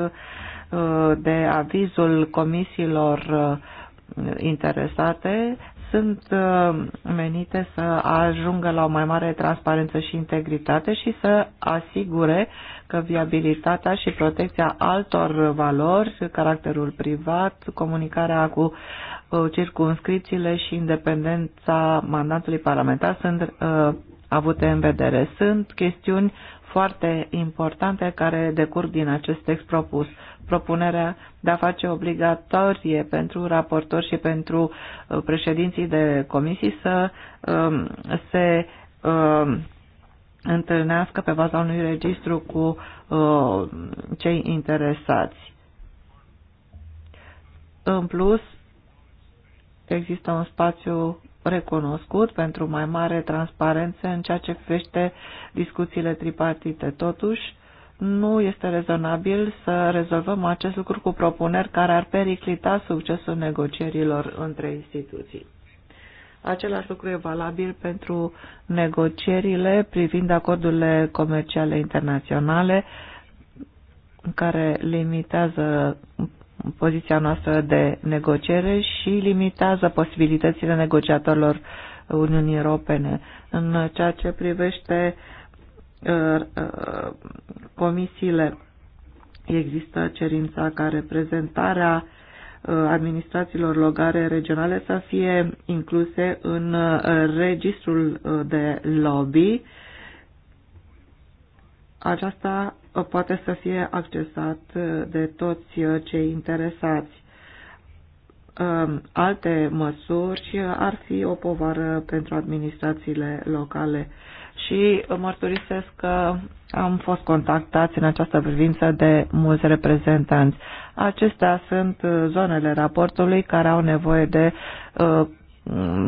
de avizul comisiilor uh, interesate, sunt uh, menite să ajungă la o mai mare transparență și integritate și să asigure că viabilitatea și protecția altor valori, caracterul privat, comunicarea cu Uh, circunscripțiile și independența mandatului parlamentar sunt uh, avute în vedere. Sunt chestiuni foarte importante care decurg din acest text propus. Propunerea de a face obligatorie pentru raportori și pentru uh, președinții de comisii să um, se um, întâlnească pe baza unui registru cu cei interesați. În plus, există un spațiu recunoscut pentru mai mare transparență în ceea ce privește discuțiile tripartite. Totuși, nu este rezonabil să rezolvăm acest lucru cu propuneri care ar periclita succesul negocierilor între instituții. Același lucru e valabil pentru negocierile privind acordurile comerciale internaționale care limitează poziția noastră de negociere și limitează posibilitățile negociatorilor Uniunii Europene. În ceea ce privește uh, uh, comisiile, există cerința ca reprezentarea uh, administrațiilor locale regionale să fie incluse în registrul de lobby. Aceasta poate să fie accesat de toți cei interesați. Alte măsuri ar fi o povară pentru administrațiile locale și mărturisesc că am fost contactați în această privință de mulți reprezentanți. Acestea sunt zonele raportului care au nevoie de uh,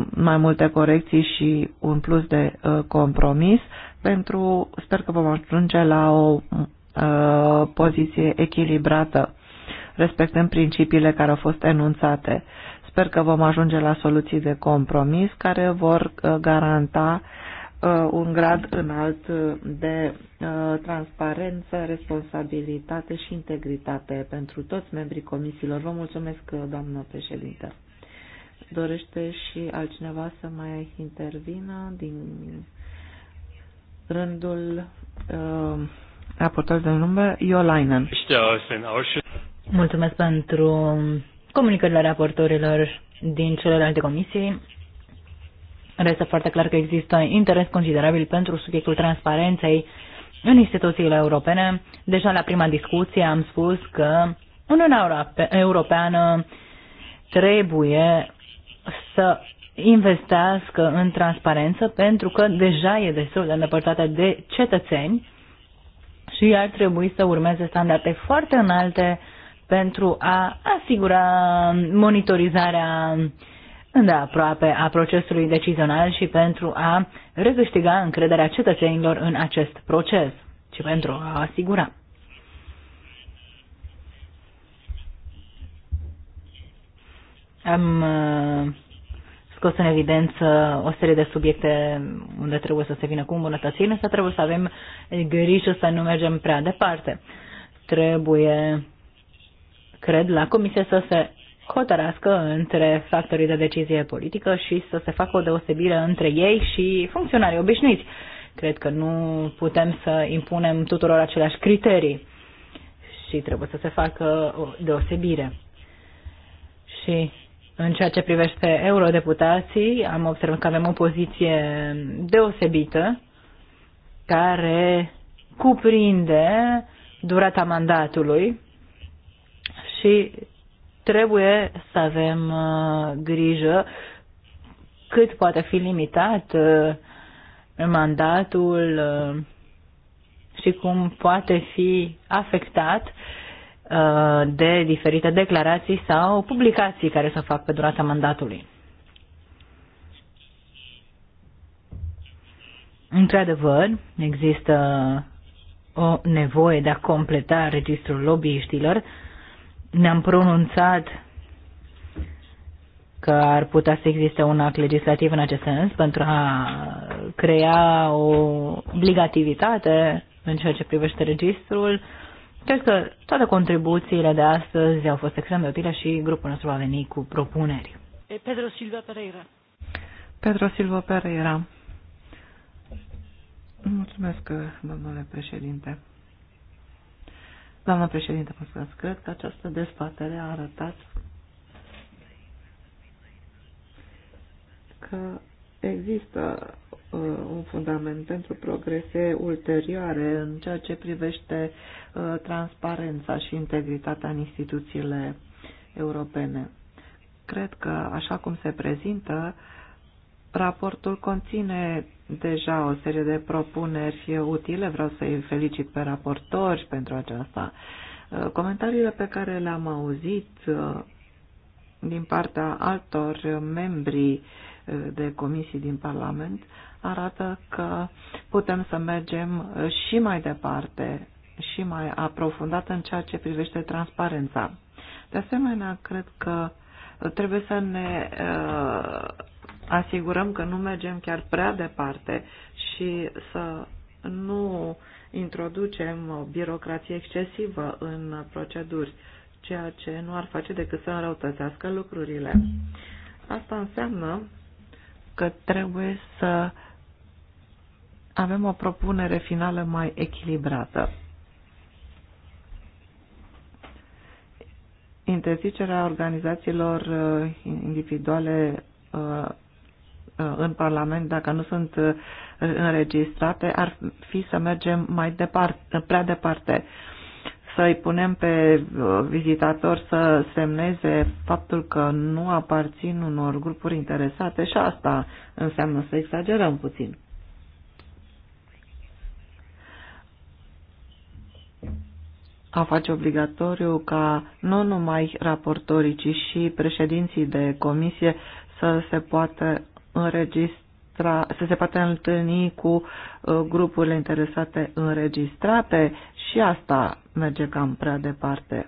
mai multe corecții și un plus de uh, compromis pentru, sper că vom ajunge la o uh, poziție echilibrată, respectând principiile care au fost enunțate. Sper că vom ajunge la soluții de compromis care vor uh, garanta uh, un grad înalt de uh, transparență, responsabilitate și integritate pentru toți membrii comisiilor. Vă mulțumesc, uh, doamnă președintă. Dorește și altcineva să mai intervină din rândul uh, raportor de număr, Iolainen. Mulțumesc pentru comunicările raportorilor din celelalte comisii. Restă foarte clar că există interes considerabil pentru subiectul transparenței în instituțiile europene. Deja la prima discuție am spus că Uniunea Europeană trebuie să investească în transparență pentru că deja e destul de îndepărtată de cetățeni și ar trebui să urmeze standarde foarte înalte pentru a asigura monitorizarea îndeaproape a procesului decizional și pentru a recâștiga încrederea cetățenilor în acest proces și pentru a asigura. Am uh, scos în evidență o serie de subiecte unde trebuie să se vină cu îmbunătățire, însă trebuie să avem grijă să nu mergem prea departe. Trebuie, cred, la comisie să se hotărască între factorii de decizie politică și să se facă o deosebire între ei și funcționarii obișnuiți. Cred că nu putem să impunem tuturor aceleași criterii și trebuie să se facă o deosebire. Și în ceea ce privește eurodeputații, am observat că avem o poziție deosebită care cuprinde durata mandatului și trebuie să avem uh, grijă cât poate fi limitat uh, mandatul uh, și cum poate fi afectat Uh, de diferite declarații sau publicații care să fac pe durata mandatului. Într-adevăr, există o nevoie de a completa registrul lobbyiștilor. Ne-am pronunțat că ar putea să existe un act legislativ în acest sens pentru a crea o obligativitate în ceea ce privește registrul. Cred că toate contribuțiile de astăzi au fost extrem de utile și grupul nostru va veni cu propuneri. Pedro Silva Pereira. Pedro Silva Pereira. Mulțumesc, domnule președinte. Doamna președinte, mă scuzați, cred că această dezbatere a arătat că există uh, un fundament pentru progrese ulterioare în ceea ce privește uh, transparența și integritatea în instituțiile europene. Cred că, așa cum se prezintă, raportul conține deja o serie de propuneri utile. Vreau să-i felicit pe raportori pentru aceasta. Uh, comentariile pe care le-am auzit uh, din partea altor membri de comisii din Parlament arată că putem să mergem uh, și mai departe și mai aprofundat în ceea ce privește transparența. De asemenea, cred că trebuie să ne uh, asigurăm că nu mergem chiar prea departe și să nu introducem birocrație excesivă în proceduri, ceea ce nu ar face decât să înrăutățească lucrurile. Asta înseamnă că trebuie să avem o propunere finală mai echilibrată. Interzicerea organizațiilor uh, individuale uh, uh, în Parlament, dacă nu sunt înregistrate, ar fi să mergem mai departe, prea departe să-i punem pe uh, vizitator să semneze faptul că nu aparțin unor grupuri interesate și asta înseamnă să exagerăm puțin. a face obligatoriu ca nu numai raportorii, ci și președinții de comisie să se poată înregistra înregistra, să se poată întâlni cu uh, grupurile interesate înregistrate și asta merge cam prea departe.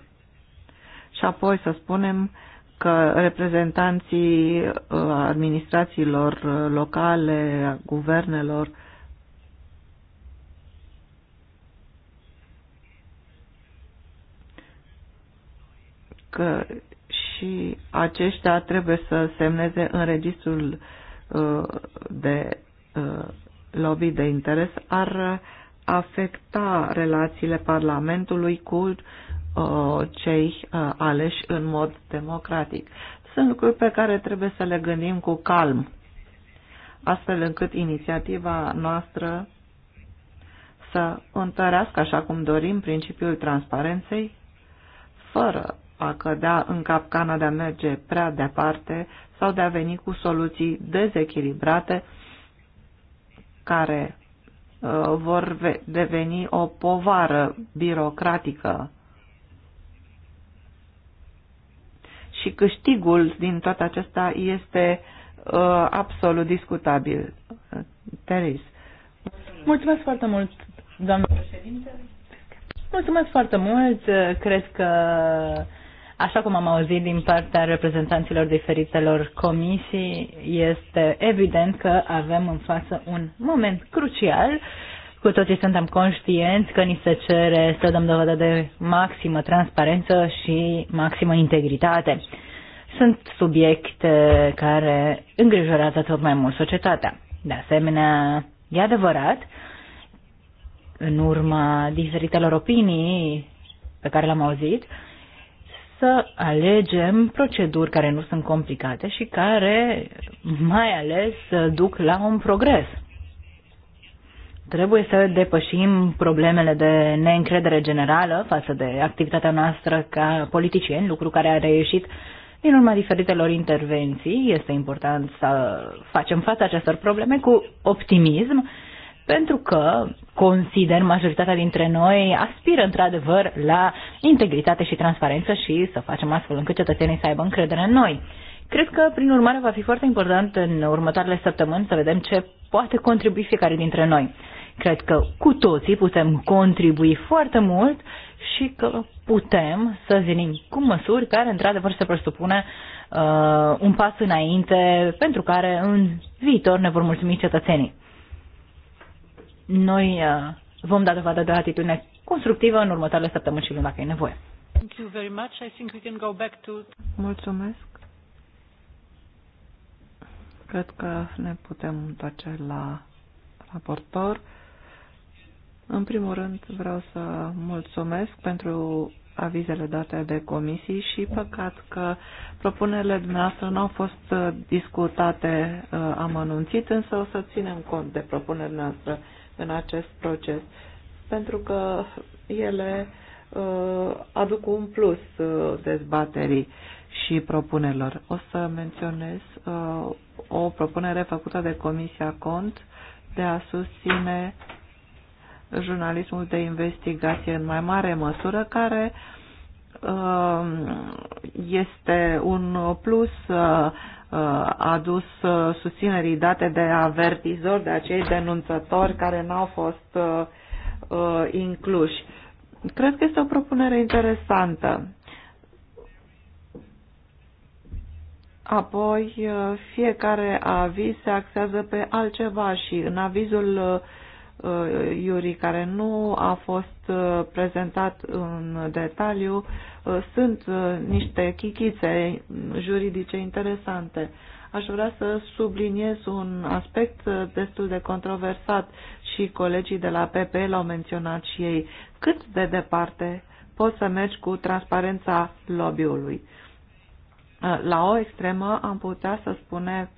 Și apoi să spunem că reprezentanții uh, administrațiilor uh, locale, guvernelor, că și aceștia trebuie să semneze în registrul uh, Uh, de uh, lobby de interes ar afecta relațiile Parlamentului cu uh, cei aleși în mod democratic. Sunt lucruri pe care trebuie să le gândim cu calm, astfel încât inițiativa noastră să întărească, așa cum dorim, principiul transparenței, fără a cădea în capcana de a merge prea departe sau de a veni cu soluții dezechilibrate care uh, vor deveni o povară birocratică și câștigul din toată acesta este uh, absolut discutabil. Teris. Mulțumesc foarte mult, doamnă președinte. Mulțumesc foarte mult. Cred că Așa cum am auzit din partea reprezentanților diferitelor comisii, este evident că avem în față un moment crucial. Cu toții suntem conștienți că ni se cere să dăm dovadă de maximă transparență și maximă integritate. Sunt subiecte care îngrijorează tot mai mult societatea. De asemenea, e adevărat, în urma diferitelor opinii pe care le-am auzit, să alegem proceduri care nu sunt complicate și care mai ales duc la un progres. Trebuie să depășim problemele de neîncredere generală față de activitatea noastră ca politicieni, lucru care a reieșit din urma diferitelor intervenții. Este important să facem față acestor probleme cu optimism pentru că, consider, majoritatea dintre noi aspiră într-adevăr la integritate și transparență și să facem astfel încât cetățenii să aibă încredere în noi. Cred că, prin urmare, va fi foarte important în următoarele săptămâni să vedem ce poate contribui fiecare dintre noi. Cred că cu toții putem contribui foarte mult și că putem să venim cu măsuri care, într-adevăr, se presupune uh, un pas înainte pentru care în viitor ne vor mulțumi cetățenii. Noi uh, vom da dovadă de o atitudine constructivă în următoarele săptămâni și luni, dacă e nevoie. Thank you very much. I think we can go back to... Mulțumesc. Cred că ne putem întoarce la raportor. În primul rând vreau să mulțumesc pentru avizele date de comisii și păcat că propunerile dumneavoastră nu au fost discutate uh, amănunțit, însă o să ținem cont de propunerile noastre în acest proces, pentru că ele uh, aduc un plus uh, dezbaterii și propunerilor. O să menționez uh, o propunere făcută de Comisia Cont de a susține jurnalismul de investigație în mai mare măsură, care este un plus Uh, adus uh, susținerii date de avertizori, de acei denunțători care n-au fost uh, incluși. Cred că este o propunere interesantă. Apoi, fiecare aviz se axează pe altceva și în avizul Iuri, care nu a fost prezentat în detaliu, Uh, sunt uh, niște chichițe juridice interesante. Aș vrea să subliniez un aspect uh, destul de controversat și colegii de la PP l-au menționat și ei. Cât de departe poți să mergi cu transparența lobby-ului? La o extremă am putea să spune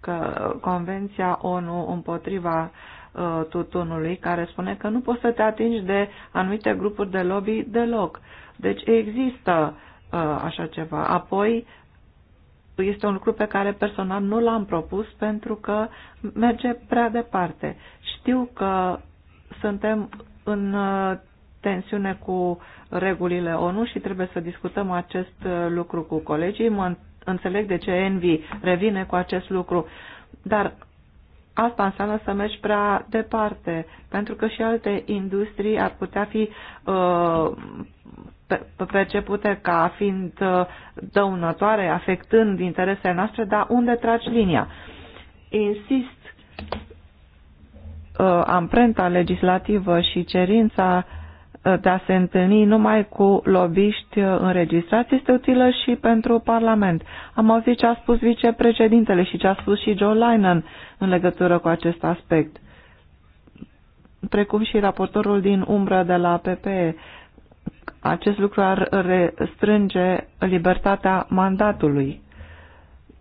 că Convenția ONU împotriva tutunului, care spune că nu poți să te atingi de anumite grupuri de lobby deloc. Deci există uh, așa ceva. Apoi este un lucru pe care personal nu l-am propus pentru că merge prea departe. Știu că suntem în uh, tensiune cu regulile ONU și trebuie să discutăm acest uh, lucru cu colegii. Mă înțeleg de ce Envy revine cu acest lucru, dar Asta înseamnă să mergi prea departe, pentru că și alte industrii ar putea fi uh, percepute ca fiind uh, dăunătoare, afectând interesele noastre, dar unde tragi linia? Insist, uh, amprenta legislativă și cerința uh, de a se întâlni numai cu lobiști înregistrați este utilă și pentru Parlament. Am auzit ce a spus vicepreședintele și ce a spus și Joe Linen în legătură cu acest aspect, precum și raportorul din umbră de la PPE acest lucru ar restrânge libertatea mandatului.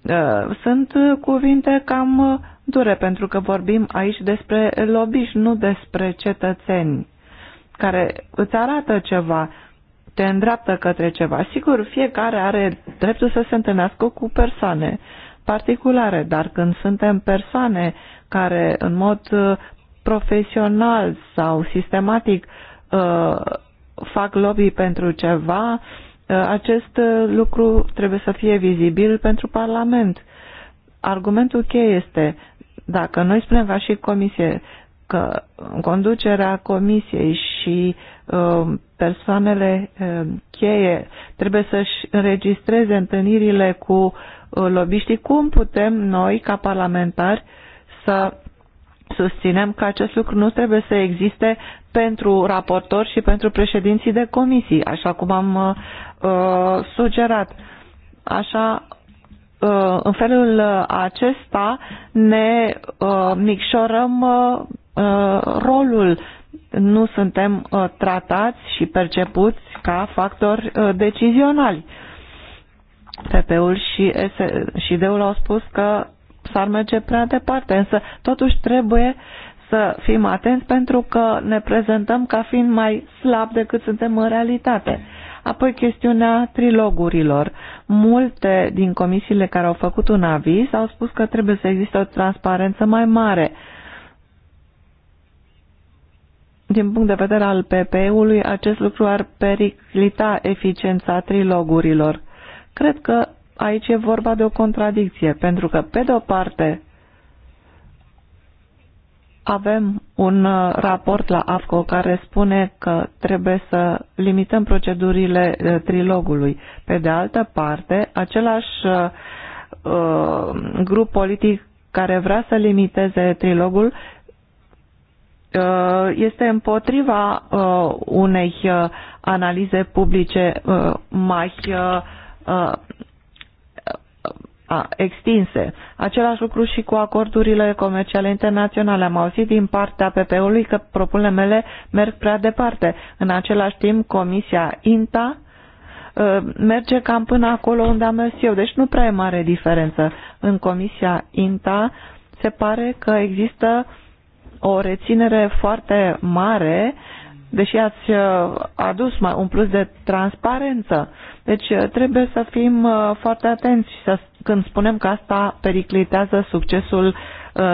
Uh, sunt cuvinte cam dure, pentru că vorbim aici despre lobiști, nu despre cetățeni, care îți arată ceva, te îndreaptă către ceva. Sigur, fiecare are dreptul să se întâlnească cu persoane particulare, dar când suntem persoane care în mod uh, profesional sau sistematic uh, fac lobby pentru ceva, uh, acest uh, lucru trebuie să fie vizibil pentru Parlament. Argumentul cheie este, dacă noi spunem ca și Comisie că conducerea Comisiei și uh, persoanele cheie trebuie să-și înregistreze întâlnirile cu lobiștii, cum putem noi, ca parlamentari, să susținem că acest lucru nu trebuie să existe pentru raportori și pentru președinții de comisii, așa cum am uh, uh, sugerat. Așa, uh, în felul acesta ne uh, micșorăm uh, uh, rolul, nu suntem uh, tratați și percepuți ca factori uh, decizionali. PP-ul și, și DEUL au spus că s-ar merge prea departe, însă totuși trebuie să fim atenți pentru că ne prezentăm ca fiind mai slab decât suntem în realitate. Apoi chestiunea trilogurilor. Multe din comisiile care au făcut un aviz au spus că trebuie să existe o transparență mai mare. Din punct de vedere al PP-ului, acest lucru ar periclita eficiența trilogurilor. Cred că aici e vorba de o contradicție, pentru că, pe de o parte, avem un uh, raport la AFCO care spune că trebuie să limităm procedurile uh, trilogului. Pe de altă parte, același uh, grup politic care vrea să limiteze trilogul este împotriva unei analize publice mai extinse. Același lucru și cu acordurile comerciale internaționale. Am auzit din partea PP-ului că propunerile mele merg prea departe. În același timp, Comisia INTA ă, merge cam până acolo unde am mers eu, deci nu prea e mare diferență. În Comisia INTA se pare că există o reținere foarte mare uh, deși ați uh, adus mai un plus de transparență. Deci uh, trebuie să fim uh, foarte atenți să, când spunem că asta periclitează succesul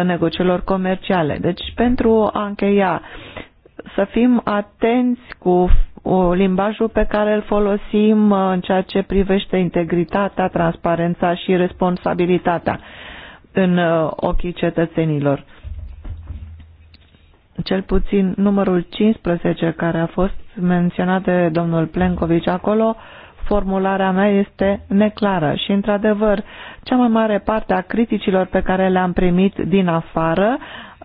negocierilor comerciale. Deci pentru a încheia, să fim atenți cu limbajul pe care îl folosim în ceea ce privește integritatea, transparența și responsabilitatea în ochii cetățenilor cel puțin numărul 15 care a fost menționat de domnul Plencovici acolo, formularea mea este neclară și, într-adevăr, cea mai mare parte a criticilor pe care le-am primit din afară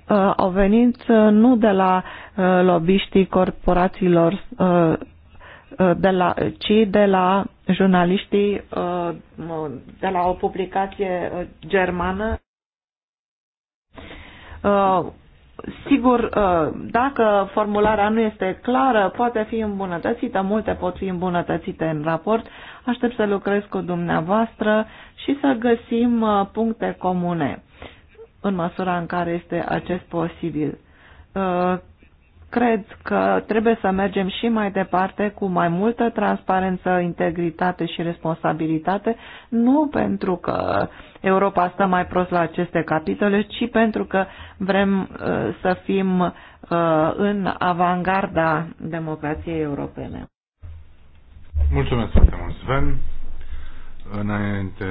uh, au venit uh, nu de la uh, lobiștii corporațiilor, uh, uh, de la, ci de la jurnaliștii uh, de la o publicație uh, germană. Uh, Sigur, uh, dacă formularea nu este clară, poate fi îmbunătățită, multe pot fi îmbunătățite în raport. Aștept să lucrez cu dumneavoastră și să găsim uh, puncte comune în măsura în care este acest posibil. Uh, cred că trebuie să mergem și mai departe cu mai multă transparență, integritate și responsabilitate, nu pentru că uh, Europa stă mai prost la aceste capitole, ci pentru că vrem uh, să fim uh, în avangarda democrației europene. Mulțumesc foarte mult, Sven. Înainte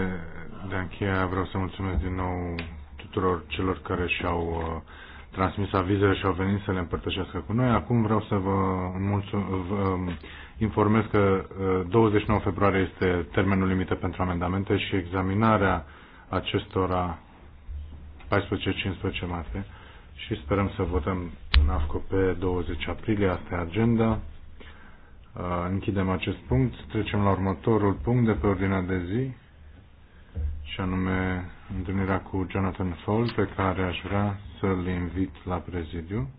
de încheia, vreau să mulțumesc din nou tuturor celor care și-au uh, transmis avizele și au venit să le împărtășească cu noi. Acum vreau să vă, vă um, informez că 29 februarie este termenul limită pentru amendamente și examinarea acestora 14-15 martie și sperăm să votăm în AFCO pe 20 aprilie. Asta e agenda. Uh, închidem acest punct. Trecem la următorul punct de pe ordinea de zi și anume întâlnirea cu Jonathan Fall pe care aș vrea să-l invit la prezidiu.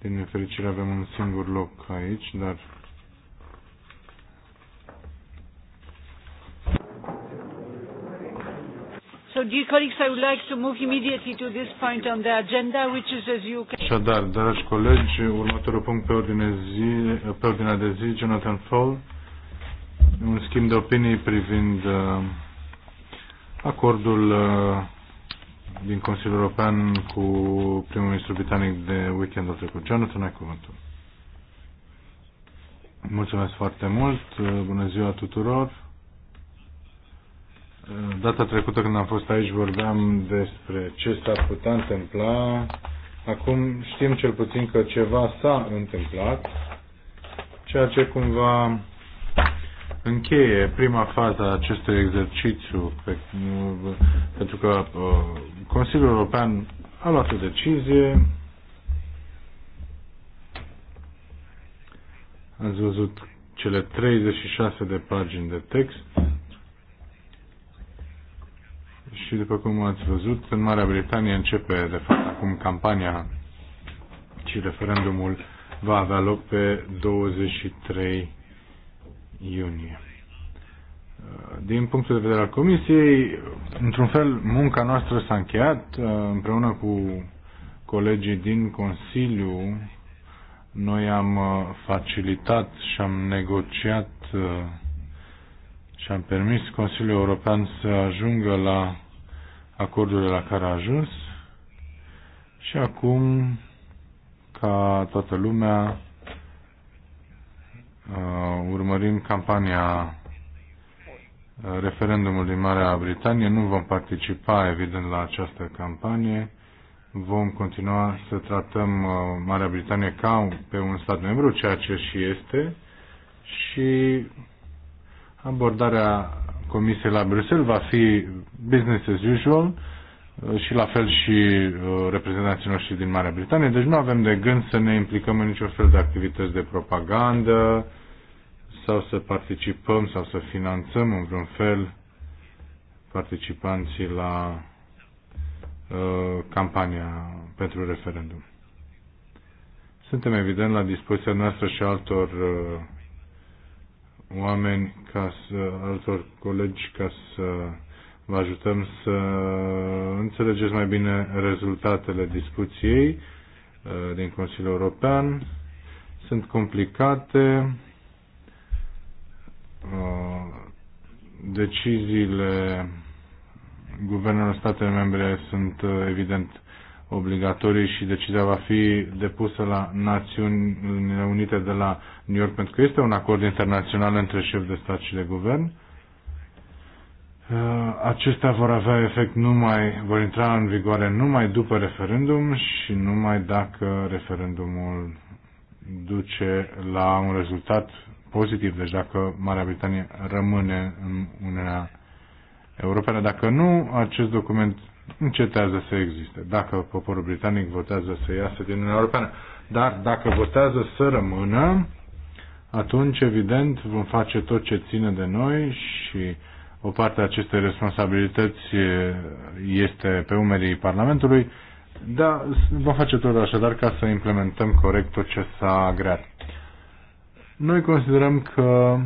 Din nefericire avem un singur loc aici, dar So, dear colleagues, I would like to move immediately to this point on the agenda, which is as you can... Așadar, dragi colegi, următorul punct pe, ordine zi, pe ordine de zi, Jonathan Fall, un schimb de opinii privind uh, acordul uh, din Consiliul European cu primul ministru britanic de weekendul trecut. Jonathan, ai cuvântul. Mulțumesc foarte mult, uh, bună ziua tuturor. Data trecută când am fost aici vorbeam despre ce s-ar putea întâmpla. Acum știm cel puțin că ceva s-a întâmplat, ceea ce cumva încheie prima fază a acestui exercițiu, pe, pentru că uh, Consiliul European a luat o decizie. Ați văzut cele 36 de pagini de text și după cum ați văzut, în Marea Britanie începe, de fapt, acum campania și referendumul va avea loc pe 23 iunie. Din punctul de vedere al Comisiei, într-un fel, munca noastră s-a încheiat împreună cu colegii din Consiliu. Noi am uh, facilitat și am negociat uh, și am permis Consiliul European să ajungă la acordurile la care a ajuns și acum ca toată lumea uh, urmărim campania uh, referendumul din Marea Britanie. Nu vom participa, evident, la această campanie. Vom continua să tratăm uh, Marea Britanie ca pe un stat membru, ceea ce și este, și abordarea Comisiei la Bruxelles va fi business as usual uh, și la fel și uh, reprezentanții noștri din Marea Britanie. Deci nu avem de gând să ne implicăm în niciun fel de activități de propagandă sau să participăm sau să finanțăm în vreun fel participanții la uh, campania pentru referendum. Suntem evident la dispoziția noastră și altor uh, oameni, ca să, altor colegi, ca să vă ajutăm să înțelegeți mai bine rezultatele discuției uh, din Consiliul European. Sunt complicate. Uh, deciziile guvernelor statele membre sunt uh, evident obligatorii și decizia va fi depusă la Națiunile Unite de la New York, pentru că este un acord internațional între șef de stat și de guvern. Uh, acestea vor avea efect numai, vor intra în vigoare numai după referendum și numai dacă referendumul duce la un rezultat pozitiv, deci dacă Marea Britanie rămâne în Uniunea Europeană. Dacă nu, acest document încetează să existe. Dacă poporul britanic votează să iasă din Uniunea Europeană, dar dacă votează să rămână, atunci, evident, vom face tot ce ține de noi și o parte a acestei responsabilități este pe umerii Parlamentului, dar vom face tot așadar ca să implementăm corect tot ce s-a agreat. Noi considerăm că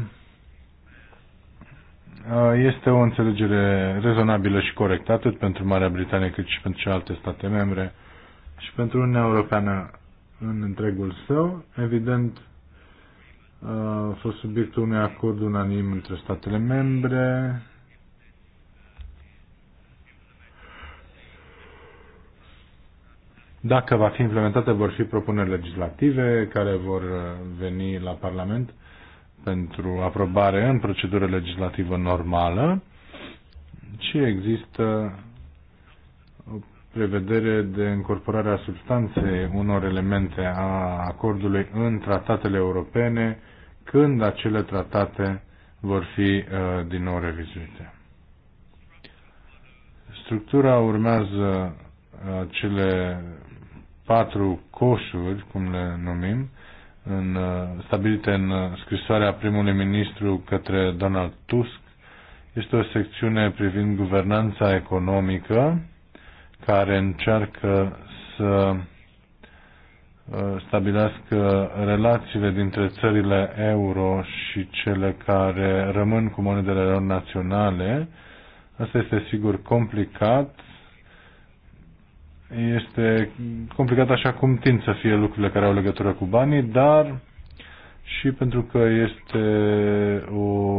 Uh, este o înțelegere rezonabilă și corectă, atât pentru Marea Britanie cât și pentru celelalte state membre și pentru Uniunea Europeană în întregul său. Evident, uh, a fost subiectul unui acord unanim între statele membre. Dacă va fi implementată, vor fi propuneri legislative care vor veni la Parlament pentru aprobare în procedură legislativă normală, ci există o prevedere de incorporarea substanței unor elemente a acordului în tratatele europene când acele tratate vor fi uh, din nou revizuite. Structura urmează uh, cele patru coșuri, cum le numim, în, uh, stabilite în uh, scrisoarea primului ministru către Donald Tusk. Este o secțiune privind guvernanța economică care încearcă să uh, stabilească relațiile dintre țările euro și cele care rămân cu monedele lor naționale. Asta este sigur complicat este complicat așa cum tind să fie lucrurile care au legătură cu banii, dar și pentru că este o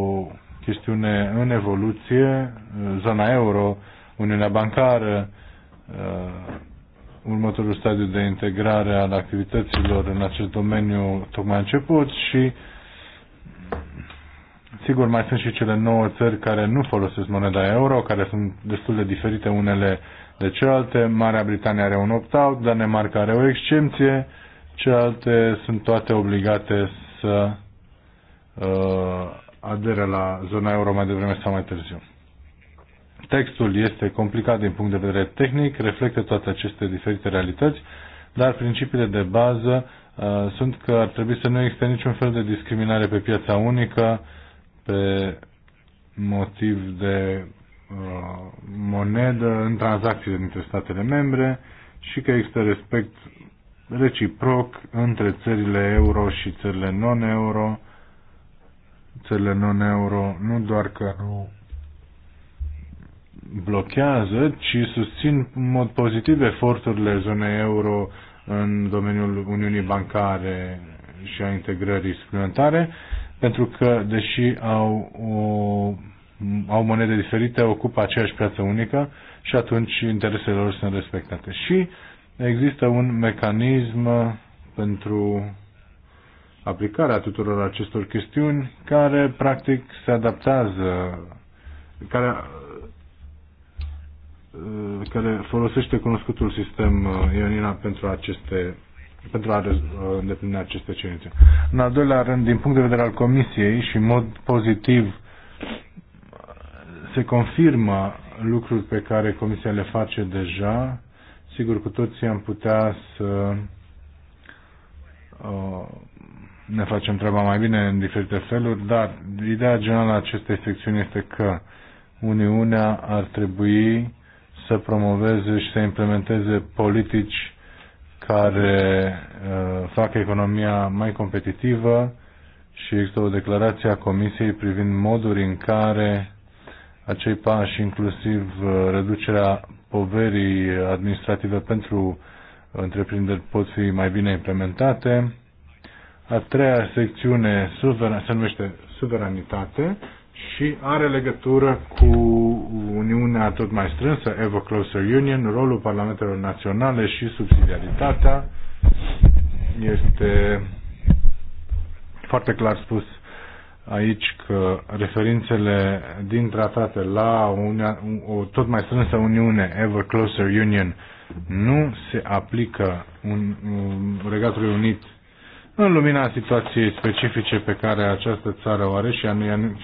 chestiune în evoluție, zona euro, Uniunea Bancară, uh, următorul stadiu de integrare al activităților în acest domeniu tocmai a început și sigur mai sunt și cele nouă țări care nu folosesc moneda euro, care sunt destul de diferite unele de cealaltă, Marea Britanie are un opt-out, Danemarca are o excepție, cealaltă sunt toate obligate să uh, adere la zona euro mai devreme sau mai târziu. Textul este complicat din punct de vedere tehnic, reflectă toate aceste diferite realități, dar principiile de bază uh, sunt că ar trebui să nu existe niciun fel de discriminare pe piața unică pe motiv de Uh, monedă în tranzacțiile dintre statele membre și că există respect reciproc între țările euro și țările non-euro. Țările non-euro nu doar că nu blochează, ci susțin în mod pozitiv eforturile zonei euro în domeniul Uniunii Bancare și a integrării suplimentare, pentru că, deși au o au monede diferite, ocupă aceeași piață unică și atunci interesele lor sunt respectate. Și există un mecanism pentru aplicarea tuturor acestor chestiuni care practic se adaptează, care, care folosește cunoscutul sistem uh, Ionina pentru aceste pentru a uh, îndeplini aceste cerințe. În al doilea rând, din punct de vedere al Comisiei și în mod pozitiv se confirmă lucruri pe care Comisia le face deja. Sigur, cu toții am putea să uh, ne facem treaba mai bine în diferite feluri, dar ideea generală a acestei secțiuni este că Uniunea ar trebui să promoveze și să implementeze politici care uh, fac economia mai competitivă și există o declarație a Comisiei privind moduri în care acei pași, inclusiv uh, reducerea poverii administrative pentru întreprinderi, pot fi mai bine implementate. A treia secțiune se numește suveranitate și are legătură cu Uniunea tot mai strânsă, Ever Closer Union, rolul parlamentelor naționale și subsidiaritatea. Este foarte clar spus aici că referințele din tratate la unia, o tot mai strânsă Uniune, Ever Closer Union, nu se aplică un, un Regatului Unit în lumina situației specifice pe care această țară o are și,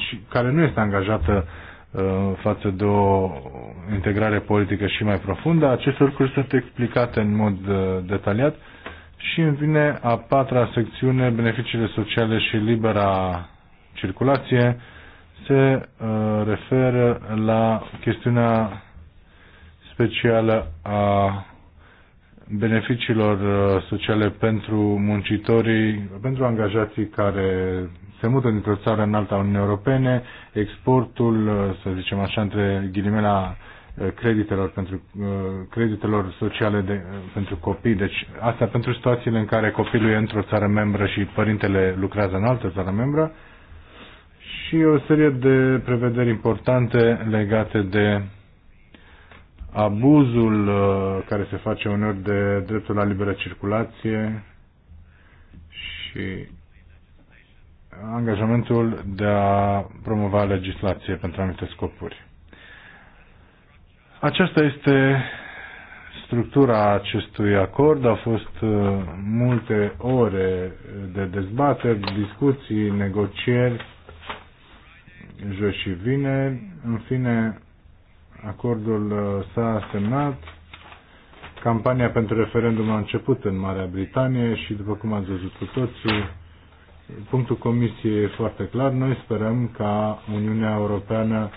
și care nu este angajată uh, față de o integrare politică și mai profundă. Aceste lucruri sunt explicate în mod uh, detaliat și în vine a patra secțiune, beneficiile sociale și libera circulație se uh, referă la chestiunea specială a beneficiilor uh, sociale pentru muncitorii, pentru angajații care se mută dintr-o țară în alta Uniunii Europene, exportul, uh, să zicem așa, între ghilimele creditelor, pentru, creditelor sociale de, pentru copii. Deci asta pentru situațiile în care copilul e într-o țară membră și părintele lucrează în altă țară membră. Uh, și o serie de prevederi importante legate de abuzul uh, care se face uneori de dreptul la liberă circulație și angajamentul de a promova legislație pentru anumite scopuri. Aceasta este structura acestui acord. Au fost uh, multe ore de dezbateri, discuții, negocieri joi și vineri. În fine, acordul uh, s-a semnat. Campania pentru referendum a început în Marea Britanie și, după cum ați văzut cu toții, punctul Comisiei e foarte clar. Noi sperăm ca Uniunea Europeană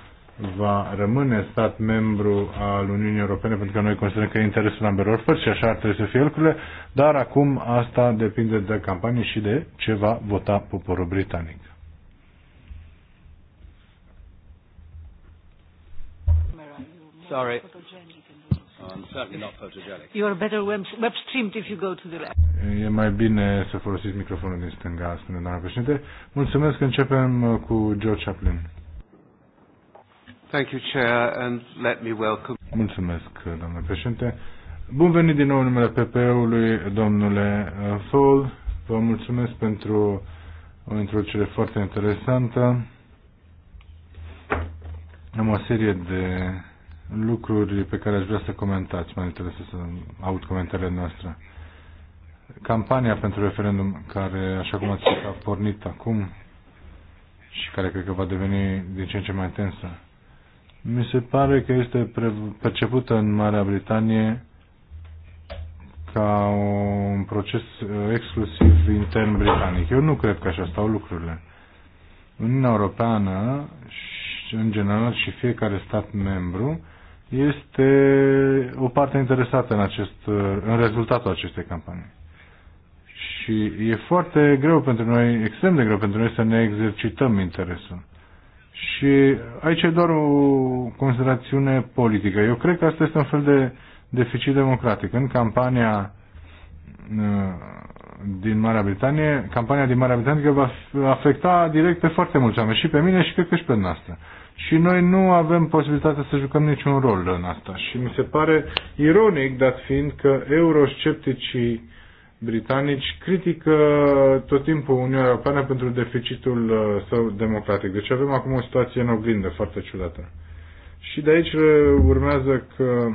va rămâne stat membru al Uniunii Europene, pentru că noi considerăm că e interesul ambelor părți și așa ar trebui să fie lucrurile, dar acum asta depinde de campanie și de ce va vota poporul britanic. Sorry. I'm certainly not photogenic. You are better web streamed if you go to the left. E mai bine să folosiți microfonul din stânga, spune doamna președinte. Mulțumesc că începem uh, cu George Chaplin. Thank you, Chair, and let me welcome. Mulțumesc, uh, doamna președinte. Bun venit din nou în numele PPE-ului, domnule uh, Fall. Vă mulțumesc pentru o introducere foarte interesantă. Am o serie de lucruri pe care aș vrea să comentați. mai interesat să aud comentariile noastre. Campania pentru referendum, care, așa cum ați spus, a pornit acum și care cred că va deveni din ce în ce mai intensă, mi se pare că este percepută în Marea Britanie ca un proces uh, exclusiv intern britanic. Eu nu cred că așa stau lucrurile. Uniunea Europeană, în general, și fiecare stat membru, este o parte interesată în, acest, în rezultatul acestei campanii. Și e foarte greu pentru noi, extrem de greu pentru noi să ne exercităm interesul. Și aici e doar o considerațiune politică. Eu cred că asta este un fel de deficit democratic. În campania uh, din Marea Britanie, campania din Marea Britanie va afecta direct pe foarte mulți oameni, și pe mine și cred că și pe noastră și noi nu avem posibilitatea să jucăm niciun rol în asta. Și mi se pare ironic, dat fiind că euroscepticii britanici critică tot timpul Uniunea Europeană pentru deficitul uh, său democratic. Deci avem acum o situație în oglindă foarte ciudată. Și de aici uh, urmează că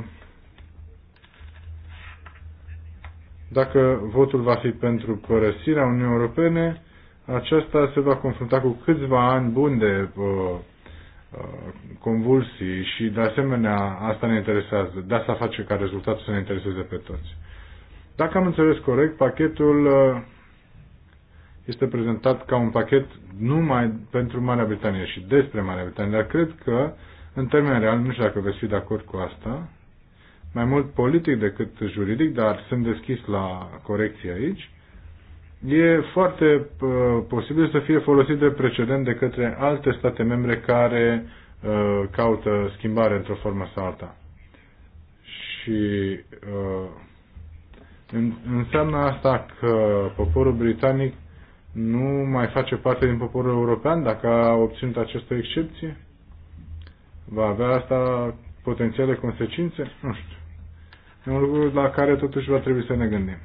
dacă votul va fi pentru părăsirea Uniunii Europene, aceasta se va confrunta cu câțiva ani buni de uh, Uh, convulsii și, de asemenea, asta ne interesează. De asta face ca rezultatul să ne intereseze pe toți. Dacă am înțeles corect, pachetul uh, este prezentat ca un pachet numai pentru Marea Britanie și despre Marea Britanie, dar cred că, în termen real, nu știu dacă veți fi de acord cu asta, mai mult politic decât juridic, dar sunt deschis la corecție aici, e foarte uh, posibil să fie folosit de precedent de către alte state membre care uh, caută schimbare într-o formă sau alta. Și uh, înseamnă asta că poporul britanic nu mai face parte din poporul european dacă a obținut această excepție? Va avea asta potențiale consecințe? Nu știu. E un lucru la care totuși va trebui să ne gândim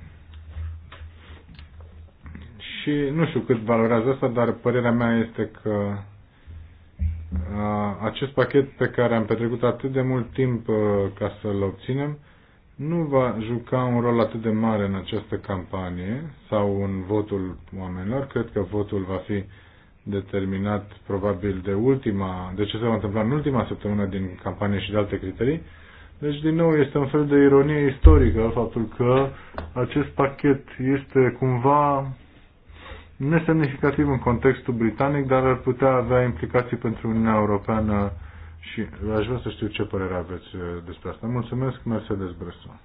și nu știu cât valorează asta, dar părerea mea este că acest pachet pe care am petrecut atât de mult timp ca să-l obținem nu va juca un rol atât de mare în această campanie sau în votul oamenilor. Cred că votul va fi determinat probabil de ultima, de ce se va întâmpla în ultima săptămână din campanie și de alte criterii. Deci, din nou, este un fel de ironie istorică faptul că acest pachet este cumva nesemnificativ în contextul britanic, dar ar putea avea implicații pentru Uniunea Europeană și aș vrea să știu ce părere aveți uh, despre asta. Mulțumesc, Mercedes Bresson.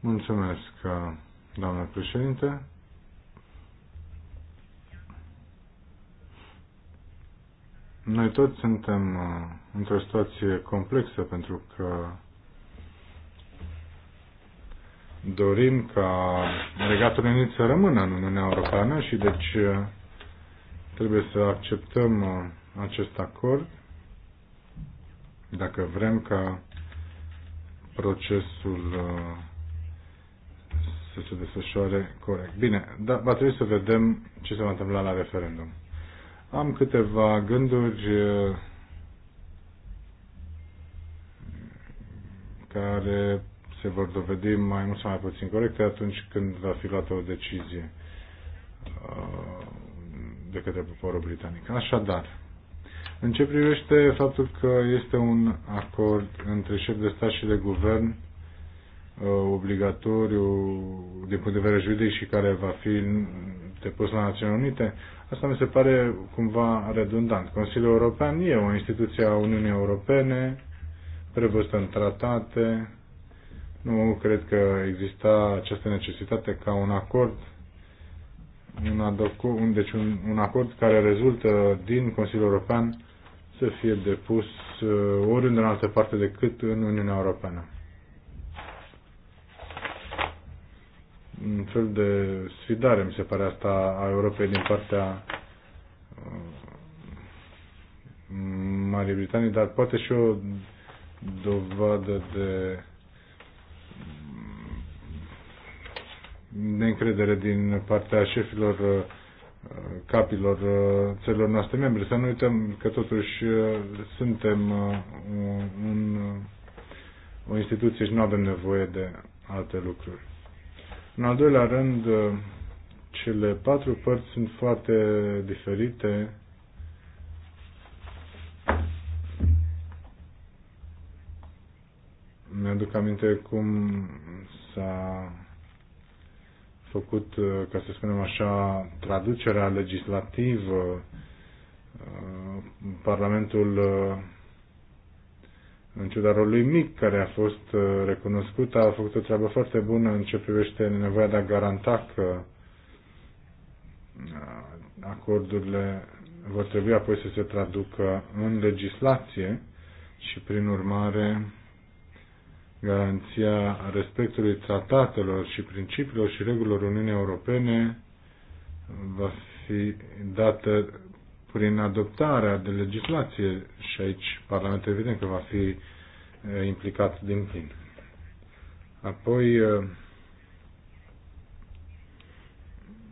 Mulțumesc, uh, doamnă președinte. Noi toți suntem uh, într-o situație complexă pentru că dorim ca Regatul Unit să rămână în Uniunea Europeană și deci trebuie să acceptăm uh, acest acord dacă vrem ca procesul uh, să se desfășoare corect. Bine, dar va trebui să vedem ce se va întâmpla la referendum. Am câteva gânduri uh, care se vor dovedi mai mult sau mai puțin corecte atunci când va fi luată o decizie uh, de către poporul britanic. Așadar, în ce privește faptul că este un acord între șef de stat și de guvern uh, obligatoriu din punct de vedere juridic și care va fi depus la Națiunile Unite, asta mi se pare cumva redundant. Consiliul European e o instituție a Uniunii Europene prevăzută în tratate, nu cred că exista această necesitate ca un acord un adocu, deci un, un acord care rezultă din Consiliul European să fie depus uh, oriunde în altă parte decât în Uniunea Europeană. Un fel de sfidare, mi se pare asta, a Europei din partea uh, Marii Britanii, dar poate și o dovadă de neîncredere din partea șefilor uh, capilor uh, țărilor noastre membre. Să nu uităm că totuși uh, suntem un, o instituție și nu avem nevoie de alte lucruri. În al doilea rând, cele patru părți sunt foarte diferite. Mi-aduc aminte cum s-a făcut, uh, ca să spunem așa, traducerea legislativă. Uh, Parlamentul, uh, în ciuda rolului mic care a fost recunoscut, a făcut o treabă foarte bună în ce privește nevoia de a garanta că acordurile vor trebui apoi să se traducă în legislație și, prin urmare, garanția respectului tratatelor și principiilor și regulilor Uniunii Europene va fi dată prin adoptarea de legislație și aici Parlamentul evident că va fi eh, implicat din plin. Apoi, eh,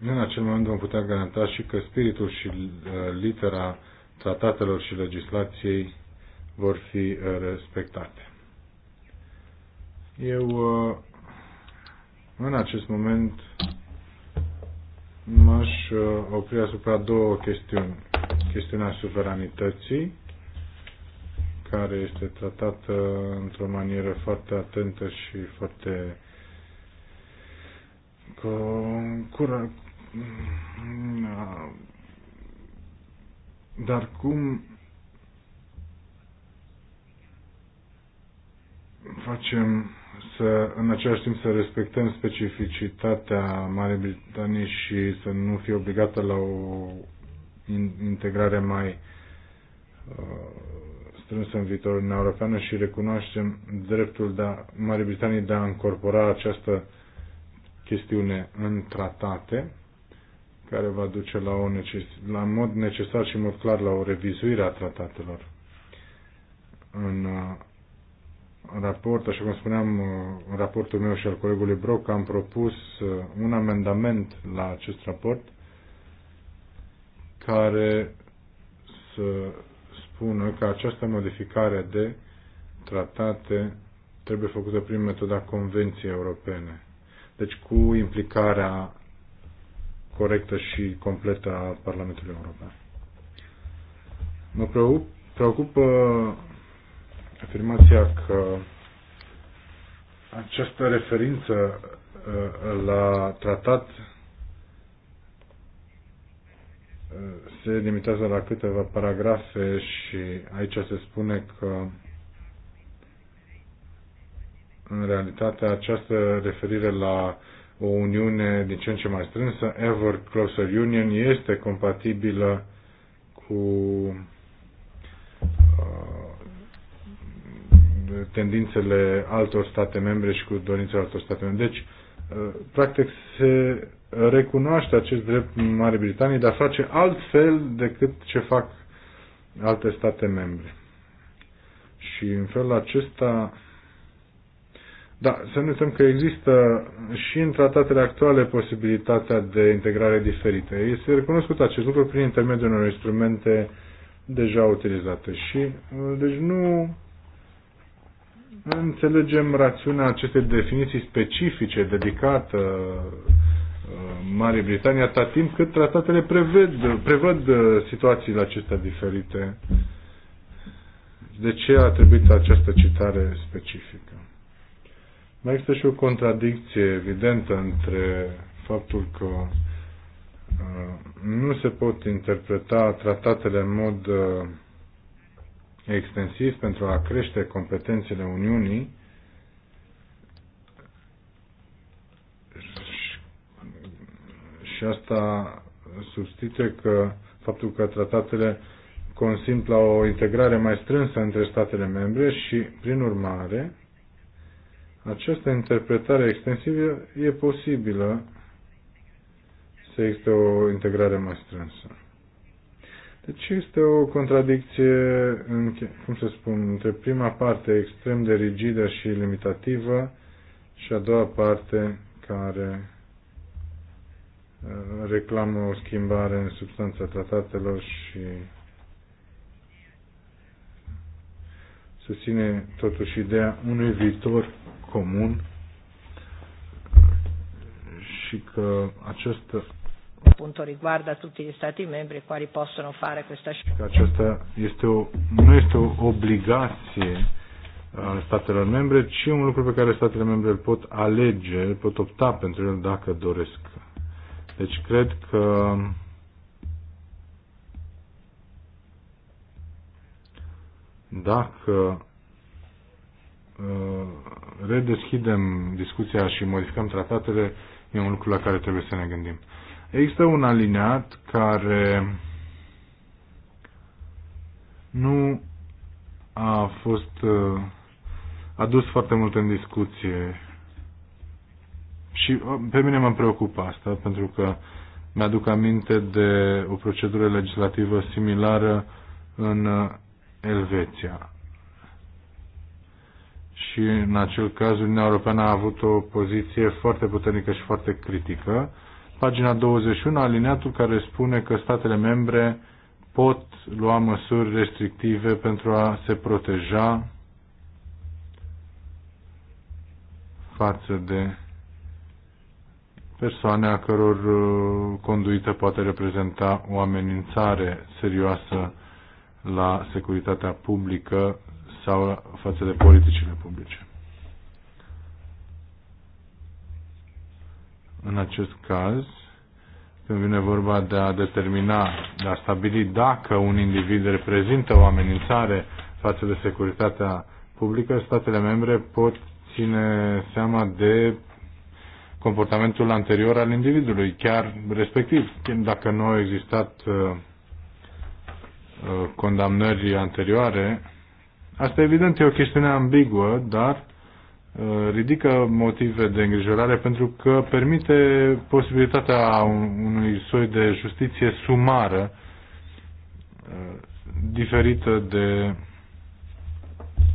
în acel moment vom putea garanta și că spiritul și eh, litera tratatelor și legislației vor fi respectate. Eu, uh, în acest moment, m-aș uh, opri asupra două chestiuni. Chestiunea suveranității, care este tratată într-o manieră foarte atentă și foarte cură, dar cum facem să, în același timp să respectăm specificitatea Marii Britanii și să nu fie obligată la o integrare mai uh, strânsă în viitorul Uniunea Europeană și recunoaștem dreptul de a, Marii Britanii de a încorpora această chestiune în tratate, care va duce la, o neces- la mod necesar și mod clar la o revizuire a tratatelor în uh, raport, așa cum spuneam uh, în raportul meu și al colegului Broc, am propus uh, un amendament la acest raport care să spună că această modificare de tratate trebuie făcută prin metoda Convenției Europene. Deci cu implicarea corectă și completă a Parlamentului European. Mă preocupă afirmația că această referință uh, la tratat uh, se limitează la câteva paragrafe și aici se spune că în realitate această referire la o uniune din ce în ce mai strânsă, Ever Closer Union, este compatibilă cu uh, tendințele altor state membre și cu dorințele altor state membre. Deci, uh, practic, se recunoaște acest drept în Marea Britanie, dar face altfel decât ce fac alte state membre. Și în felul acesta, da, să nu uităm că există și în tratatele actuale posibilitatea de integrare diferită. Este recunoscut acest lucru prin intermediul unor instrumente deja utilizate. Și, uh, deci nu Înțelegem rațiunea acestei definiții specifice dedicată uh, Marii Britanii atât timp cât tratatele preved, prevăd uh, situațiile acestea diferite. De ce a trebuit această citare specifică? Mai există și o contradicție evidentă între faptul că uh, nu se pot interpreta tratatele în mod extensiv pentru a crește competențele Uniunii și asta substituie că faptul că tratatele consimt la o integrare mai strânsă între statele membre și, prin urmare, această interpretare extensivă e posibilă să existe o integrare mai strânsă. Deci este o contradicție, în, cum să spun, între prima parte extrem de rigidă și limitativă și a doua parte care uh, reclamă o schimbare în substanța tratatelor și susține totuși ideea unui viitor comun și că această appunto riguarda tutti gli Stati membri quali possono fare questa scelta. Aceasta este o, nu este o obligație ale statelor membre, ci un lucru pe care statele membre îl pot alege, îl pot opta pentru el dacă doresc. Deci cred că dacă uh, redeschidem discuția și modificăm tratatele, e un lucru la care trebuie să ne gândim. Există un alineat care nu a fost uh, adus foarte mult în discuție și uh, pe mine mă preocupă asta pentru că mi-aduc aminte de o procedură legislativă similară în uh, Elveția. Și în acel caz Uniunea Europeană a avut o poziție foarte puternică și foarte critică pagina 21, alineatul care spune că statele membre pot lua măsuri restrictive pentru a se proteja față de persoane a căror uh, conduită poate reprezenta o amenințare serioasă la securitatea publică sau față de politicile publice. în acest caz, când vine vorba de a determina, de a stabili dacă un individ reprezintă o amenințare față de securitatea publică, statele membre pot ține seama de comportamentul anterior al individului, chiar respectiv, dacă nu au existat uh, uh, condamnări anterioare. Asta evident e o chestiune ambiguă, dar Uh, ridică motive de îngrijorare pentru că permite posibilitatea unui soi de justiție sumară uh, diferită de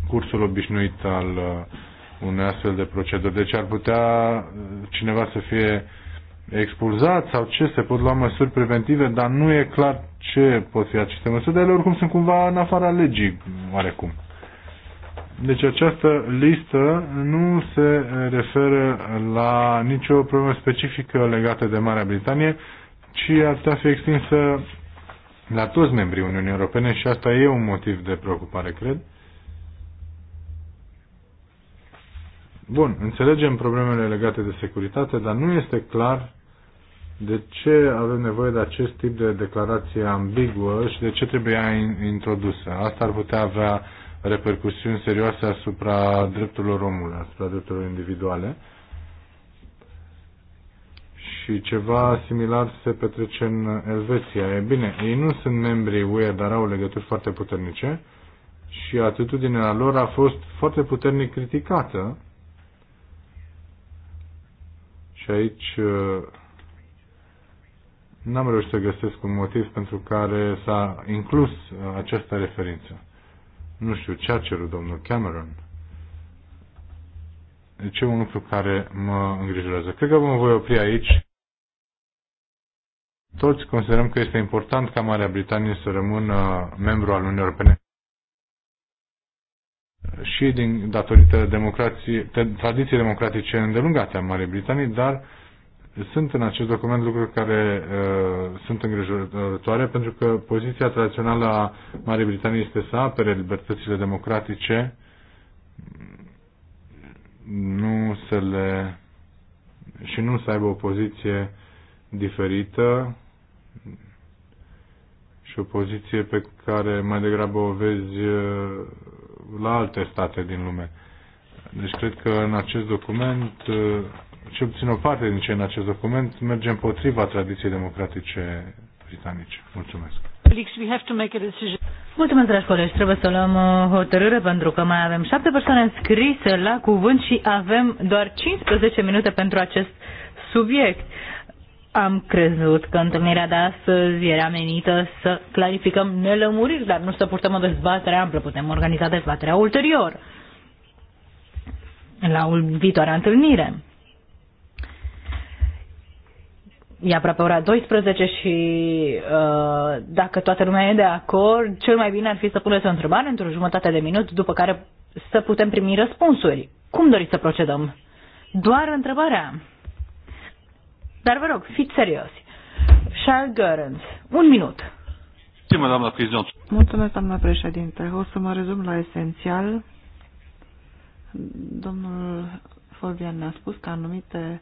cursul obișnuit al uh, unei astfel de proceduri. Deci ar putea cineva să fie expulzat sau ce, se pot lua măsuri preventive, dar nu e clar ce pot fi aceste măsuri, dar ele oricum sunt cumva în afara legii, oarecum. Deci această listă nu se referă la nicio problemă specifică legată de Marea Britanie, ci ar putea fi extinsă la toți membrii Uniunii Europene și asta e un motiv de preocupare, cred. Bun, înțelegem problemele legate de securitate, dar nu este clar de ce avem nevoie de acest tip de declarație ambiguă și de ce trebuie introdusă. Asta ar putea avea repercusiuni serioase asupra drepturilor omului, asupra drepturilor individuale. Și ceva similar se petrece în Elveția. E bine, ei nu sunt membri UE, dar au legături foarte puternice și atitudinea lor a fost foarte puternic criticată. Și aici n-am reușit să găsesc un motiv pentru care s-a inclus această referință nu știu ce a cerut domnul Cameron. Deci e un lucru care mă îngrijorează. Cred că mă voi opri aici. Toți considerăm că este important ca Marea Britanie să rămână membru al Uniunii Europene și din datorită democrației, tradiției democratice îndelungate a Marii Britanii, dar uh, sunt în acest document lucruri care uh, sunt îngrijorătoare pentru că poziția tradițională a Marii Britanii este să apere libertățile democratice, nu să le și nu să aibă o poziție diferită și o poziție pe care mai degrabă o vezi uh, la alte state din lume. Deci cred că în acest document uh, cel puțin o parte din ce în acest document merge împotriva tradiției democratice britanice. Mulțumesc. Mulțumesc, dragi colegi. Trebuie să luăm uh, hotărâre pentru că mai avem șapte persoane înscrise la cuvânt și avem doar 15 minute pentru acest subiect. Am crezut că întâlnirea de astăzi era menită să clarificăm nelămuriri, dar nu să purtăm o dezbatere amplă. Putem organiza dezbaterea ulterior la viitoarea întâlnire. e aproape ora 12 și uh, dacă toată lumea e de acord, cel mai bine ar fi să puneți o întrebare într-o jumătate de minut, după care să putem primi răspunsuri. Cum doriți să procedăm? Doar întrebarea. Dar vă rog, fiți serioși. Charles Görens, un minut. Mulțumesc, doamna președinte. O să mă rezum la esențial. Domnul Folvian ne-a spus că anumite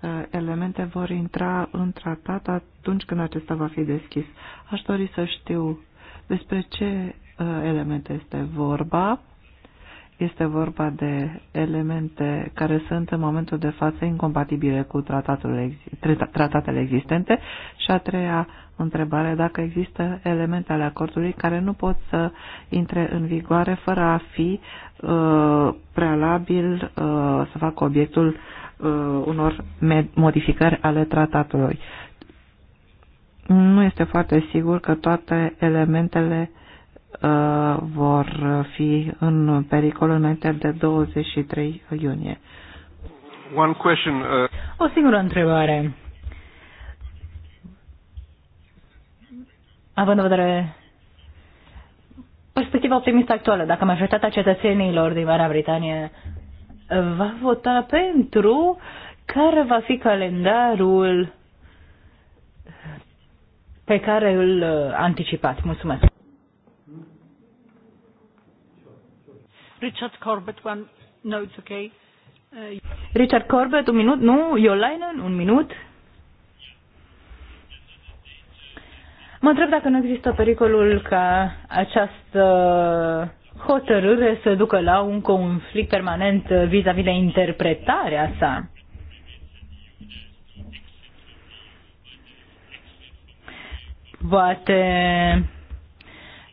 Uh, elemente vor intra în tratat atunci când acesta va fi deschis. Aș dori să știu despre ce uh, elemente este vorba. Este vorba de elemente care sunt în momentul de față incompatibile cu tratatul, tratatele existente și a treia întrebare dacă există elemente ale acordului care nu pot să intre în vigoare fără a fi uh, prealabil uh, să facă obiectul Uh, unor modificări ale tratatului. Nu este foarte sigur că toate elementele uh, vor fi în pericol înainte de 23 iunie. One question, uh... O singură întrebare. Având în vedere perspectiva optimistă actuală, dacă majoritatea cetățenilor din Marea Britanie va vota pentru care va fi calendarul pe care îl uh, anticipat. Mulțumesc. Richard Corbett, one, no, it's okay. Uh, Richard Corbett, un minut, nu, Iolainen, un minut. Mă întreb dacă nu există pericolul ca această hotărâre să ducă la un conflict permanent vis-a-vis -vis de interpretarea sa. Poate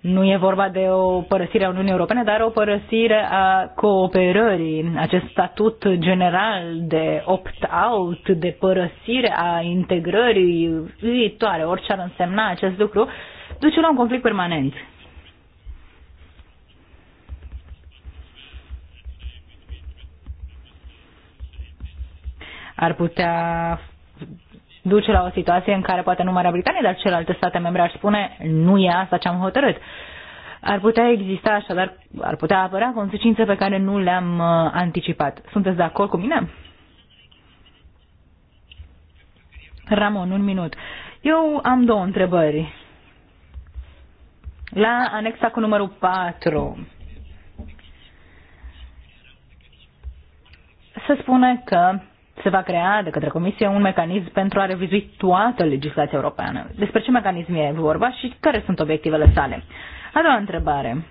nu e vorba de o părăsire a Uniunii Europene, dar o părăsire a cooperării. Acest statut general de opt-out, de părăsire a integrării viitoare, orice ar însemna acest lucru, duce la un conflict permanent. ar putea duce la o situație în care poate nu Marea Britanie, dar celelalte state membre ar spune nu e asta ce am hotărât. Ar putea exista așadar, ar putea apărea consecințe pe care nu le-am uh, anticipat. Sunteți de acord cu mine? Ramon, un minut. Eu am două întrebări. La anexa cu numărul 4 se spune că se va crea de către Comisie un mecanism pentru a revizui toată legislația europeană. Despre ce mecanism e vorba și care sunt obiectivele sale? A doua întrebare.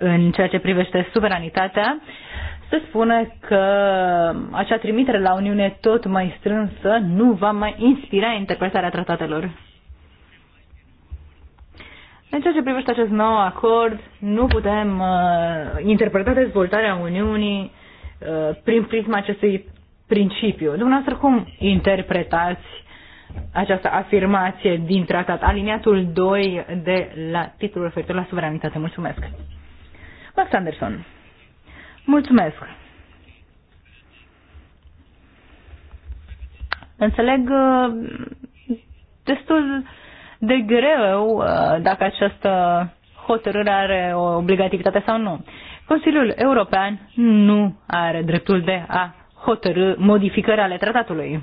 În ceea ce privește suveranitatea, se spune că acea trimitere la Uniune tot mai strânsă nu va mai inspira interpretarea tratatelor în ceea ce privește acest nou acord, nu putem uh, interpreta dezvoltarea Uniunii uh, prin prisma acestui principiu. Dumneavoastră, cum interpretați această afirmație din tratat, aliniatul 2 de la titlul referitor la suveranitate? Mulțumesc. Max Anderson. Mulțumesc. Înțeleg uh, destul de greu uh, dacă această hotărâre are o obligativitate sau nu. Consiliul European nu are dreptul de a hotărâ modificări ale tratatului.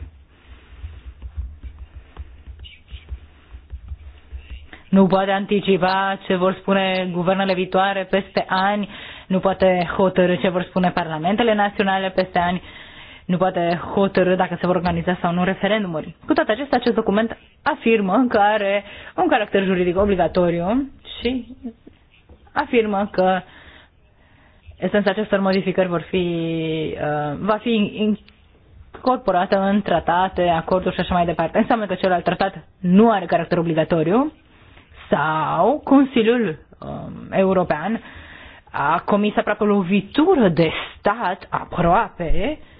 Nu poate anticipa ce vor spune guvernele viitoare peste ani, nu poate hotărâ ce vor spune parlamentele naționale peste ani. Uh, nu poate hotărâ dacă se vor organiza sau nu referendumuri. Cu toate acestea, acest document afirmă că are un caracter juridic obligatoriu și afirmă că esența acestor modificări vor fi, uh, va fi incorporată în tratate, acorduri și așa mai departe. Înseamnă că celălalt tratat nu are caracter obligatoriu sau Consiliul um, European a comis aproape o lovitură de stat aproape uh,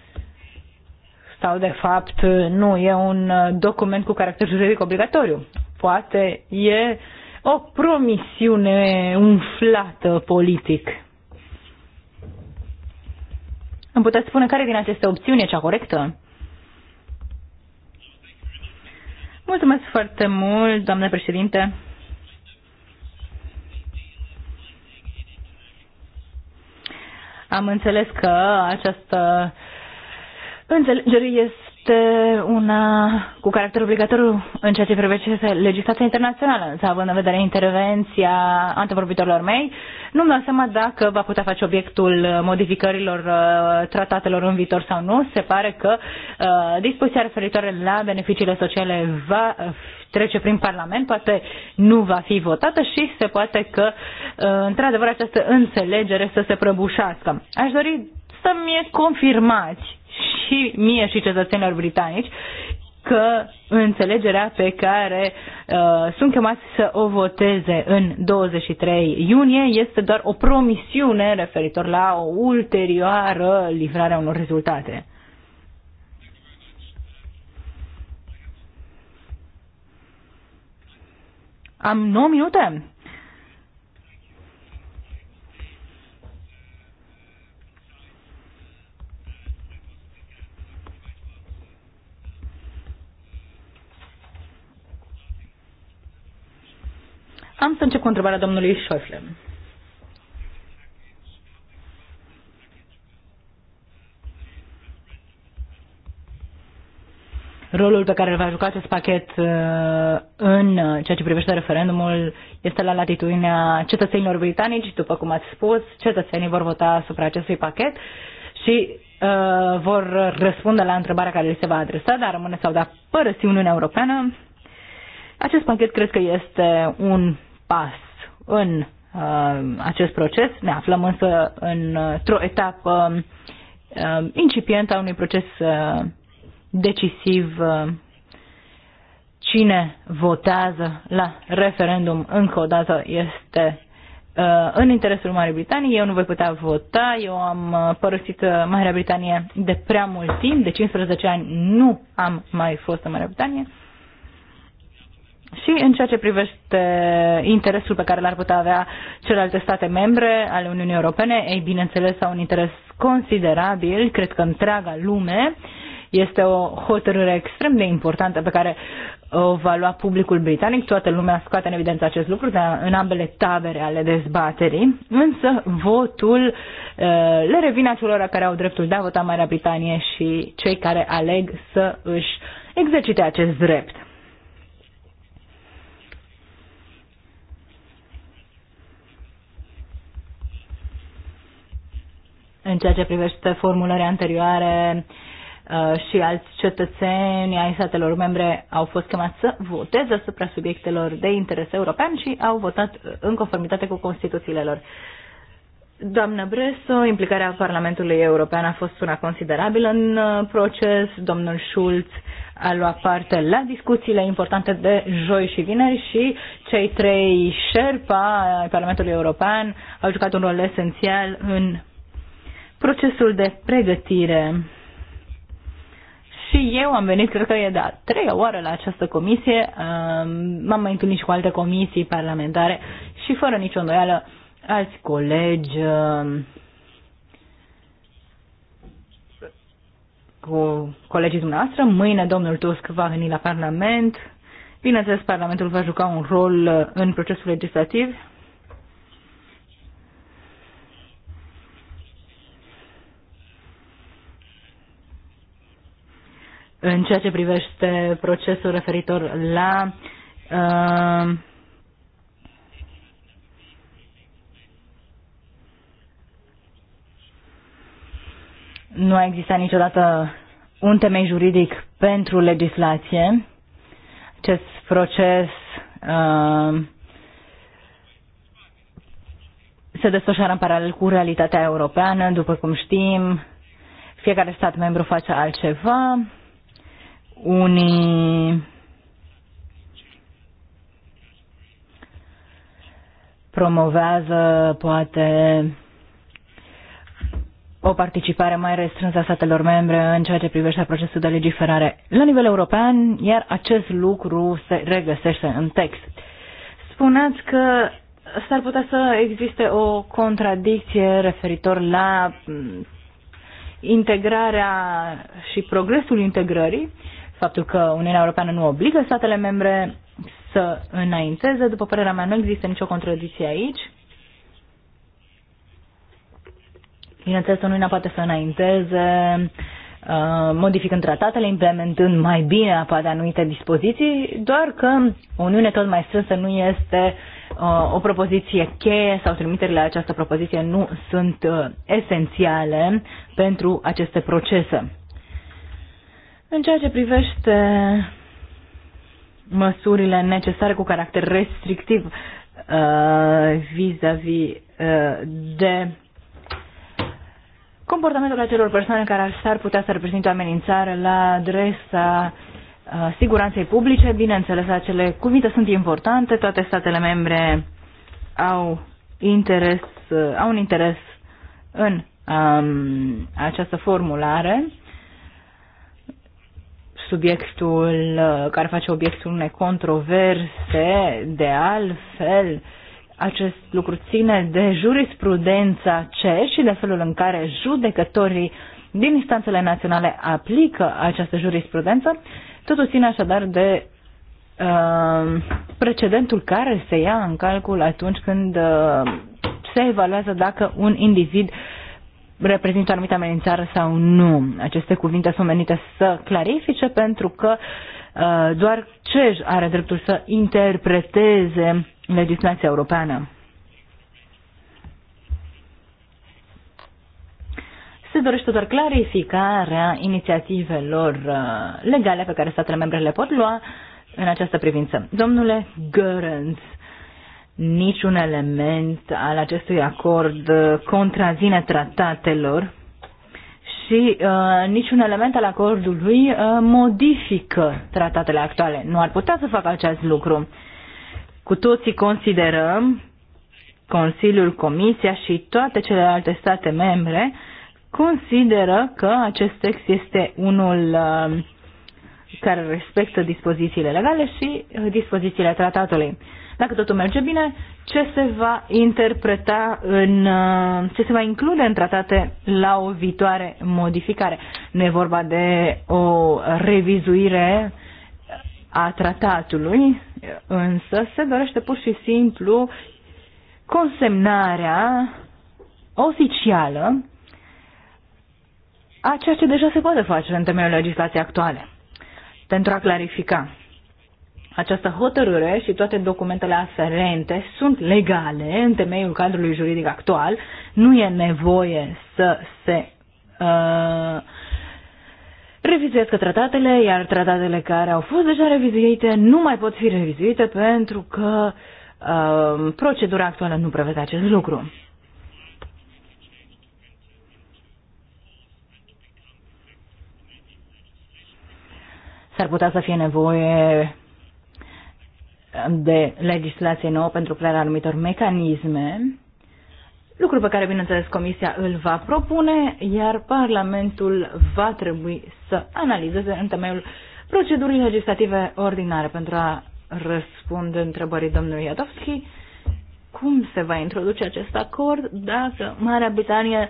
sau de fapt nu e un uh, document cu caracter juridic obligatoriu. Poate e o promisiune umflată politic. Îmi puteți spune care din aceste opțiuni e cea corectă? Mulțumesc foarte mult, doamne președinte. Am înțeles că această înțelegerii este una cu caracter obligatoriu în ceea ce privește legislația internațională, însă având în vedere intervenția antevorbitorilor mei, nu mi-am seama dacă va putea face obiectul modificărilor uh, tratatelor în viitor sau nu. Se pare că uh, dispoziția referitoare la beneficiile sociale va uh, trece prin Parlament, poate nu va fi votată și se poate că, uh, într-adevăr, această înțelegere să se prăbușească. Aș dori să-mi confirmați și mie și cetățenilor britanici că înțelegerea pe care uh, sunt chemați să o voteze în 23 iunie este doar o promisiune referitor la o ulterioară livrare a unor rezultate. Am 9 minute? Am să încep cu întrebarea domnului Șoifle. rolul pe care îl va juca acest pachet uh, în ceea ce privește referendumul este la latitudinea cetățenilor britanici, după cum ați spus, cetățenii vor vota asupra acestui pachet și uh, vor răspunde la întrebarea care li se va adresa, dar rămâne sau da părăsi Uniunea Europeană. Acest pachet cred că este un pas în uh, acest proces. Ne aflăm însă într-o etapă uh, incipientă a unui proces uh, decisiv. Uh, cine votează la referendum încă o dată este uh, în interesul Marii Britanii. Eu nu voi putea vota, eu am uh, părăsit uh, Marea Britanie de prea mult timp, de 15 ani nu am mai fost în Marea Britanie. Uh, și în ceea ce privește interesul pe care l-ar putea avea celelalte state membre ale Uniunii Europene, ei bineînțeles au un interes considerabil, cred că întreaga lume. Este o hotărâre extrem de importantă pe care o va lua publicul britanic. Toată lumea scoate în evidență acest lucru dar în ambele tabere ale dezbaterii. Însă votul eh, le revine acelora care au dreptul de a vota Marea Britanie și cei care aleg să își exercite acest drept. în ceea ce privește formulări anterioare uh, și alți cetățeni ai statelor membre au fost chemați să voteze asupra subiectelor de interes european și au votat în conformitate cu Constituțiile lor. Doamnă Breso, implicarea Parlamentului European a fost una considerabilă în uh, proces. Domnul Schulz a luat parte la discuțiile importante de joi și vineri și cei trei șerpa ai Parlamentului European au jucat un rol esențial în procesul de pregătire. Și eu am venit, cred că e a treia oară la această comisie, m-am mai întâlnit și cu alte comisii parlamentare și fără nicio îndoială alți colegi um, cu colegii dumneavoastră. Mâine domnul Tusk va veni la Parlament. Bineînțeles, Parlamentul va juca un rol în procesul legislativ. în ceea ce privește procesul referitor la uh, nu a existat niciodată un temei juridic pentru legislație. Acest proces uh, se desfășoară în paralel cu realitatea europeană, după cum știm, fiecare stat membru face altceva unii promovează poate o participare mai restrânsă a statelor membre în ceea ce privește procesul de legiferare la nivel european, iar acest lucru se regăsește în text. Spuneați că s-ar putea să existe o contradicție referitor la mm, integrarea și progresul integrării, faptul că Uniunea Europeană nu obligă statele membre să înainteze. După părerea mea, nu există nicio contradicție aici. Bineînțeles, Uniunea poate să înainteze uh, modificând tratatele, implementând mai bine poate anumite dispoziții, doar că o Uniune tot mai strânsă nu este uh, o propoziție cheie sau trimiterile la această propoziție nu sunt uh, esențiale pentru aceste procese. În ceea ce privește măsurile necesare cu caracter restrictiv uh, vis-a-vis uh, -vis, uh, de comportamentul acelor persoane care ar putea să reprezinte o amenințare la adresa uh, siguranței publice. Bineînțeles, acele cuvinte sunt importante, toate statele membre au interes, uh, au un interes în um, această formulare subiectul uh, care face obiectul unei controverse, de altfel, acest lucru ține de jurisprudența ce și de felul în care judecătorii din instanțele naționale aplică această jurisprudență, totul ține așadar de uh, precedentul care se ia în calcul atunci când uh, se evaluează dacă un individ uh, reprezintă o anumită amenințare sau nu. Aceste cuvinte sunt menite să clarifice pentru că uh, doar CEJ are dreptul să interpreteze legislația europeană. se dorește doar clarificarea inițiativelor uh, legale pe care statele membre le pot lua în această privință. Domnule Gărânț, niciun element al acestui acord uh, contrazine tratatelor și uh, niciun element al acordului uh, modifică tratatele actuale. Nu ar putea să facă acest lucru. Cu toții considerăm, Consiliul, Comisia și toate celelalte state membre consideră că acest text este unul uh, care respectă dispozițiile legale și uh, dispozițiile tratatului. Uh, dacă totul merge bine, ce se va interpreta în, uh, ce se va include în tratate la o viitoare modificare? Nu e vorba de o revizuire a tratatului, însă se dorește pur și simplu consemnarea oficială a ceea ce deja se poate face în temeiul legislației actuale. Pentru a clarifica, această hotărâre și toate documentele aferente sunt legale în temeiul cadrului juridic actual. Nu e nevoie să se uh, revizuiască tratatele, iar tratatele care au fost deja revizuite nu mai pot fi revizuite pentru că uh, procedura actuală nu prevede acest lucru. S-ar putea să fie nevoie de legislație nouă pentru crearea anumitor mecanisme, lucru pe care, bineînțeles, Comisia îl va propune, iar Parlamentul va trebui să analizeze în temeiul procedurii legislative ordinare pentru a răspunde întrebării domnului Iadovski cum se va introduce acest acord dacă Marea Britanie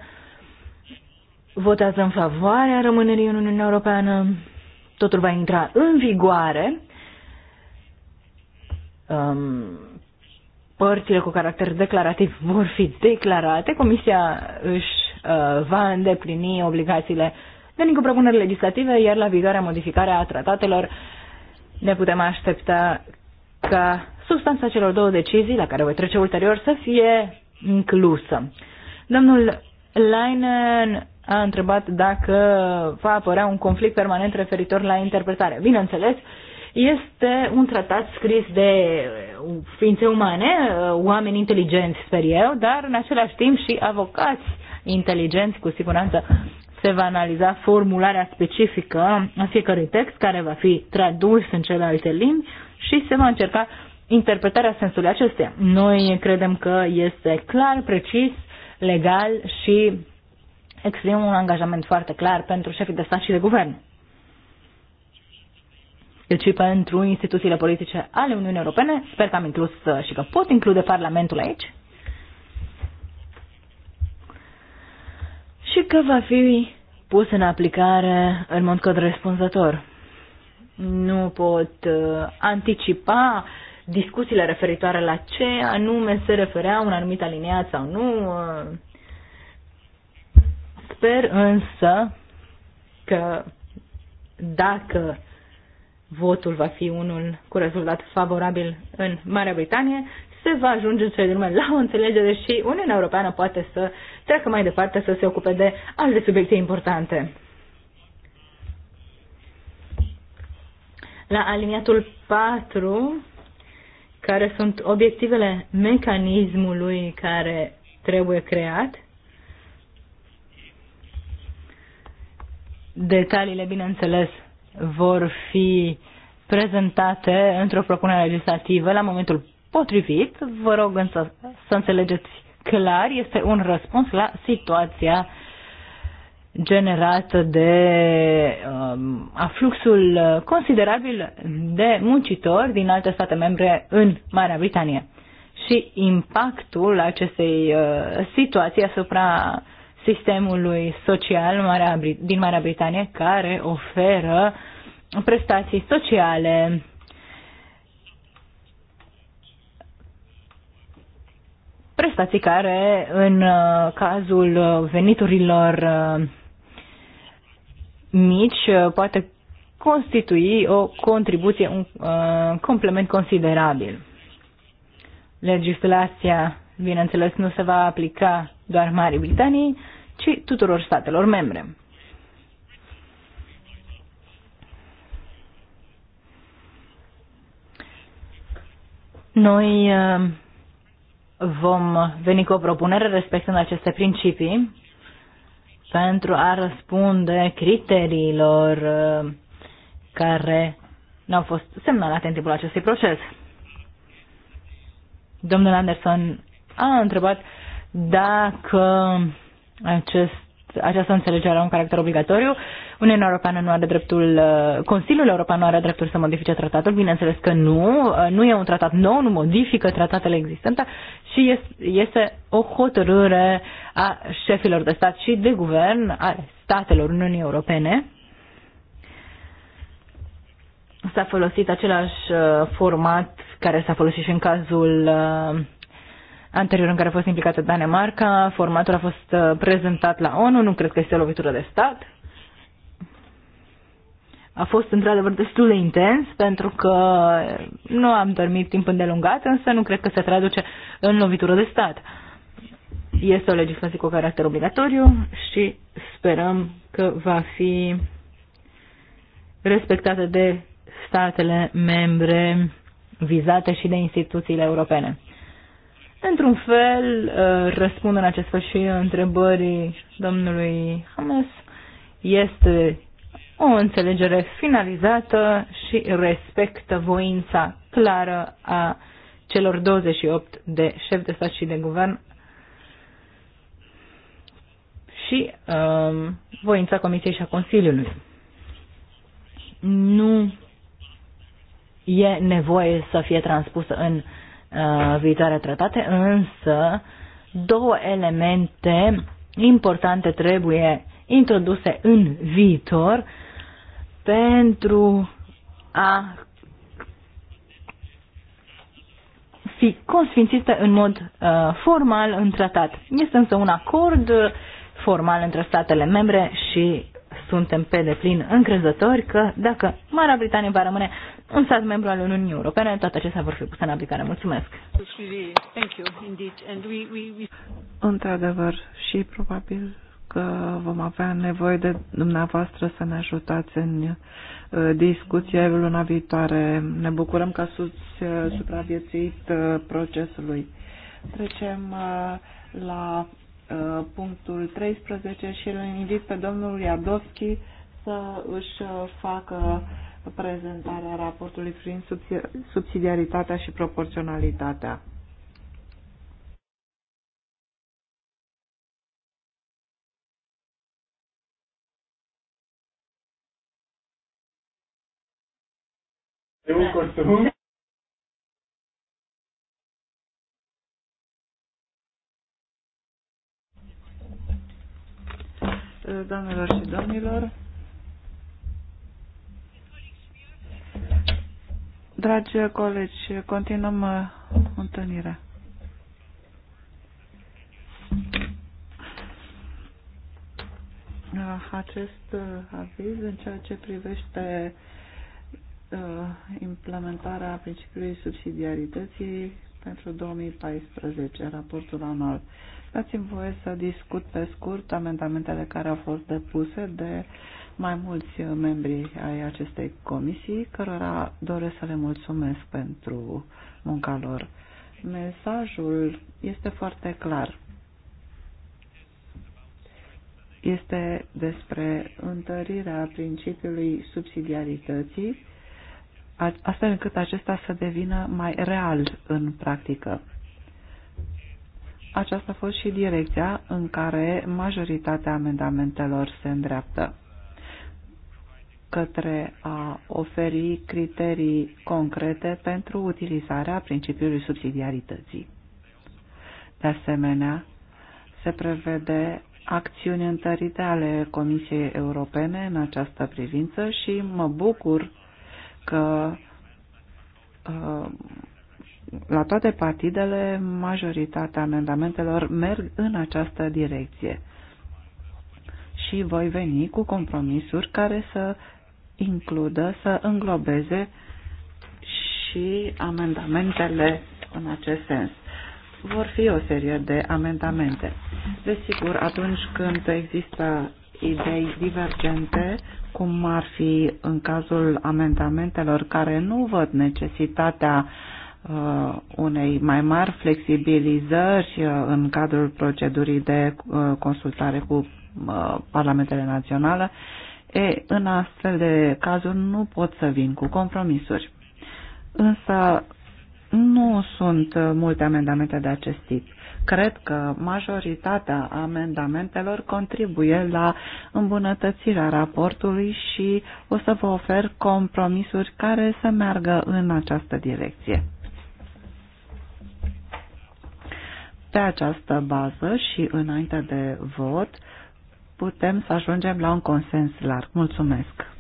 votează în favoarea rămânerii în Uniunea Europeană, totul va intra în vigoare um, părțile cu caracter declarativ vor fi declarate, Comisia își uh, va îndeplini obligațiile de cu propuneri legislative, iar la viitoarea modificare a tratatelor ne putem aștepta ca substanța celor două decizii, la care voi trece ulterior, să fie inclusă. Domnul Leinen a întrebat dacă va apărea un conflict permanent referitor la interpretare. Bineînțeles, uh, este un tratat scris de ființe umane, oameni inteligenți, sper eu, dar în același timp și avocați inteligenți, cu siguranță se va analiza formularea specifică a fiecărui text care va fi tradus în celelalte limbi și se va încerca interpretarea sensului acesteia. Noi credem că este clar, precis, legal și exprimă un angajament foarte clar pentru șefii de stat și de guvern cât și pentru instituțiile politice ale Uniunii Europene. Sper că am inclus uh, și că pot include Parlamentul aici. Și că va fi pus în aplicare în mod corespunzător. Nu pot uh, anticipa discuțiile referitoare la ce anume se referea un anumit aliniat sau nu. Uh. Sper însă că dacă votul va fi unul cu rezultat favorabil în Marea Britanie, se va ajunge în din la o înțelegere și Uniunea Europeană poate să treacă mai departe să se ocupe de alte subiecte importante. La aliniatul 4, care sunt obiectivele mecanismului care trebuie creat, detaliile, bineînțeles, vor fi prezentate într-o propunere legislativă la momentul potrivit. Vă rog însă să înțelegeți clar, este un răspuns la situația generată de um, afluxul considerabil de muncitori din alte state membre în Marea Britanie și impactul acestei uh, situații asupra sistemului social din Marea Britanie care oferă prestații sociale. Prestații care, în uh, cazul veniturilor uh, mici, uh, poate constitui o contribuție, un complement considerabil. Legislația, bineînțeles, nu se va aplica doar Marii Britanii, ci tuturor statelor membre. Noi uh, vom veni cu o propunere respectând aceste principii pentru a răspunde criteriilor uh, care nu au fost semnalate în timpul acestui proces. Domnul Anderson a întrebat dacă acest această înțelegere are un caracter obligatoriu. Uniunea Europeană nu are dreptul, uh, Consiliul European nu are dreptul să modifice tratatul, bineînțeles că nu, uh, nu e un tratat nou, nu modifică tratatele existente și este o hotărâre a șefilor de stat și de guvern, a statelor Uniunii Europene. S-a folosit același uh, format care s-a folosit și în cazul anterior în care a fost implicată Danemarca. Formatul a fost uh, prezentat la ONU, nu cred că este o lovitură de stat. A fost într-adevăr destul de intens pentru că nu am dormit timp îndelungat, însă nu cred că se traduce în lovitură de stat. Este o legislație cu caracter obligatoriu și sperăm că va fi respectată de statele membre vizate și de instituțiile europene într-un fel, uh, răspund în acest fel și întrebării domnului Hamas. Este o înțelegere finalizată și respectă voința clară a celor 28 de șef de stat și de guvern și um, voința Comisiei și a Consiliului. Nu e nevoie să fie transpusă în uh, Uh, viitoare tratate, însă două elemente importante trebuie introduse în viitor pentru a fi consfințită în mod uh, formal în tratat. Este însă un acord formal între statele membre și suntem pe deplin încrezători că dacă Marea Britanie va rămâne un stat membru al Uniunii Europene, toate acestea vor fi puse în aplicare. Mulțumesc! Într-adevăr, și probabil că vom avea nevoie de dumneavoastră să ne ajutați în uh, discuția luna viitoare. Ne bucurăm că ați uh, supraviețuit uh, procesului. Trecem la punctul 13 și îl invit pe domnul Iadovski să își facă prezentarea raportului privind subsidiaritatea și proporționalitatea. Doamnelor și domnilor, Dragi colegi, continuăm uh, întâlnirea. Uh, acest uh, aviz în ceea ce privește implementarea principiului subsidiarității pentru 2014, raportul anual. Dați-mi voie să discut pe scurt amendamentele care au fost depuse de uh, mai mulți membri ai acestei comisii, cărora doresc să le mulțumesc pentru munca lor. Mesajul este foarte clar. Este despre întărirea principiului subsidiarității, astfel încât acesta să devină mai real în practică. Aceasta a fost și direcția în care majoritatea amendamentelor se îndreaptă către a oferi criterii concrete pentru utilizarea principiului subsidiarității. De asemenea, se prevede acțiuni întărite ale Comisiei Europene în această privință și mă bucur că uh, la toate partidele majoritatea amendamentelor merg în această direcție și voi veni cu compromisuri care să includă, să înglobeze și amendamentele în acest sens. Vor fi o serie de amendamente. Desigur, atunci când există idei divergente, cum ar fi în cazul amendamentelor care nu văd necesitatea uh, unei mai mari flexibilizări uh, în cadrul procedurii de uh, consultare cu uh, Parlamentele Naționale, E, în astfel de cazuri nu pot să vin cu compromisuri. Însă nu sunt multe amendamente de acest tip. Cred că majoritatea amendamentelor contribuie la îmbunătățirea raportului și o să vă ofer compromisuri care să meargă în această direcție. Pe această bază și înainte de vot, putem să ajungem la un consens larg. Mulțumesc!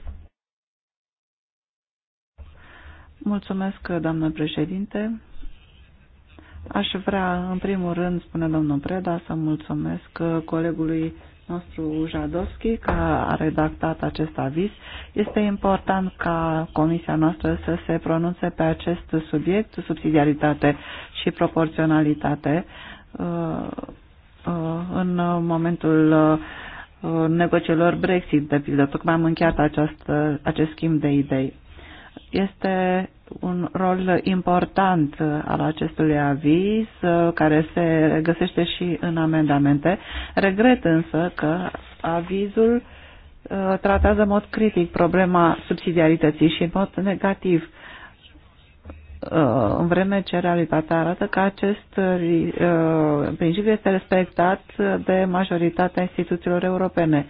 Mulțumesc, doamnă președinte. Aș vrea, în primul rând, spune domnul Preda, să mulțumesc colegului nostru Jadovski, că a redactat acest aviz. Este important ca comisia noastră să se pronunțe pe acest subiect, subsidiaritate și proporționalitate, uh, uh, în momentul uh, Uh, negocierilor Brexit, de pildă. Tocmai am încheiat acest acest schimb de idei. Este un rol important uh, al acestui aviz, uh, care se găsește și în amendamente. Regret însă că avizul tratează în mod critic problema subsidiarității și în mod negativ Uh, în vreme ce realitatea arată că acest uh, principiu este respectat de majoritatea instituțiilor europene.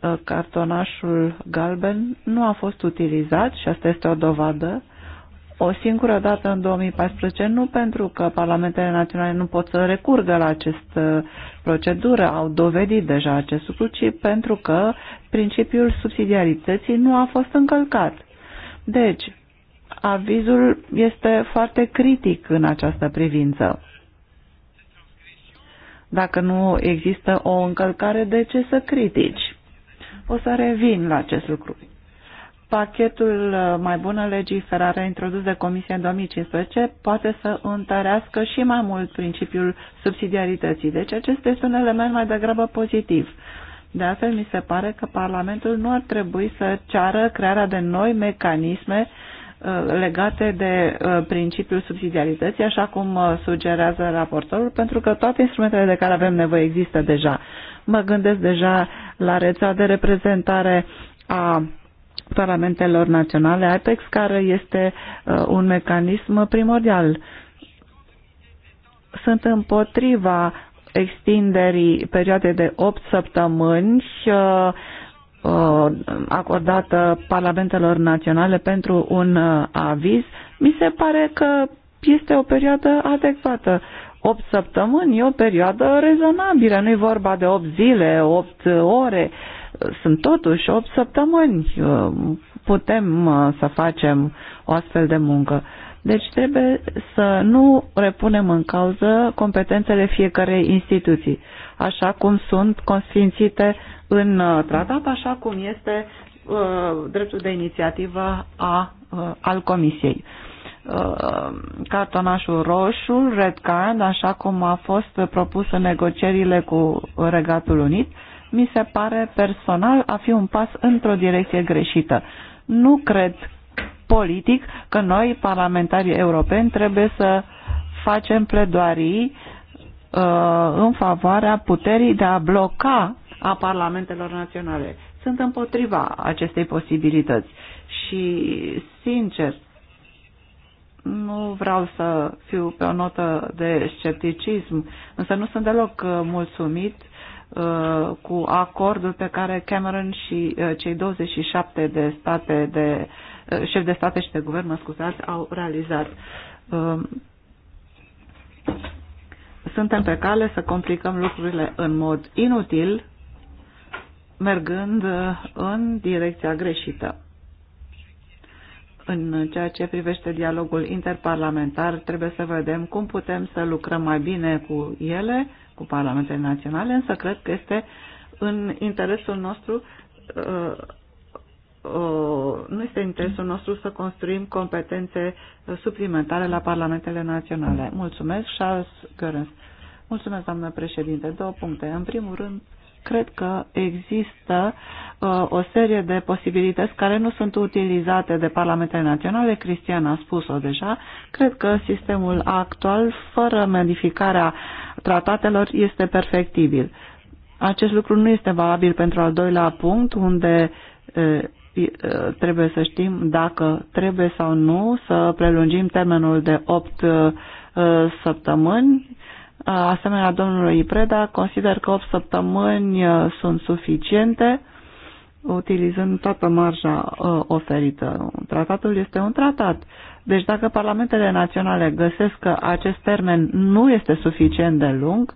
Uh, cartonașul galben nu a fost utilizat și asta este o dovadă o singură dată în 2014, nu pentru că parlamentele naționale nu pot să recurgă la această procedură, au dovedit deja acest lucru, ci pentru că principiul subsidiarității nu a fost încălcat. Deci, Avizul este foarte critic în această privință. Dacă nu există o încălcare, de ce să critici? O să revin la acest lucru. Pachetul uh, mai bună legiferare introdus de Comisia în 2015 poate să întărească și mai mult principiul subsidiarității. Deci acesta este un element mai degrabă pozitiv. De altfel, mi se pare că Parlamentul nu ar trebui să ceară crearea de noi mecanisme Uh, legate de uh, principiul subsidiarității, așa cum uh, sugerează raportorul, pentru că toate instrumentele de care avem nevoie există deja. Mă gândesc deja la rețea de reprezentare a parlamentelor naționale, APEX, care este un mecanism primordial. Sunt împotriva extinderii perioadei de 8 săptămâni și Uh, acordată parlamentelor naționale pentru un uh, aviz, mi se pare că este o perioadă adecvată. 8 săptămâni e o perioadă rezonabilă, nu e vorba de 8 zile, 8 ore, sunt totuși 8 săptămâni. Uh, putem să facem o astfel de muncă. Deci trebuie să nu repunem în cauză competențele fiecarei instituții așa cum sunt consfințite în uh, tratat, așa cum este uh, dreptul de inițiativă a, uh, al Comisiei. Cartonașul roșu, red card, așa cum a fost propus în negocierile cu Regatul Unit, mi se pare personal a fi un pas într-o direcție greșită. Nu cred politic că noi, parlamentarii europeni, trebuie să facem pledoarii Uh, în favoarea puterii de a bloca a parlamentelor naționale. Sunt împotriva acestei posibilități și, sincer, nu vreau să fiu pe o notă de scepticism, însă nu sunt deloc uh, mulțumit uh, cu acordul pe care Cameron și cei 27 de state de șef de state și de guvern, mă scuzați, au realizat suntem pe cale să complicăm lucrurile în mod inutil, mergând uh, în direcția greșită. În ceea ce privește dialogul interparlamentar, trebuie să vedem cum putem să lucrăm mai bine cu ele, cu parlamentele naționale, însă cred că este în interesul nostru uh, Uh, nu este interesul nostru să construim competențe uh, suplimentare la parlamentele naționale. Mulțumesc, Charles Görens. Mulțumesc, doamnă președinte. Două puncte. În primul rând, cred că există uh, o serie de posibilități care nu sunt utilizate de parlamentele naționale. Cristian a spus-o deja. Cred că sistemul actual, fără modificarea tratatelor, este perfectibil. Acest lucru nu este valabil pentru al doilea punct, unde uh, Eh, trebuie să știm dacă trebuie sau nu să prelungim termenul de 8 eh, săptămâni. Eh, asemenea, domnului Preda, consider că 8 săptămâni sunt suficiente utilizând toată marja oferită. Tratatul este un tratat. Deci dacă parlamentele naționale găsesc că acest termen nu este suficient de lung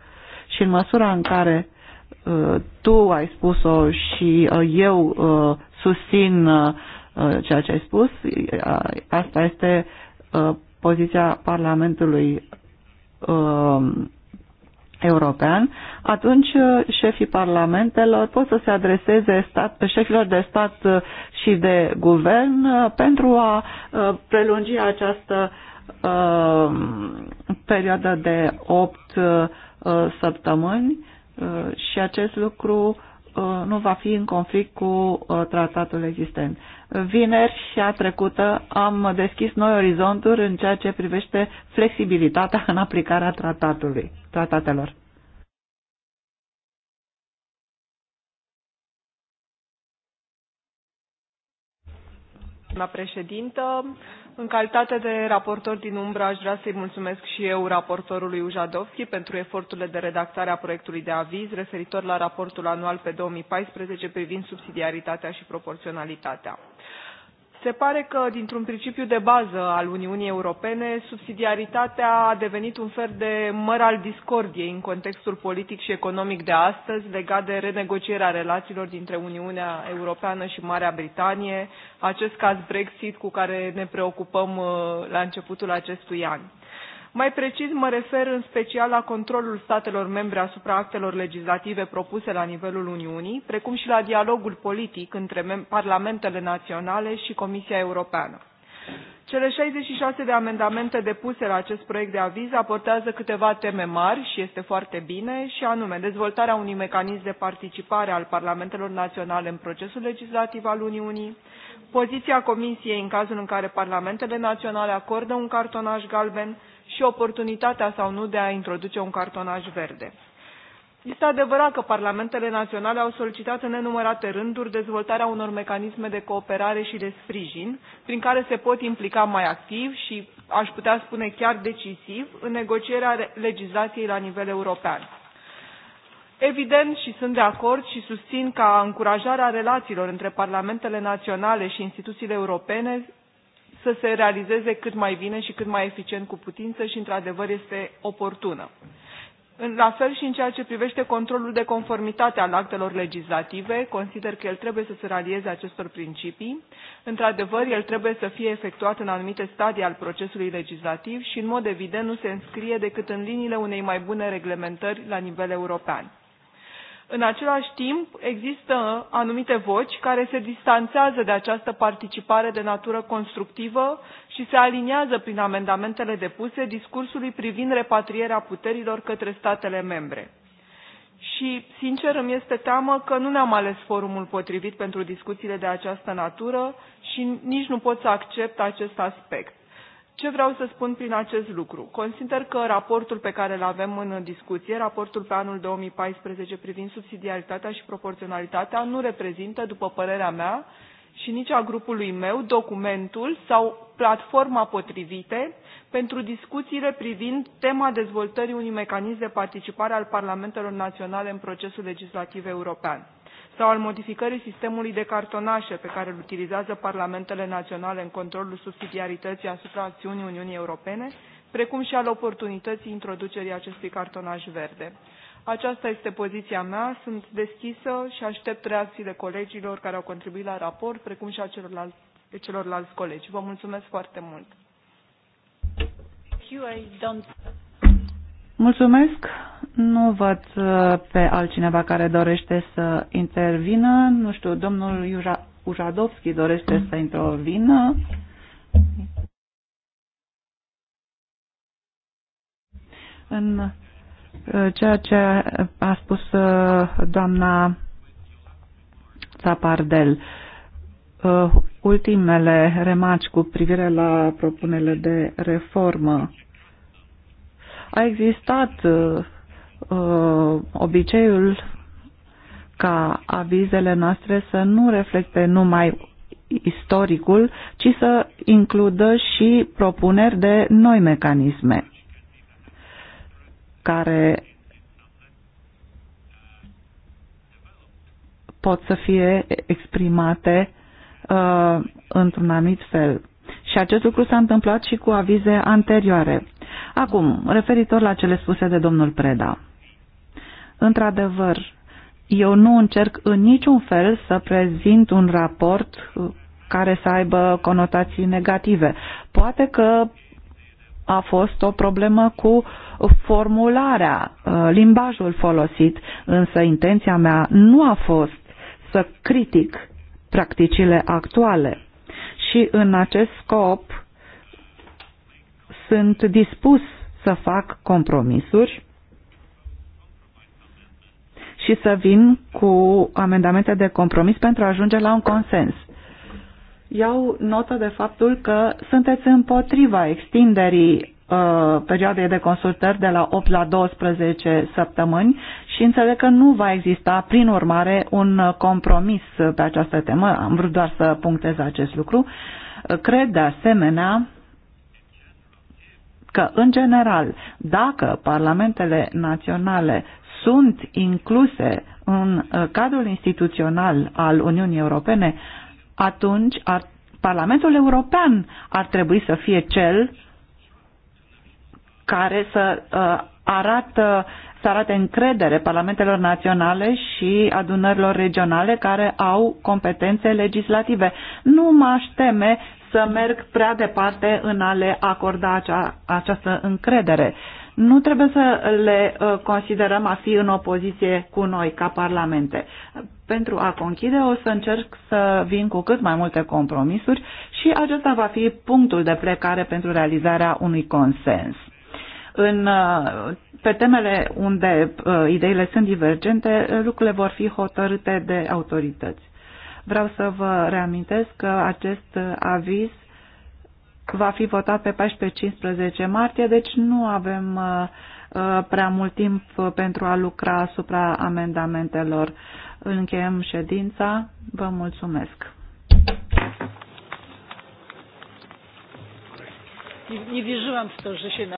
și în măsura în care tu ai spus-o și eu susțin uh, uh, ceea ce ai spus. Uh, asta este poziția Parlamentului european, atunci șefii parlamentelor pot să se adreseze stat, șefilor de stat și de guvern pentru a prelungi această uh, perioadă de 8 uh, săptămâni uh, și acest lucru Uh, nu va fi în conflict cu uh, tratatul existent. Vineri și a trecută am deschis noi orizonturi în ceea ce privește flexibilitatea în aplicarea tratatului, tratatelor. Doamna președintă, în calitate de raportor din umbră, aș vrea să-i mulțumesc și eu raportorului Ujadovski pentru eforturile de redactare a proiectului de aviz referitor la raportul anual pe 2014 privind subsidiaritatea și proporționalitatea se pare că, dintr-un principiu de bază al Uniunii Europene, subsidiaritatea a devenit un fel de măr al discordiei în contextul politic și economic de astăzi, legat de renegocierea relațiilor dintre Uniunea Europeană și Marea Britanie, acest caz Brexit cu care ne preocupăm uh, la începutul acestui an. Mai precis mă refer în special la controlul statelor membre asupra actelor legislative propuse la nivelul Uniunii, precum și la dialogul politic între parlamentele naționale și Comisia Europeană. Cele 66 de amendamente depuse la acest proiect de aviz aportează câteva teme mari și este foarte bine, și anume dezvoltarea unui mecanism de participare al parlamentelor naționale în procesul legislativ al Uniunii, poziția Comisiei în cazul în care parlamentele naționale acordă un cartonaș galben și oportunitatea sau nu de a introduce un cartonaj verde. Este adevărat că parlamentele naționale au solicitat în nenumărate rânduri dezvoltarea unor mecanisme de cooperare și de sprijin, prin care se pot implica mai activ și, aș putea spune, chiar decisiv în negocierea legislației la nivel european. Evident și sunt de acord și susțin ca încurajarea relațiilor între parlamentele naționale și instituțiile europene să se realizeze cât mai bine și cât mai eficient cu putință și, într-adevăr, este oportună. La fel și în ceea ce privește controlul de conformitate al actelor legislative, consider că el trebuie să se realieze acestor principii. Într-adevăr, el trebuie să fie efectuat în anumite stadii al procesului legislativ și, în mod evident, nu se înscrie decât în liniile unei mai bune reglementări la nivel european. În același timp, există anumite voci care se distanțează de această participare de natură constructivă și se aliniază prin amendamentele depuse discursului privind repatrierea puterilor către statele membre. Și, sincer, îmi este teamă că nu ne-am ales forumul potrivit pentru discuțiile de această natură și nici nu pot să accept acest aspect. Ce vreau să spun prin acest lucru? Consider că raportul pe care îl avem în discuție, raportul pe anul 2014 privind subsidiaritatea și proporționalitatea, nu reprezintă, după părerea mea, și nici a grupului meu documentul sau platforma potrivite pentru discuțiile privind tema dezvoltării unui mecanism de participare al parlamentelor naționale în procesul legislativ european sau al modificării sistemului de cartonașe pe care îl utilizează parlamentele naționale în controlul subsidiarității asupra acțiunii Uniunii Europene, precum și al oportunității introducerii acestui cartonaș verde. Aceasta este poziția mea, sunt deschisă și aștept reacțiile colegilor care au contribuit la raport, precum și a celorlalți, celorlalți colegi. Vă mulțumesc foarte mult! Mulțumesc. Nu văd uh, pe altcineva care dorește să intervină. Nu știu, domnul Ujadovski dorește să intervină. În uh, ceea ce a spus uh, doamna Zapardel ultimele remarci cu privire la propunerile de reformă a existat uh, uh, obiceiul ca avizele noastre să nu reflecte numai istoricul, ci să includă și propuneri de noi mecanisme care pot să fie exprimate uh, într-un anumit fel. Și acest lucru s-a întâmplat și cu avize anterioare. Acum, referitor la cele spuse de domnul Preda. Într-adevăr, eu nu încerc în niciun fel să prezint un raport uh, care să aibă conotații negative. Poate că a fost o problemă cu formularea, uh, limbajul folosit, însă intenția mea nu a fost să critic practicile actuale. Și în acest scop sunt dispus să fac compromisuri și să vin cu amendamente de compromis pentru a ajunge la un consens. Iau notă de faptul că sunteți împotriva extinderii uh, perioadei de consultări de la 8 la 12 săptămâni și înțeleg că nu va exista, prin urmare, un compromis pe această temă. Am vrut doar să punctez acest lucru. Cred, de asemenea, că, în general, dacă parlamentele naționale sunt incluse în uh, cadrul instituțional al Uniunii Europene, atunci ar, Parlamentul European ar trebui să fie cel care să uh, arată să arate încredere parlamentelor naționale și adunărilor regionale care au competențe legislative. Nu mă aș teme să merg prea departe în a le acorda acea, această încredere. Nu trebuie să le uh, considerăm a fi în opoziție cu noi ca parlamente. Pentru a conchide o să încerc să vin cu cât mai multe compromisuri și acesta va fi punctul de plecare pentru realizarea unui consens. În, uh, pe temele unde uh, ideile sunt divergente, lucrurile vor fi hotărâte de autorități. Vreau să vă reamintesc că acest aviz va fi votat pe 14-15 martie, deci nu avem uh, uh, prea mult timp pentru a lucra asupra amendamentelor. Încheiem ședința. Vă mulțumesc. Nie, nie wierzyłam w